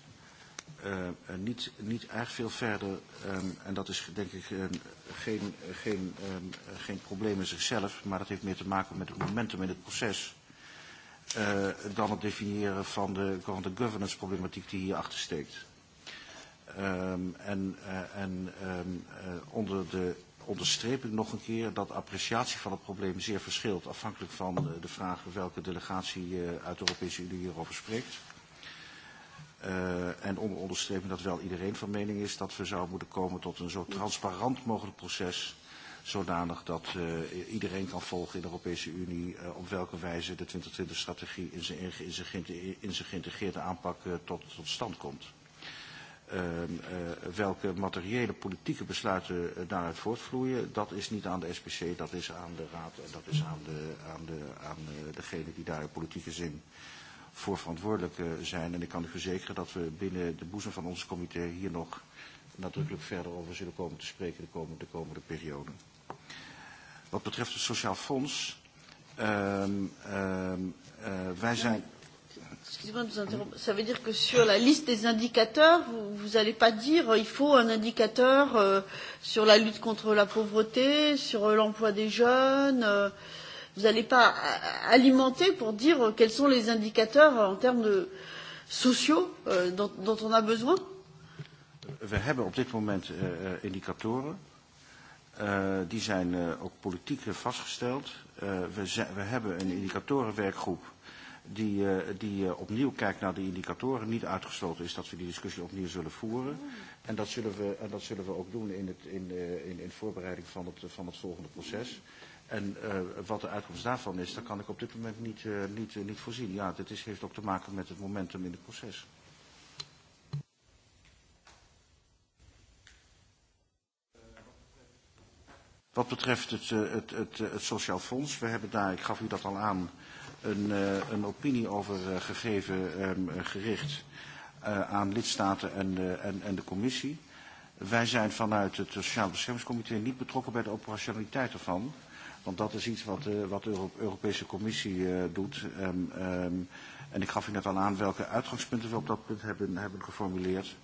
uh, niet, niet erg veel verder. Um, en dat is denk ik uh, geen, geen, uh, geen probleem in zichzelf, maar dat heeft meer te maken met het momentum in het proces. Uh, dan het definiëren van de, van de governance problematiek die hierachter steekt. Um, en uh, en um, uh, onder de onderstreping nog een keer dat appreciatie van het probleem zeer verschilt, afhankelijk van de vraag welke delegatie uit de Europese Unie hierover spreekt. Uh, en onder onderstreping dat wel iedereen van mening is dat we zouden moeten komen tot een zo transparant mogelijk proces. Zodanig dat uh, iedereen kan volgen in de Europese Unie uh, op welke wijze de 2020-strategie in zijn, in, zijn, in zijn geïntegreerde aanpak uh, tot, tot stand komt. Uh, uh, welke materiële politieke besluiten uh, daaruit voortvloeien, dat is niet aan de SPC, dat is aan de Raad en dat is aan, de, aan, de, aan uh, degene die daar in politieke zin uh, voor verantwoordelijk zijn. En ik kan u verzekeren dat we binnen de boezem van ons comité hier nog nadrukkelijk verder over zullen komen te spreken de komende, de komende periode. Wat betreft het Sociaal Fonds, um, um, uh, wij zijn... Excusez-moi de vous interrompre. Ça veut dire que sur la liste des indicateurs, vous n'allez pas dire il faut un indicateur euh, sur la lutte contre la pauvreté, sur l'emploi des jeunes, euh, vous n'allez pas alimenter pour dire quels sont les indicateurs en termes de sociaux euh, dont, dont on a besoin We hebben op dit moment uh, indicatoren. Uh, die zijn uh, ook politiek vastgesteld. Uh, we, we hebben een indicatorenwerkgroep die, uh, die uh, opnieuw kijkt naar de indicatoren. Niet uitgesloten is dat we die discussie opnieuw zullen voeren. En dat zullen we, en dat zullen we ook doen in, het, in, uh, in, in voorbereiding van het, van het volgende proces. Uh, En uh, wat de uitkomst daarvan is, dat kan ik op dit moment niet, uh, niet, uh, niet voorzien. Ja, dit is, heeft ook te maken met het momentum in het proces. Wat betreft het, het, het, het Sociaal Fonds, we hebben daar, ik gaf u dat al aan, een, een opinie over gegeven, gericht aan lidstaten en, en, en de commissie. Wij zijn vanuit het Sociaal Beschermingscomité niet betrokken bij de operationaliteit ervan. Want dat is iets wat, uh, wat de Euro Europese Commissie uh, doet. Um, um, en ik gaf u net al aan welke uitgangspunten we op dat punt hebben, hebben geformuleerd.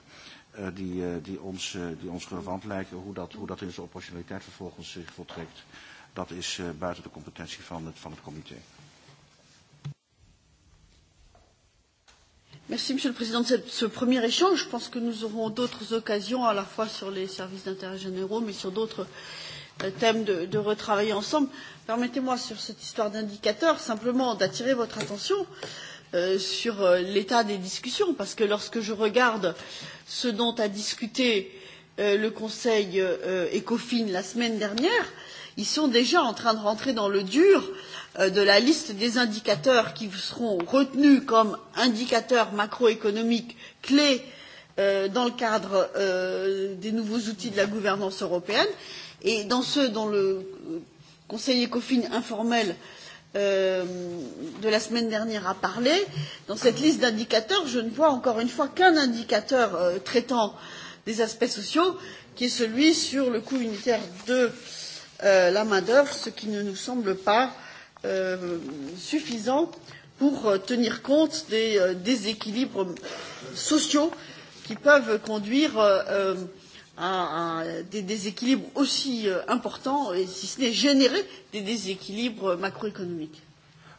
Uh, die, uh, die, ons, uh, die ons relevant lijken. Hoe dat, hoe dat in zijn operationaliteit vervolgens zich voltrekt. Dat is uh, buiten de competentie van het, van het comité. Merci Monsieur le Président de ce premier échange. Je pense que nous aurons d'autres occasions, à la fois sur les services d'intérêt généraux, mais sur d'autres euh, thème de, de retravailler ensemble. Permettez-moi sur cette histoire d'indicateurs simplement d'attirer votre attention euh, sur euh, l'état des discussions parce que lorsque je regarde ce dont a discuté euh, le Conseil euh, ECOFIN la semaine dernière, ils sont déjà en train de rentrer dans le dur euh, de la liste des indicateurs qui seront retenus comme indicateurs macroéconomiques clés euh, dans le cadre euh, des nouveaux outils de la gouvernance européenne. Et dans ceux dont le Conseil ECOFIN informel de la semaine dernière a parlé, dans cette liste d'indicateurs, je ne vois encore une fois qu'un indicateur traitant des aspects sociaux, qui est celui sur le coût unitaire de la main d'œuvre, ce qui ne nous semble pas suffisant pour tenir compte des déséquilibres sociaux qui peuvent conduire à des déséquilibres aussi importants, et si ce n'est générer des déséquilibres macroéconomiques.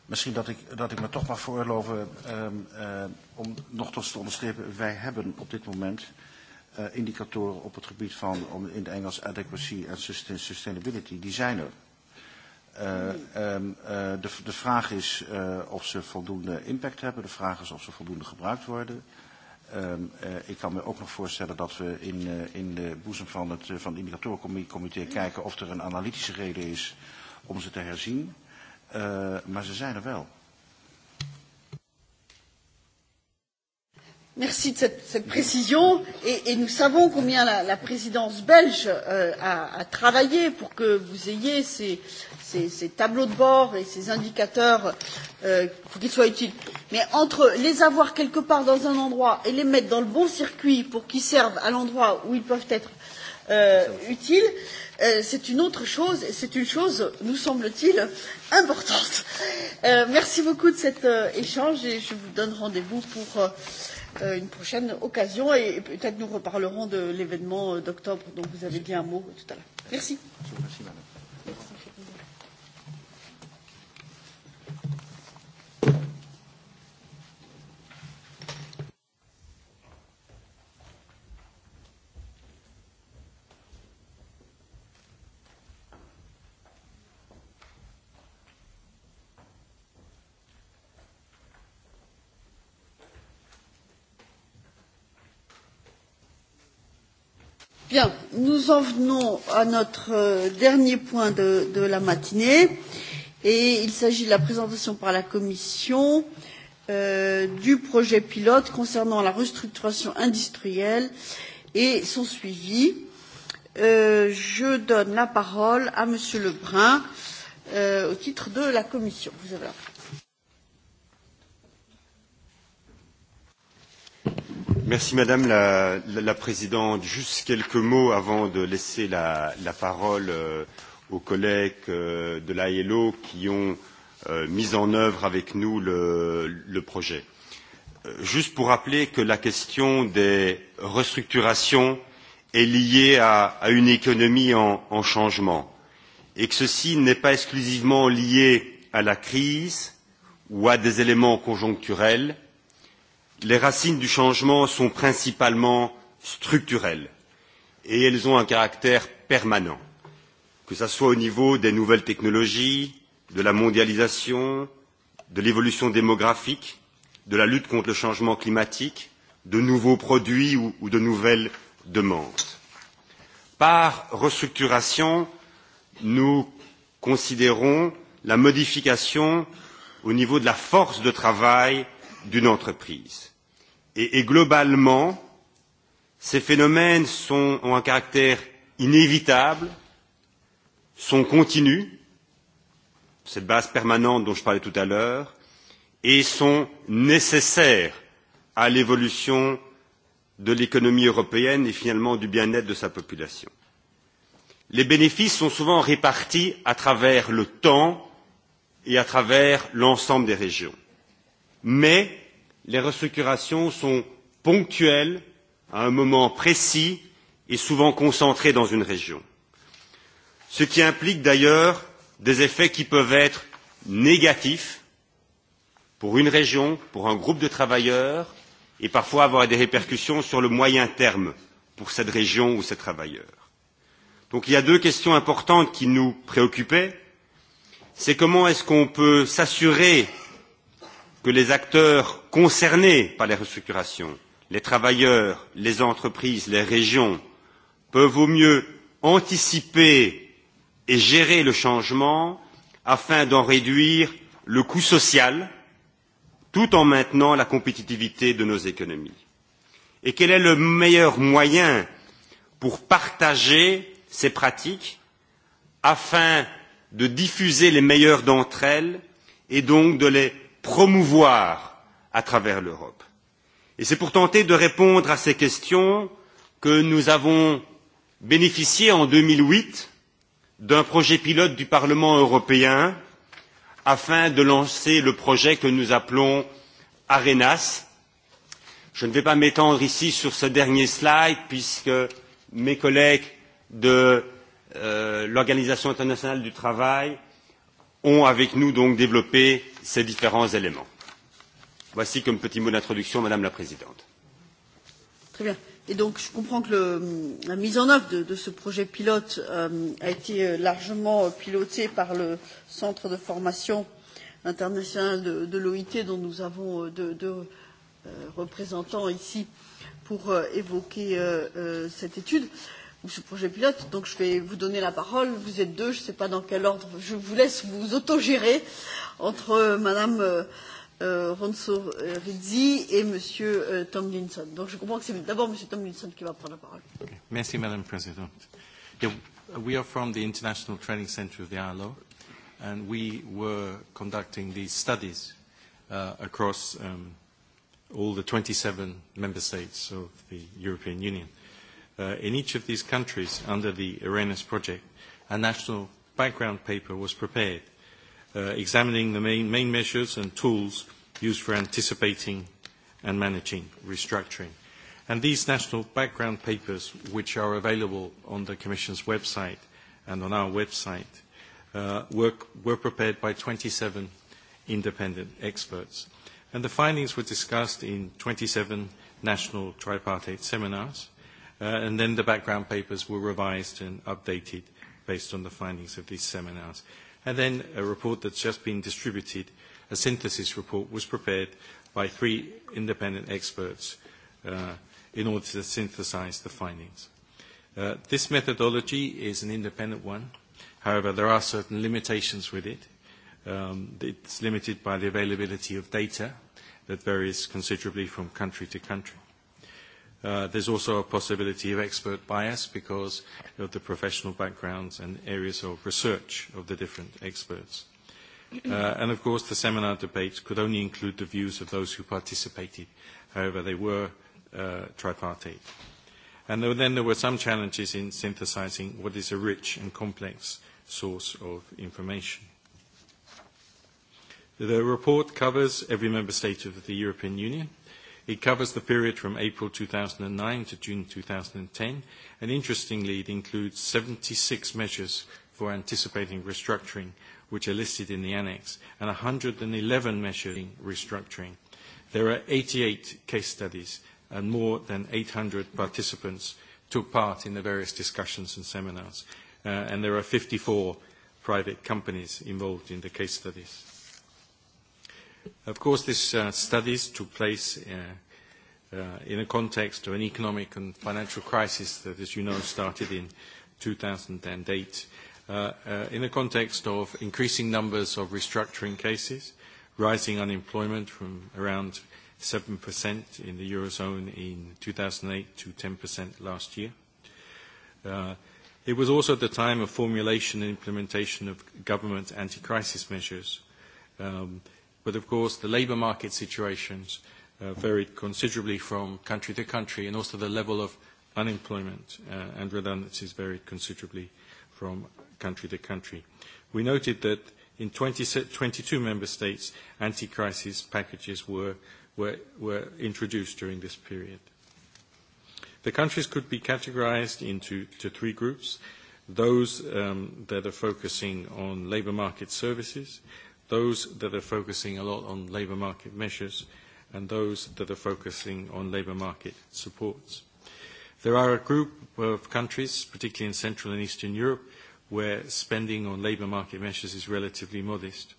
Misschien dat ik, dat ik me toch mag veroorloven um, uh, om nog tot te onderstrepen. Wij hebben op dit moment uh, indicatoren op het gebied van, om, in het Engels, adequacy en sustainability. Die zijn er. Uh, um, uh, de, de vraag is uh, of ze voldoende impact hebben. De vraag is of ze voldoende gebruikt worden. Uh, uh, ik kan me ook nog voorstellen dat we in, uh, in de boezem van het, uh, het indicatorencomité kijken of er een analytische reden is om ze te herzien. Uh, maar ze zijn er wel. Merci de cette, cette précision et, et nous savons combien la, la présidence belge euh, a, a travaillé pour que vous ayez ces, ces, ces tableaux de bord et ces indicateurs, euh, qu'ils soient utiles. Mais entre les avoir quelque part dans un endroit et les mettre dans le bon circuit pour qu'ils servent à l'endroit où ils peuvent être euh, utiles, euh, c'est une autre chose et c'est une chose, nous semble-t-il, importante. Euh, merci beaucoup de cet euh, échange et je vous donne rendez-vous pour. Euh, une prochaine occasion et peut-être nous reparlerons de l'événement d'octobre dont vous avez dit un mot tout à l'heure. Merci. Je vous remercie, madame. Bien, nous en venons à notre dernier point de, de la matinée et il s'agit de la présentation par la Commission euh, du projet pilote concernant la restructuration industrielle et son suivi. Euh, je donne la parole à Monsieur Lebrun euh, au titre de la Commission. Vous avez la parole. Merci Madame la, la, la Présidente. Juste quelques mots avant de laisser la, la parole euh, aux collègues euh, de l'ILO qui ont euh, mis en œuvre avec nous le, le projet. Juste pour rappeler que la question des restructurations est liée à, à une économie en, en changement et que ceci n'est pas exclusivement lié à la crise ou à des éléments conjoncturels, les racines du changement sont principalement structurelles et elles ont un caractère permanent, que ce soit au niveau des nouvelles technologies, de la mondialisation, de l'évolution démographique, de la lutte contre le changement climatique, de nouveaux produits ou, ou de nouvelles demandes. Par restructuration, nous considérons la modification au niveau de la force de travail d'une entreprise. Et, et globalement, ces phénomènes sont, ont un caractère inévitable, sont continus, cette base permanente dont je parlais tout à l'heure, et sont nécessaires à l'évolution de l'économie européenne et finalement du bien-être de sa population. Les bénéfices sont souvent répartis à travers le temps et à travers l'ensemble des régions. Mais les restructurations sont ponctuelles, à un moment précis et souvent concentrées dans une région. Ce qui implique d'ailleurs des effets qui peuvent être négatifs pour une région, pour un groupe de travailleurs, et parfois avoir des répercussions sur le moyen terme pour cette région ou ces travailleurs. Donc il y a deux questions importantes qui nous préoccupaient. C'est comment est-ce qu'on peut s'assurer que les acteurs concernés par les restructurations, les travailleurs, les entreprises, les régions, peuvent au mieux anticiper et gérer le changement afin d'en réduire le coût social tout en maintenant la compétitivité de nos économies. Et quel est le meilleur moyen pour partager ces pratiques afin de diffuser les meilleures d'entre elles et donc de les promouvoir à travers l'Europe. Et c'est pour tenter de répondre à ces questions que nous avons bénéficié en deux mille huit d'un projet pilote du Parlement européen afin de lancer le projet que nous appelons Arenas. Je ne vais pas m'étendre ici sur ce dernier slide puisque mes collègues de l'Organisation internationale du travail ont avec nous donc développé ces différents éléments. Voici comme petit mot d'introduction, Madame la Présidente. Très bien. Et donc, je comprends que le, la mise en œuvre de, de ce projet pilote euh, a été largement pilotée par le centre de formation international de, de l'OIT, dont nous avons deux, de, euh, représentants ici pour euh, évoquer euh, euh, cette étude. Euh, ou ce projet pilote. Donc je vais vous donner la parole. Vous êtes deux, je ne sais pas dans quel ordre. Je vous laisse vous autogérer entre Madame euh, Ronso Rizzi et Monsieur euh, Tomlinson. Donc je comprends que c'est d'abord Monsieur Tomlinson qui va prendre la parole. Okay. Merci Madame la Présidente. Yeah, we are from the International Training Center of the ILO and we were conducting these studies uh, across um, all the 27 member states of the European Union uh, in each of these countries under the Arenas project, a national background paper was prepared, uh, examining the main, main measures and tools used for anticipating and managing restructuring. And these national background papers, which are available on the Commission's website and on our website, uh, were, were prepared by 27 independent experts. And the findings were discussed in 27 national tripartite seminars Uh, and then the background papers were revised and updated based on the findings of these seminars. And then a report that's just been distributed, a synthesis report, was prepared by three independent experts uh, in order to synthesize the findings. Uh, this methodology is an independent one. However, there are certain limitations with it. Um, it's limited by the availability of data that varies considerably from country to country there's also a possibility of expert bias because of the professional backgrounds and areas of research of the different experts. Uh, and of course, the seminar debates could only include the views of those who participated, however they were uh, tripartite. And then there were some challenges in synthesizing what is a rich and complex source of information. The report covers every member state of the European Union It covers the period from April 2009 to June 2010, and interestingly, it includes 76 measures for anticipating restructuring, which are listed in the annex, and 111 measures in restructuring. There are 88 case studies, and more than 800 participants took part in the various discussions and seminars, and there are 54 private companies involved in the case studies. Of course, this uh, studies took place uh, uh, in a context of an economic and financial crisis that, as you know, started in 2008, uh, uh, in a context of increasing numbers of restructuring cases, rising unemployment from around 7% in the Eurozone in 2008 to 10% last year. Uh, it was also at the time of formulation and implementation of government anti-crisis measures, um, – But of course, the labour market situations uh, varied considerably from country to country, and also the level of unemployment uh, and redundancies varied considerably from country to country. We noted that in 20, 22 member states, anti-crisis packages were, were, were introduced during this period. The countries could be categorized into to three groups, those um, that are focusing on labor market services, those that are focusing a lot on labour market measures and those that are focusing on labour market supports. There are a group of countries, particularly in Central and Eastern Europe, where spending on labour market measures is relatively modest.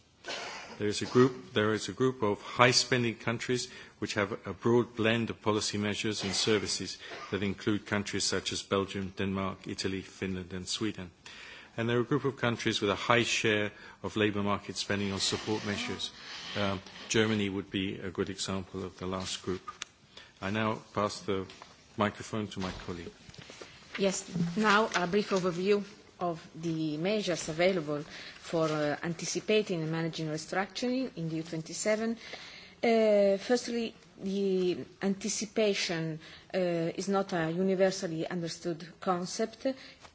There is a group, there is a group of high spending countries which have a broad blend of policy measures and services that include countries such as Belgium, Denmark, Italy, Finland and Sweden and they're a group of countries with a high share of labour market spending on support measures. Um, Germany would be a good example of the last group. I now pass the microphone to my colleague. Yes, now a brief overview of the measures available for uh, anticipating and managing restructuring in the U27. Uh, firstly, the anticipation uh, is not a universally understood concept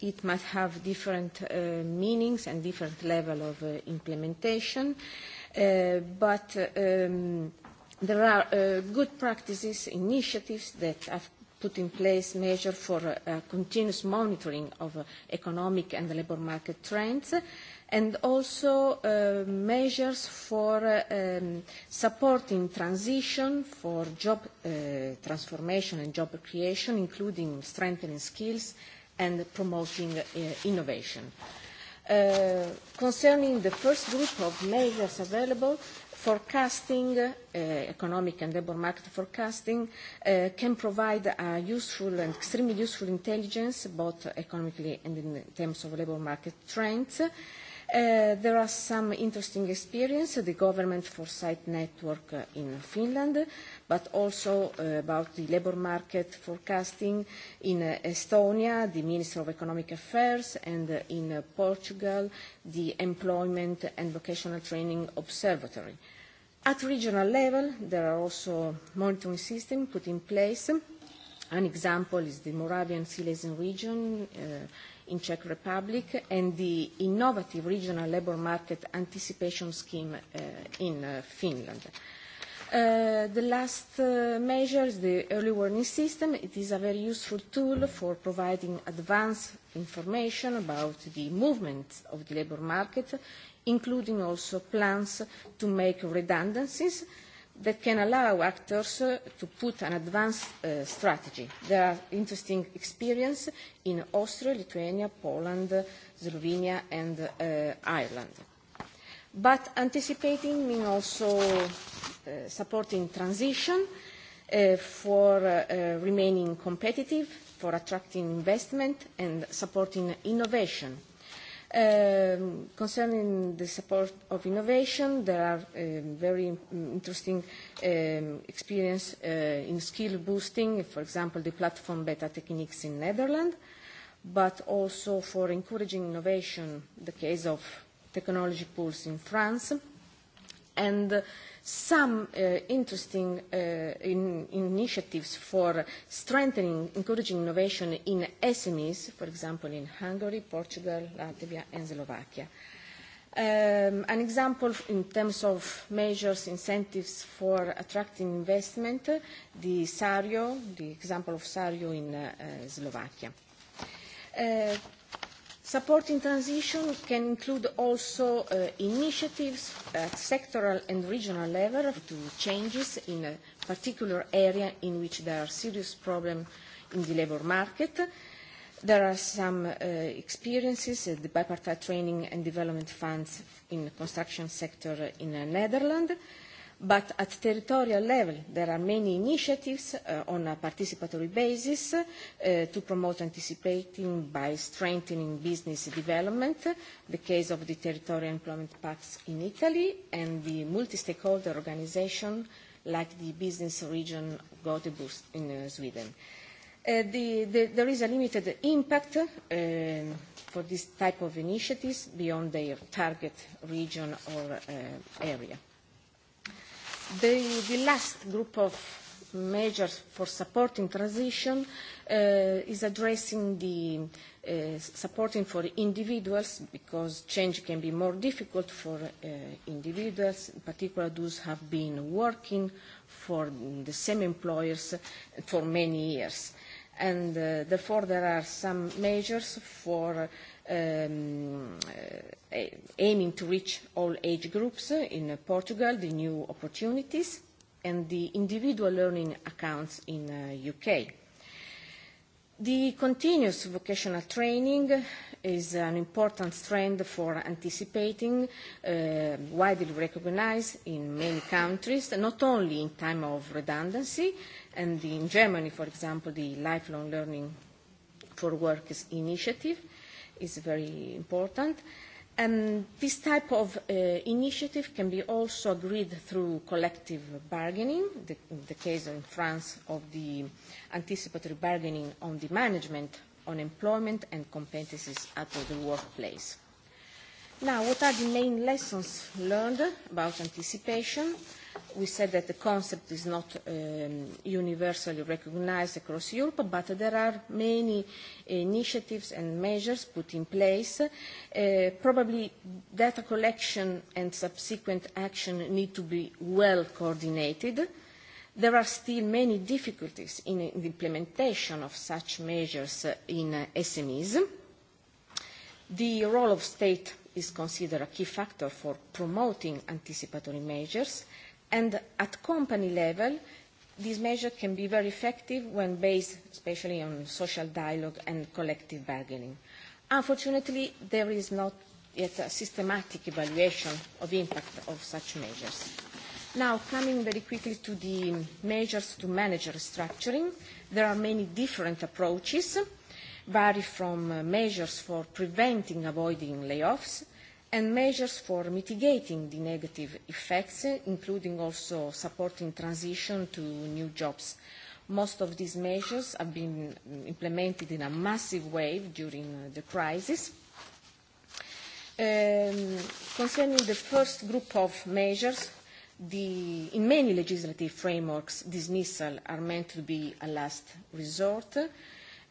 it must have different uh, meanings and different level of uh, implementation, uh, but um, there are uh, good practices, initiatives that have put in place measures for uh, continuous monitoring of uh, economic and labour market trends, and also uh, measures for uh, um, supporting transition for job uh, transformation and job creation, including strengthening skills and promoting innovation. concerning the first group of measures available, forecasting, uh, economic and labour market forecasting, uh, can provide a useful and extremely useful intelligence, both economically and in terms of labour market trends. Uh, there are some interesting experiences, the government foresight network in Finland, but also about the labour market forecasting in Estonia, the Minister of Economic Affairs, and in Portugal, the Employment and Vocational Training Observatory. At regional level, there are also monitoring systems put in place. An example is the Moravian Silesian region in Czech Republic and the innovative regional labour market anticipation scheme uh, in uh, Finland. Uh, the last uh, measure is the early warning system. It is a very useful tool for providing advanced information about the movement of the labour market, including also plans to make redundancies that can allow actors uh, to put an advanced uh, strategy. There are interesting experience in Austria, Lithuania, Poland, Slovenia and uh, Ireland. But anticipating means also uh, supporting transition uh, for uh, uh, remaining competitive, for attracting investment and supporting innovation Um, concerning the support of innovation, there are um, very interesting um, experience uh, in skill boosting, for example, the platform Beta Techniques in Netherlands, but also for encouraging innovation, the case of technology pools in France, and uh, some uh, interesting uh, in initiatives for strengthening, encouraging innovation in SMEs, for example, in Hungary, Portugal, Latvia, and Slovakia. Um, an example in terms of measures, incentives for attracting investment, the SARIO, the example of SARIO in uh, uh, Slovakia. Uh, Support in transition can include also initiatives at sectoral and regional level to changes in a particular area in which there are serious problems in the labour market. There are some experiences at the bipartite training and development funds in the construction sector in the Netherlands. But at territorial level, there are many initiatives uh, on a participatory basis uh, to promote anticipating by strengthening business development, the case of the territorial employment pacts in Italy and the multi-stakeholder organization like the business region Göteborg in uh, Sweden. Uh, the, the, there is a limited impact uh, for this type of initiatives beyond their target region or uh, area. The, the last group of measures for supporting transition uh, is addressing the uh, supporting for individuals because change can be more difficult for uh, individuals, in particular those who have been working for the same employers for many years. And uh, therefore there are some measures for uh, aiming to reach all age groups in Portugal, the new opportunities, and the individual learning accounts in the UK. The continuous vocational training is an important trend for anticipating, widely recognised in many countries, not only in time of redundancy, and in Germany, for example, the Lifelong Learning for Workers initiative, is very important. And this type of uh, initiative can be also agreed through collective bargaining, the, in the case in France of the anticipatory bargaining on the management on employment and competencies at the workplace. Now, what are the main lessons learned about anticipation? we said that the concept is not um, universally recognized across Europe, but there are many initiatives and measures put in place. Uh, probably data collection and subsequent action need to be well coordinated. There are still many difficulties in the implementation of such measures in SMEs. The role of state is considered a key factor for promoting anticipatory measures. And at company level, these measures can be very effective when based especially on social dialogue and collective bargaining. Unfortunately, there is not yet a systematic evaluation of impact of such measures. Now, coming very quickly to the measures to manage restructuring, there are many different approaches, vary from measures for preventing avoiding layoffs and measures for mitigating the negative effects, including also supporting transition to new jobs. Most of these measures have been implemented in a massive wave during the crisis. Concerning the first group of measures, the, in many legislative frameworks, dismissal are meant to be a last resort. Uh,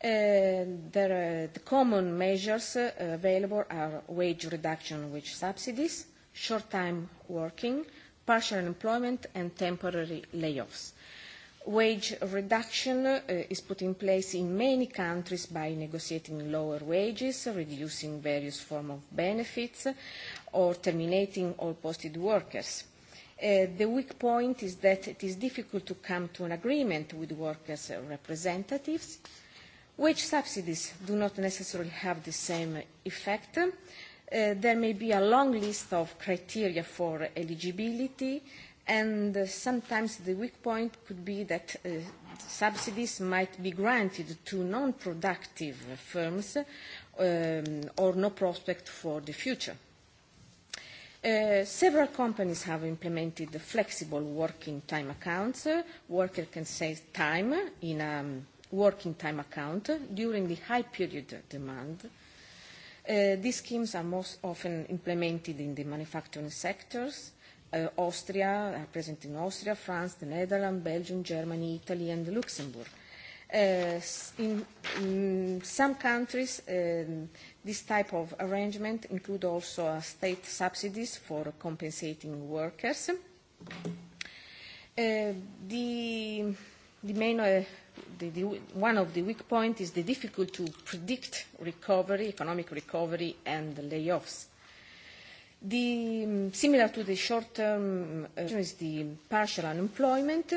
the common measures available are wage reduction with subsidies, short-time working, partial employment, and temporary layoffs. Wage reduction is put in place in many countries by negotiating lower wages, reducing various forms of benefits, or terminating all posted workers. The weak point is that it is difficult to come to an agreement with workers' representatives, Wage subsidies do not necessarily have the same effect. there may be a long list of criteria for eligibility, and sometimes the weak point could be that subsidies might be granted to non-productive firms or no prospect for the future. several companies have implemented flexible working time accounts. worker can save time in a working time account during the high period demand. these schemes are most often implemented in the manufacturing sectors. Austria, are present in Austria, France, the Netherlands, Belgium, Germany, Italy, and Luxembourg. in, some countries, this type of arrangement include also state subsidies for compensating workers. the, main the, the, one of the weak points is the difficult to predict recovery, economic recovery and layoffs. The, similar to the short-term uh, is the partial unemployment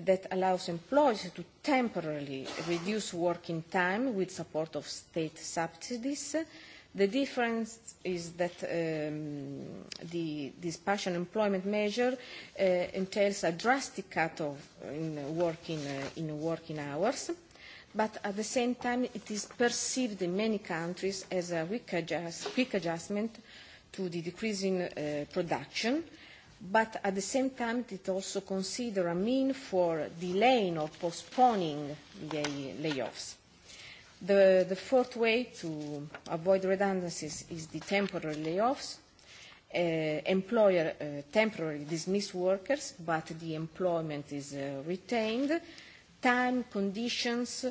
that allows employers to temporarily reduce working time with support of state subsidies uh, The difference is that um, the, this partial employment measure uh, entails a drastic cut of in working, uh, in working hours, but at the same time it is perceived in many countries as a quick, adjust, quick adjustment to the decrease in uh, production, but at the same time it also considers a mean for delaying or postponing the layoffs. The, the fourth way to avoid redundancies is the temporary layoffs. Uh, employer uh, temporarily dismiss workers, but the employment is uh, retained. Time conditions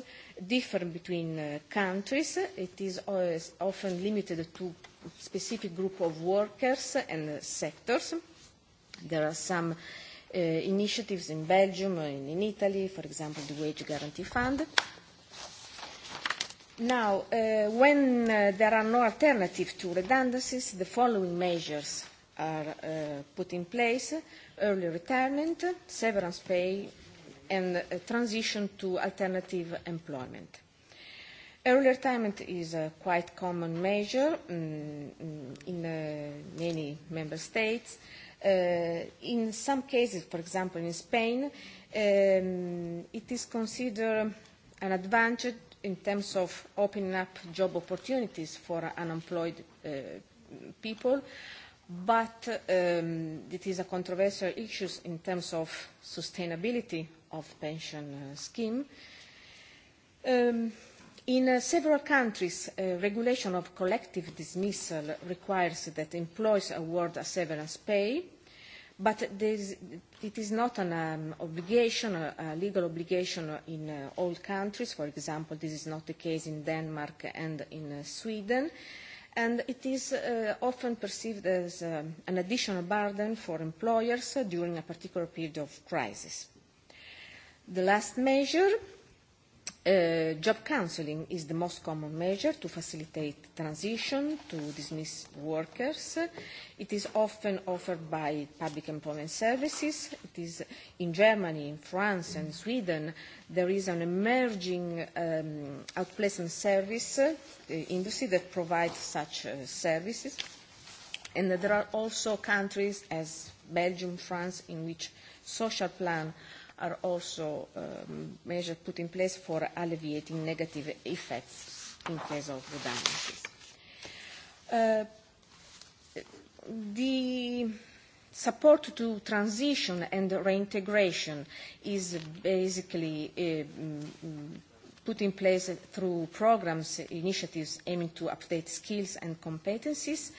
differ between uh, countries. It is always often limited to specific group of workers and uh, sectors. There are some uh, initiatives in Belgium and in Italy, for example, the Wage Guarantee Fund, Now, when there are no alternative to redundancies, the following measures are put in place: early retirement, severance pay, and transition to alternative employment. Early retirement is a quite common measure in many member states. In some cases, for example, in Spain, it is considered an advantage in terms of opening up job opportunities for unemployed uh, people, but um, it is a controversial issue in terms of sustainability of pension uh, scheme. Um, in uh, several countries, uh, regulation of collective dismissal requires that employees award a severance pay But it is not an um, obligation, a, a legal obligation in uh, all countries. For example, this is not the case in Denmark and in uh, Sweden. And it is uh, often perceived as um, an additional burden for employers during a particular period of crisis. The last measure Uh, job counseling is the most common measure to facilitate transition to dismiss workers. It is often offered by public employment services. It is in Germany, in France and Sweden, there is an emerging um, outplacement service uh, industry that provides such uh, services. And there are also countries as Belgium, France, in which social plan uh, are also um, measures put in place for alleviating negative effects in case of redundancies. Uh, the support to transition and reintegration is basically uh, put in place through programs, initiatives aiming to update skills and competencies uh,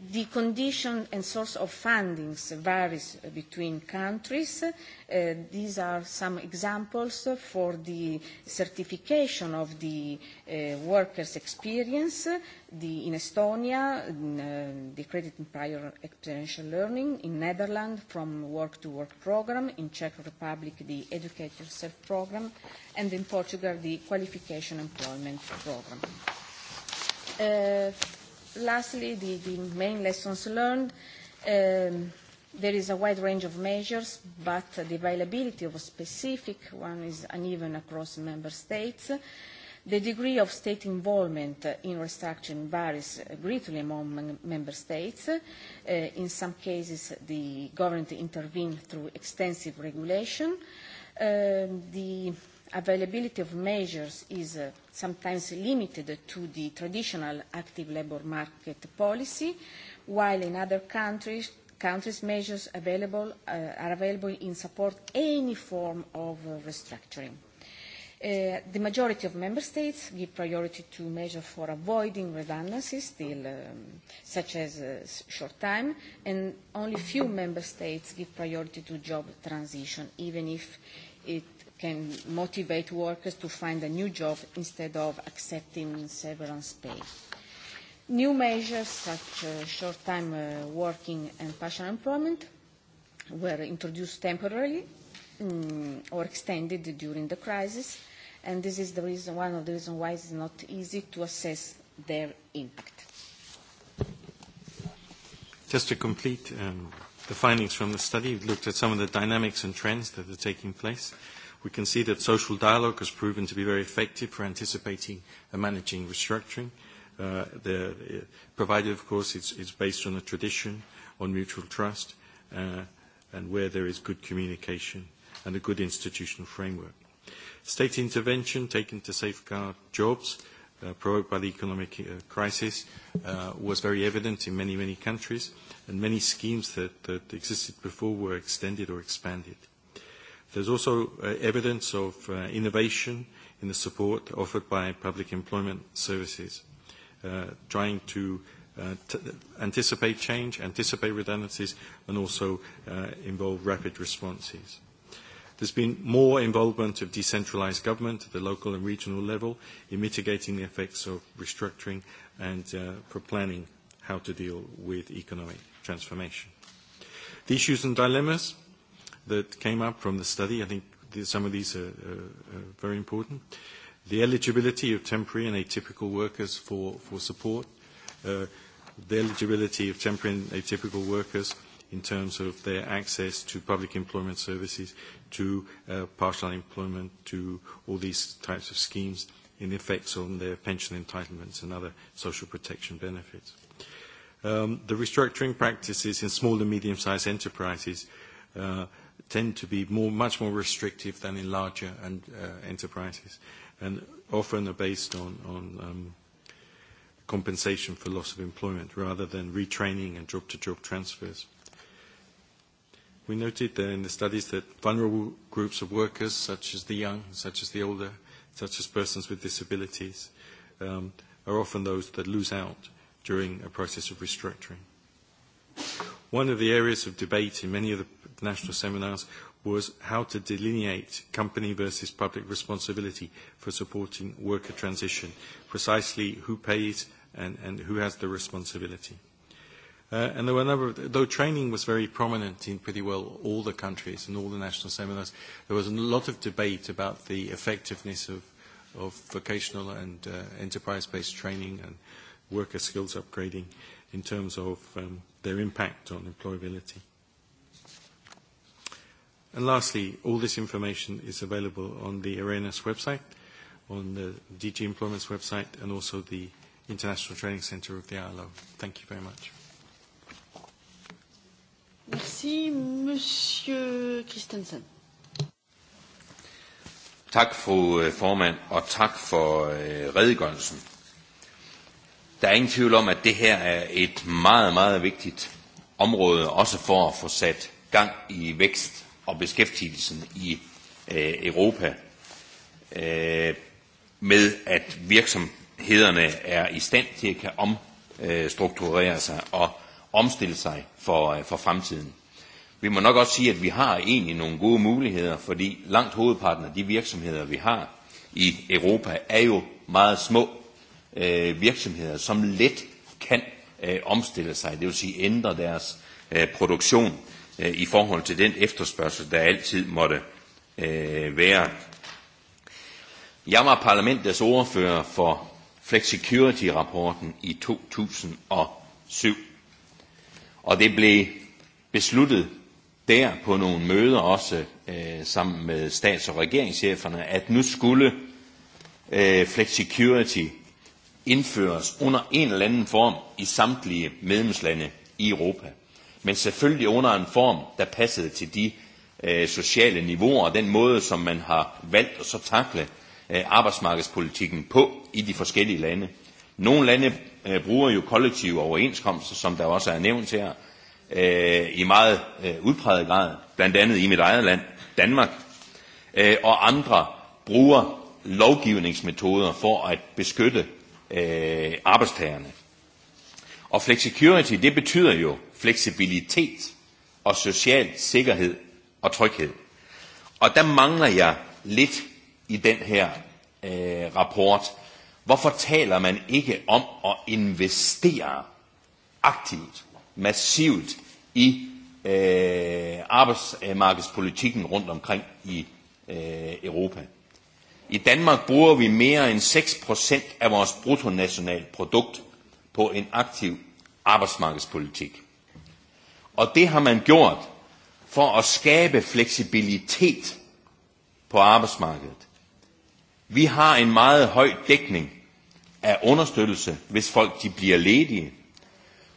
The condition and source of funding varies between countries. these are some examples for the certification of the workers' experience. in Estonia, the credit in prior experiential learning. In Netherlands, from work to work program. In Czech Republic, the educate yourself program. And in Portugal, the qualification employment program Lastly, the, the main lessons learned. Um, there is a wide range of measures, but the availability of a specific one is uneven across member states. The degree of state involvement in restructuring varies greatly among member states. in some cases, the government intervened through extensive regulation. the availability of measures is sometimes limited to the traditional active labour market policy, while in other countries, countries measures available, uh, are available in support any form of uh, restructuring. Uh, the majority of member states give priority to measures for avoiding redundancies, still um, such as uh, short time, and only few member states give priority to job transition, even if it can motivate workers to find a new job instead of accepting severance pay. New measures such as short-time uh, working and partial employment were introduced temporarily um, or extended during the crisis, and this is the reason, one of the reasons why it's not easy to assess their impact. Just to complete um, the findings from the study, we've looked at some of the dynamics and trends that are taking place. We can see that social dialogue has proven to be very effective for anticipating and managing restructuring, uh, the, uh, provided, of course, it's, it's based on a tradition, on mutual trust, uh, and where there is good communication and a good institutional framework. State intervention taken to safeguard jobs uh, provoked by the economic uh, crisis uh, was very evident in many, many countries, and many schemes that, that existed before were extended or expanded. There's also uh, evidence of uh, innovation in the support offered by public employment services, uh, trying to uh, t- anticipate change, anticipate redundancies, and also uh, involve rapid responses. There's been more involvement of decentralized government at the local and regional level in mitigating the effects of restructuring and uh, for planning how to deal with economic transformation. The issues and dilemmas that came up from the study. I think some of these are very important. The eligibility of temporary and atypical workers for support. The eligibility of temporary and atypical workers in terms of their access to public employment services, to partial employment, to all these types of schemes and the effects on their pension entitlements and other social protection benefits. the restructuring practices in small and medium-sized enterprises tend to be more, much more restrictive than in larger and, uh, enterprises, and often are based on, on compensation for loss of employment rather than retraining and job-to-job transfers. We noted there in the studies that vulnerable groups of workers, such as the young, such as the older, such as persons with disabilities, are often those that lose out during a process of restructuring. One of the areas of debate in many of the international seminars was how to delineate company versus public responsibility for supporting worker transition, precisely who pays and, and who has the responsibility. Uh, and there were a number of, though training was very prominent in pretty well all the countries and all the national seminars, there was a lot of debate about the effectiveness of, of vocational and uh, enterprise-based training and worker skills upgrading in terms of um, their impact on employability lastly, all this information is available on the Arenas website, on the DG Employment's website, and also the International Training Center of the ILO. Thank you very much. Merci, Monsieur Christensen. Tak, fru formand, og tak for redegørelsen. Der er ingen tvivl om, at det her er et meget, meget vigtigt område, også for at få sat gang i vækst og beskæftigelsen i øh, Europa øh, med, at virksomhederne er i stand til at kan omstrukturere sig og omstille sig for, for fremtiden. Vi må nok også sige, at vi har egentlig nogle gode muligheder, fordi langt hovedparten af de virksomheder, vi har i Europa, er jo meget små øh, virksomheder, som let kan øh, omstille sig, det vil sige ændre deres øh, produktion øh, i forhold til den efterspørgsel, der altid måtte øh, være. Jeg var parlamentets ordfører for Flexicurity-rapporten i 2007, og det blev besluttet der på nogle møder også øh, sammen med stats- og regeringscheferne, at nu skulle øh, flexicurity indføres under en eller anden form i samtlige medlemslande i Europa men selvfølgelig under en form, der passede til de øh, sociale niveauer og den måde, som man har valgt at så takle øh, arbejdsmarkedspolitikken på i de forskellige lande. Nogle lande øh, bruger jo kollektive overenskomster, som der også er nævnt her, øh, i meget øh, udpræget grad, blandt andet i mit eget land, Danmark, øh, og andre bruger lovgivningsmetoder for at beskytte øh, arbejdstagerne. Og flexicurity, det betyder jo, fleksibilitet og social sikkerhed og tryghed. Og der mangler jeg lidt i den her øh, rapport. Hvorfor taler man ikke om at investere aktivt, massivt i øh, arbejdsmarkedspolitikken rundt omkring i øh, Europa? I Danmark bruger vi mere end 6% af vores bruttonationalprodukt på en aktiv arbejdsmarkedspolitik. Og det har man gjort for at skabe fleksibilitet på arbejdsmarkedet. Vi har en meget høj dækning af understøttelse, hvis folk de bliver ledige.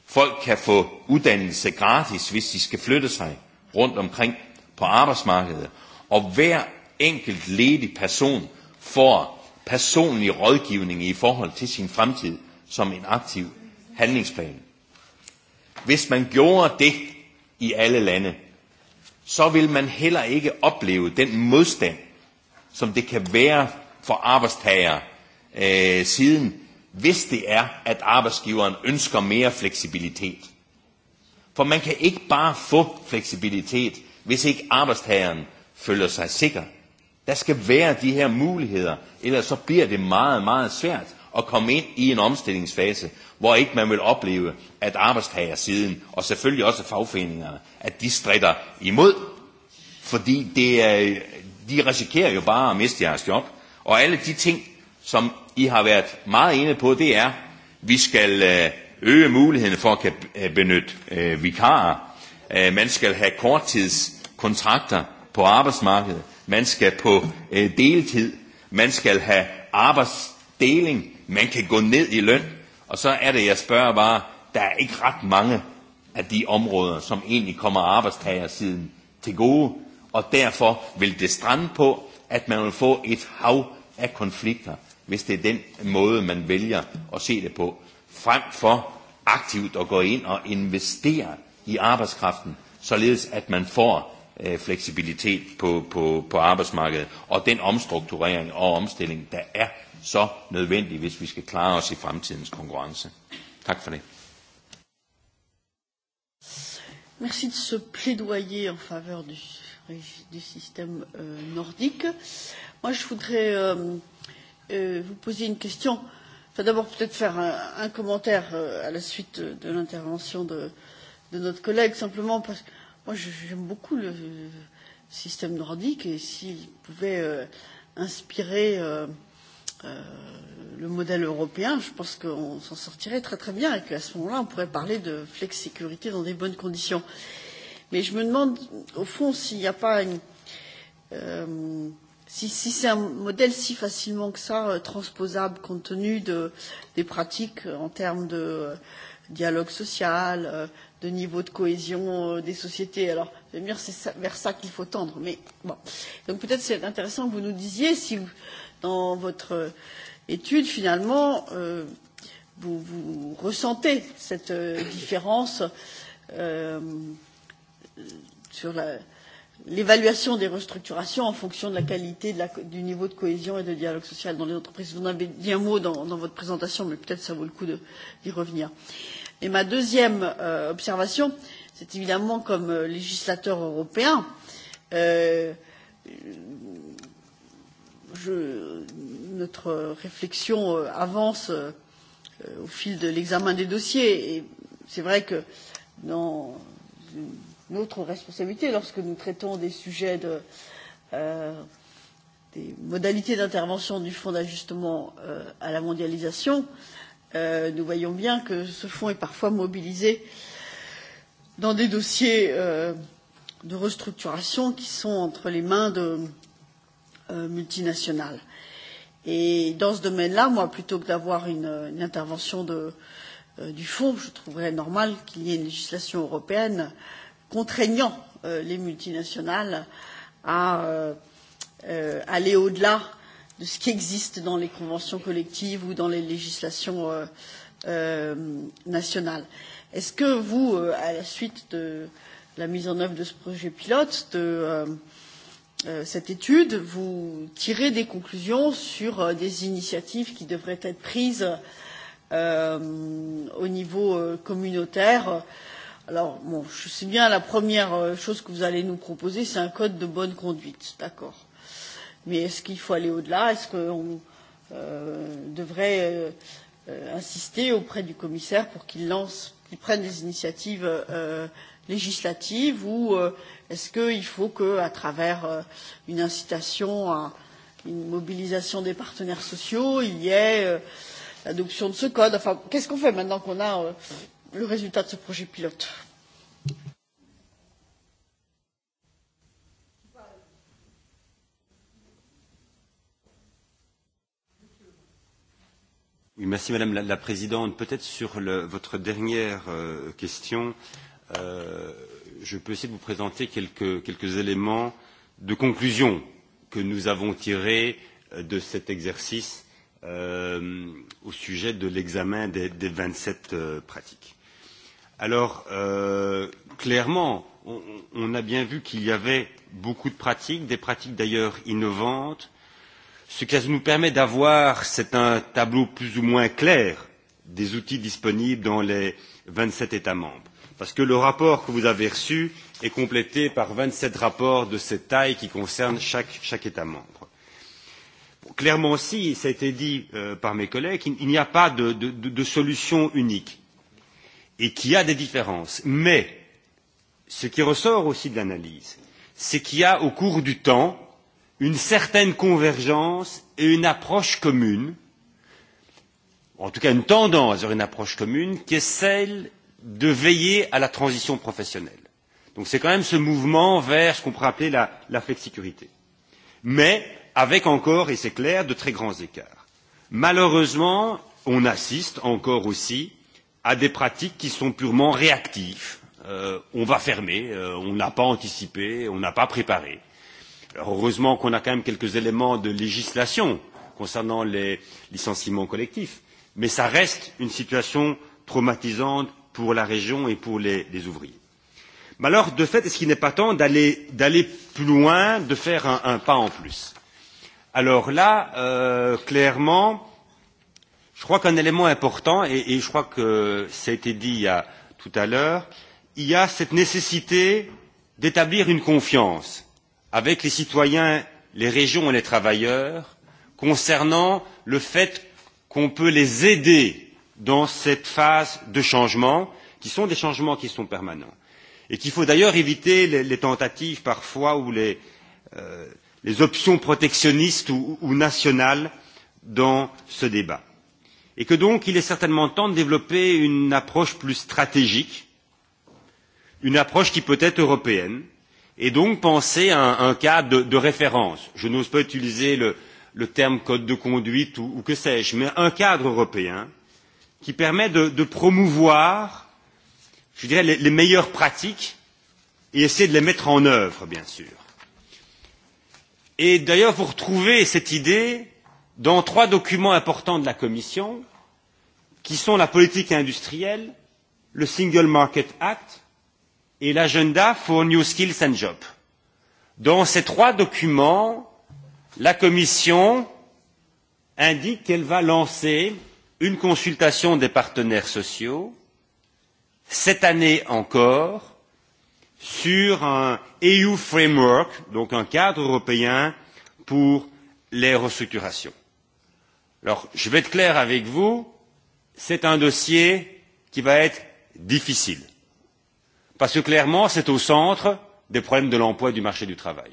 Folk kan få uddannelse gratis, hvis de skal flytte sig rundt omkring på arbejdsmarkedet. Og hver enkelt ledig person får personlig rådgivning i forhold til sin fremtid som en aktiv handlingsplan. Hvis man gjorde det, i alle lande, så vil man heller ikke opleve den modstand, som det kan være for arbejdstager øh, siden, hvis det er, at arbejdsgiveren ønsker mere fleksibilitet. For man kan ikke bare få fleksibilitet, hvis ikke arbejdstageren føler sig sikker. Der skal være de her muligheder, ellers så bliver det meget, meget svært at komme ind i en omstillingsfase, hvor ikke man vil opleve, at arbejdstagersiden, og selvfølgelig også fagforeningerne, at de stritter imod, fordi det, de risikerer jo bare at miste jeres job. Og alle de ting, som I har været meget enige på, det er, at vi skal øge muligheden for at kan benytte vikarer. Man skal have korttidskontrakter på arbejdsmarkedet. Man skal på deltid. Man skal have arbejdsdeling man kan gå ned i løn, og så er det, jeg spørger bare, der er ikke ret mange af de områder, som egentlig kommer arbejdstagersiden til gode, og derfor vil det strande på, at man vil få et hav af konflikter, hvis det er den måde, man vælger at se det på, frem for aktivt at gå ind og investere i arbejdskraften, således at man får øh, fleksibilitet på, på, på arbejdsmarkedet, og den omstrukturering og omstilling, der er så nødvendig, hvis vi skal klare os i fremtidens konkurrence. Tak for det. Merci de ce plaidoyer en faveur du, du système euh, nordique. Moi, je voudrais euh, euh, vous poser une question. Enfin, d'abord, peut-être faire un, un commentaire euh, à la suite de de l'intervention de, de notre collègue, simplement parce que moi, j'aime beaucoup le système nordique et s'il pouvait euh, inspirer euh, le modèle européen, je pense qu'on s'en sortirait très très bien et qu'à ce moment-là, on pourrait parler de flexicurité dans des bonnes conditions. Mais je me demande, au fond, s'il n'y a pas une. Euh, si, si c'est un modèle si facilement que ça, euh, transposable compte tenu de, des pratiques en termes de dialogue social, de niveau de cohésion des sociétés. Alors, c'est vers ça qu'il faut tendre. Mais bon. Donc peut-être c'est intéressant que vous nous disiez si vous dans votre étude, finalement, euh, vous, vous ressentez cette différence euh, sur la, l'évaluation des restructurations en fonction de la qualité de la, du niveau de cohésion et de dialogue social dans les entreprises. Vous en avez dit un mot dans, dans votre présentation, mais peut-être ça vaut le coup d'y revenir. Et ma deuxième euh, observation, c'est évidemment comme législateur européen, euh, je, notre réflexion avance au fil de l'examen des dossiers et c'est vrai que dans notre responsabilité, lorsque nous traitons des sujets de, euh, des modalités d'intervention du Fonds d'ajustement euh, à la mondialisation, euh, nous voyons bien que ce fonds est parfois mobilisé dans des dossiers euh, de restructuration qui sont entre les mains de euh, multinationales. Et dans ce domaine-là, moi, plutôt que d'avoir une, une intervention de, euh, du fonds, je trouverais normal qu'il y ait une législation européenne contraignant euh, les multinationales à euh, euh, aller au-delà de ce qui existe dans les conventions collectives ou dans les législations euh, euh, nationales. Est-ce que vous, euh, à la suite de la mise en œuvre de ce projet pilote, de, euh, cette étude, vous tirez des conclusions sur des initiatives qui devraient être prises euh, au niveau communautaire. Alors, bon, je sais bien, la première chose que vous allez nous proposer, c'est un code de bonne conduite, d'accord. Mais est-ce qu'il faut aller au-delà Est-ce qu'on euh, devrait euh, insister auprès du commissaire pour qu'il lance, qu'il prenne des initiatives euh, législatives ou euh, Est-ce qu'il faut qu'à travers une incitation à une mobilisation des partenaires sociaux, il y ait l'adoption de ce code Enfin, qu'est-ce qu'on fait maintenant qu'on a le résultat de ce projet pilote Oui, merci Madame la, la Présidente. Peut-être sur le, votre dernière euh, question, euh, je peux essayer de vous présenter quelques, quelques éléments de conclusion que nous avons tirés de cet exercice euh, au sujet de l'examen des, des 27 euh, pratiques. Alors, euh, clairement, on, on a bien vu qu'il y avait beaucoup de pratiques, des pratiques d'ailleurs innovantes. Ce qui nous permet d'avoir, c'est un tableau plus ou moins clair des outils disponibles dans les 27 États membres parce que le rapport que vous avez reçu est complété par vingt sept rapports de cette taille qui concernent chaque, État membre. Clairement aussi, ça a été dit par mes collègues, il n'y a pas de, solution unique et qu'il y a des différences. Mais ce qui ressort aussi de l'analyse, c'est qu'il y a au cours du temps une certaine convergence et une approche commune, en tout cas une tendance vers une approche commune, qui est celle de veiller à la transition professionnelle. Donc c'est quand même ce mouvement vers ce qu'on pourrait appeler la, la flexicurité. Mais avec encore, et c'est clair, de très grands écarts. Malheureusement, on assiste encore aussi à des pratiques qui sont purement réactives. Euh, on va fermer, euh, on n'a pas anticipé, on n'a pas préparé. Alors heureusement qu'on a quand même quelques éléments de législation concernant les licenciements collectifs, mais ça reste une situation traumatisante pour la région et pour les, les ouvriers. Mais alors, de fait, est-ce qu'il n'est pas temps d'aller plus loin, de faire un, un pas en plus Alors là, euh, clairement, je crois qu'un élément important, et, et je crois que ça a été dit il y a, tout à l'heure, il y a cette nécessité d'établir une confiance avec les citoyens, les régions et les travailleurs concernant le fait qu'on peut les aider dans cette phase de changement, qui sont des changements qui sont permanents, et qu'il faut d'ailleurs éviter les, les tentatives parfois ou les, euh, les options protectionnistes ou, ou nationales dans ce débat. Et que donc il est certainement temps de développer une approche plus stratégique, une approche qui peut être européenne, et donc penser à un, un cadre de, de référence. Je n'ose pas utiliser le, le terme code de conduite ou, ou que sais-je, mais un cadre européen qui permet de, de promouvoir, je dirais, les, les meilleures pratiques et essayer de les mettre en œuvre, bien sûr. Et d'ailleurs, vous retrouvez cette idée dans trois documents importants de la Commission, qui sont la politique industrielle, le Single Market Act et l'agenda for New Skills and Jobs. Dans ces trois documents, la Commission indique qu'elle va lancer une consultation des partenaires sociaux, cette année encore, sur un EU framework, donc un cadre européen pour les restructurations. Alors, je vais être clair avec vous, c'est un dossier qui va être difficile. Parce que clairement, c'est au centre des problèmes de l'emploi et du marché du travail.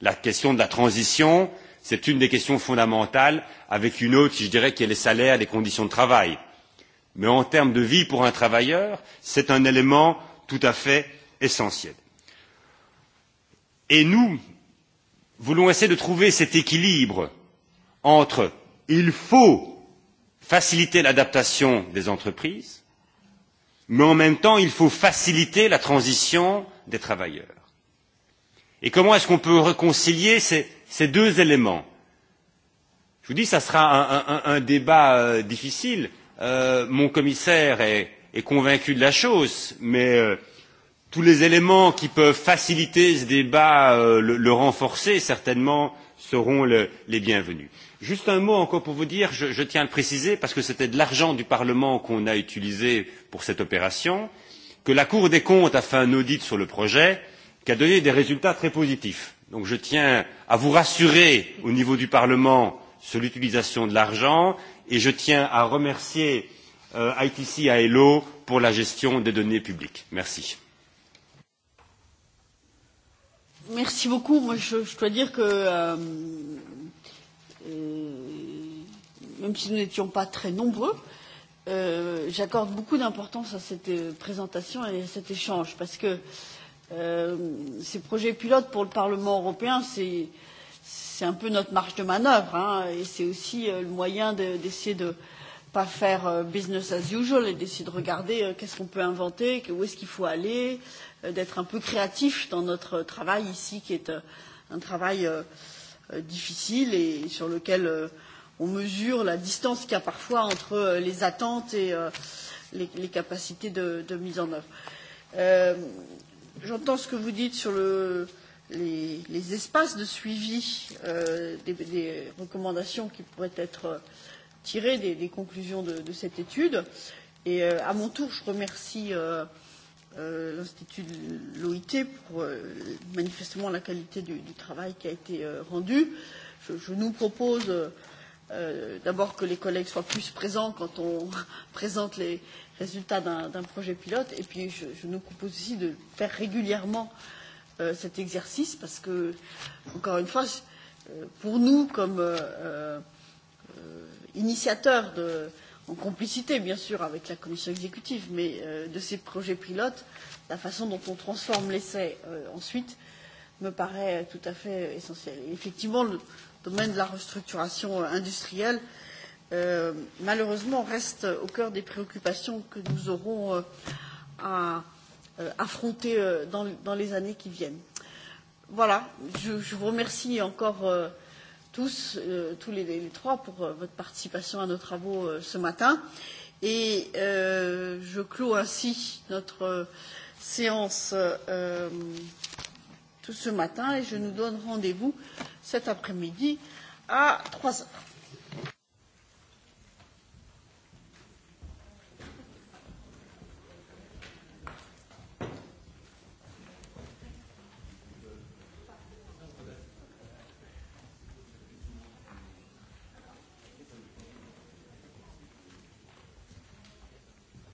La question de la transition, C'est une des questions fondamentales, avec une autre, je dirais, qui est les salaires, les conditions de travail. Mais en termes de vie pour un travailleur, c'est un élément tout à fait essentiel. Et nous voulons essayer de trouver cet équilibre entre il faut faciliter l'adaptation des entreprises, mais en même temps, il faut faciliter la transition des travailleurs. Et comment est-ce qu'on peut réconcilier ces, ces deux éléments. Je vous dis, ça sera un, un, un débat euh, difficile. Euh, mon commissaire est, est convaincu de la chose, mais euh, tous les éléments qui peuvent faciliter ce débat, euh, le, le renforcer, certainement, seront le, les bienvenus. Juste un mot encore pour vous dire, je, je tiens à le préciser, parce que c'était de l'argent du Parlement qu'on a utilisé pour cette opération, que la Cour des comptes a fait un audit sur le projet qui a donné des résultats très positifs Donc je tiens à vous rassurer au niveau du Parlement sur l'utilisation de l'argent et je tiens à remercier euh, ITC et AELO pour la gestion des données publiques. Merci. Merci beaucoup. Moi, je, je dois dire que euh, euh, même si nous n'étions pas très nombreux, euh, j'accorde beaucoup d'importance à cette présentation et à cet échange parce que euh, ces projets pilotes pour le Parlement européen, c'est c'est un peu notre marge de manœuvre hein, et c'est aussi euh, le moyen d'essayer de ne pas faire euh, business as usual et d'essayer de regarder euh, qu'est-ce qu'on peut inventer, que, où est-ce qu'il faut aller, euh, d'être un peu créatif dans notre travail ici qui est euh, un travail euh, euh, difficile et sur lequel euh, on mesure la distance qu'il y a parfois entre euh, les attentes et euh, les, les capacités de, de mise en œuvre. Euh, j'entends ce que vous dites sur le, les, les espaces de suivi euh, des, des recommandations qui pourraient être tirées des, des conclusions de, de cette étude. Et euh, à mon tour, je remercie euh, euh, l'Institut de l'OIT pour euh, manifestement la qualité du, du travail qui a été euh, rendu. Je, je nous propose. Euh, d'abord que les collègues soient plus présents quand on présente les résultats d'un projet pilote et puis je, je nous propose aussi de faire régulièrement euh, cet exercice parce que, encore une fois, pour nous, comme euh, euh, initiateurs de, en complicité bien sûr avec la commission exécutive, mais euh, de ces projets pilotes, la façon dont on transforme l'essai euh, ensuite me paraît tout à fait essentielle. Et effectivement, le, domaine de la restructuration industrielle malheureusement reste au cœur des préoccupations que nous aurons à affronter dans les années qui viennent. Voilà, je vous remercie encore tous, tous les trois, pour votre participation à nos travaux ce matin et je clôt ainsi notre séance ce matin et je nous donne rendez-vous cet après-midi à 3 heures.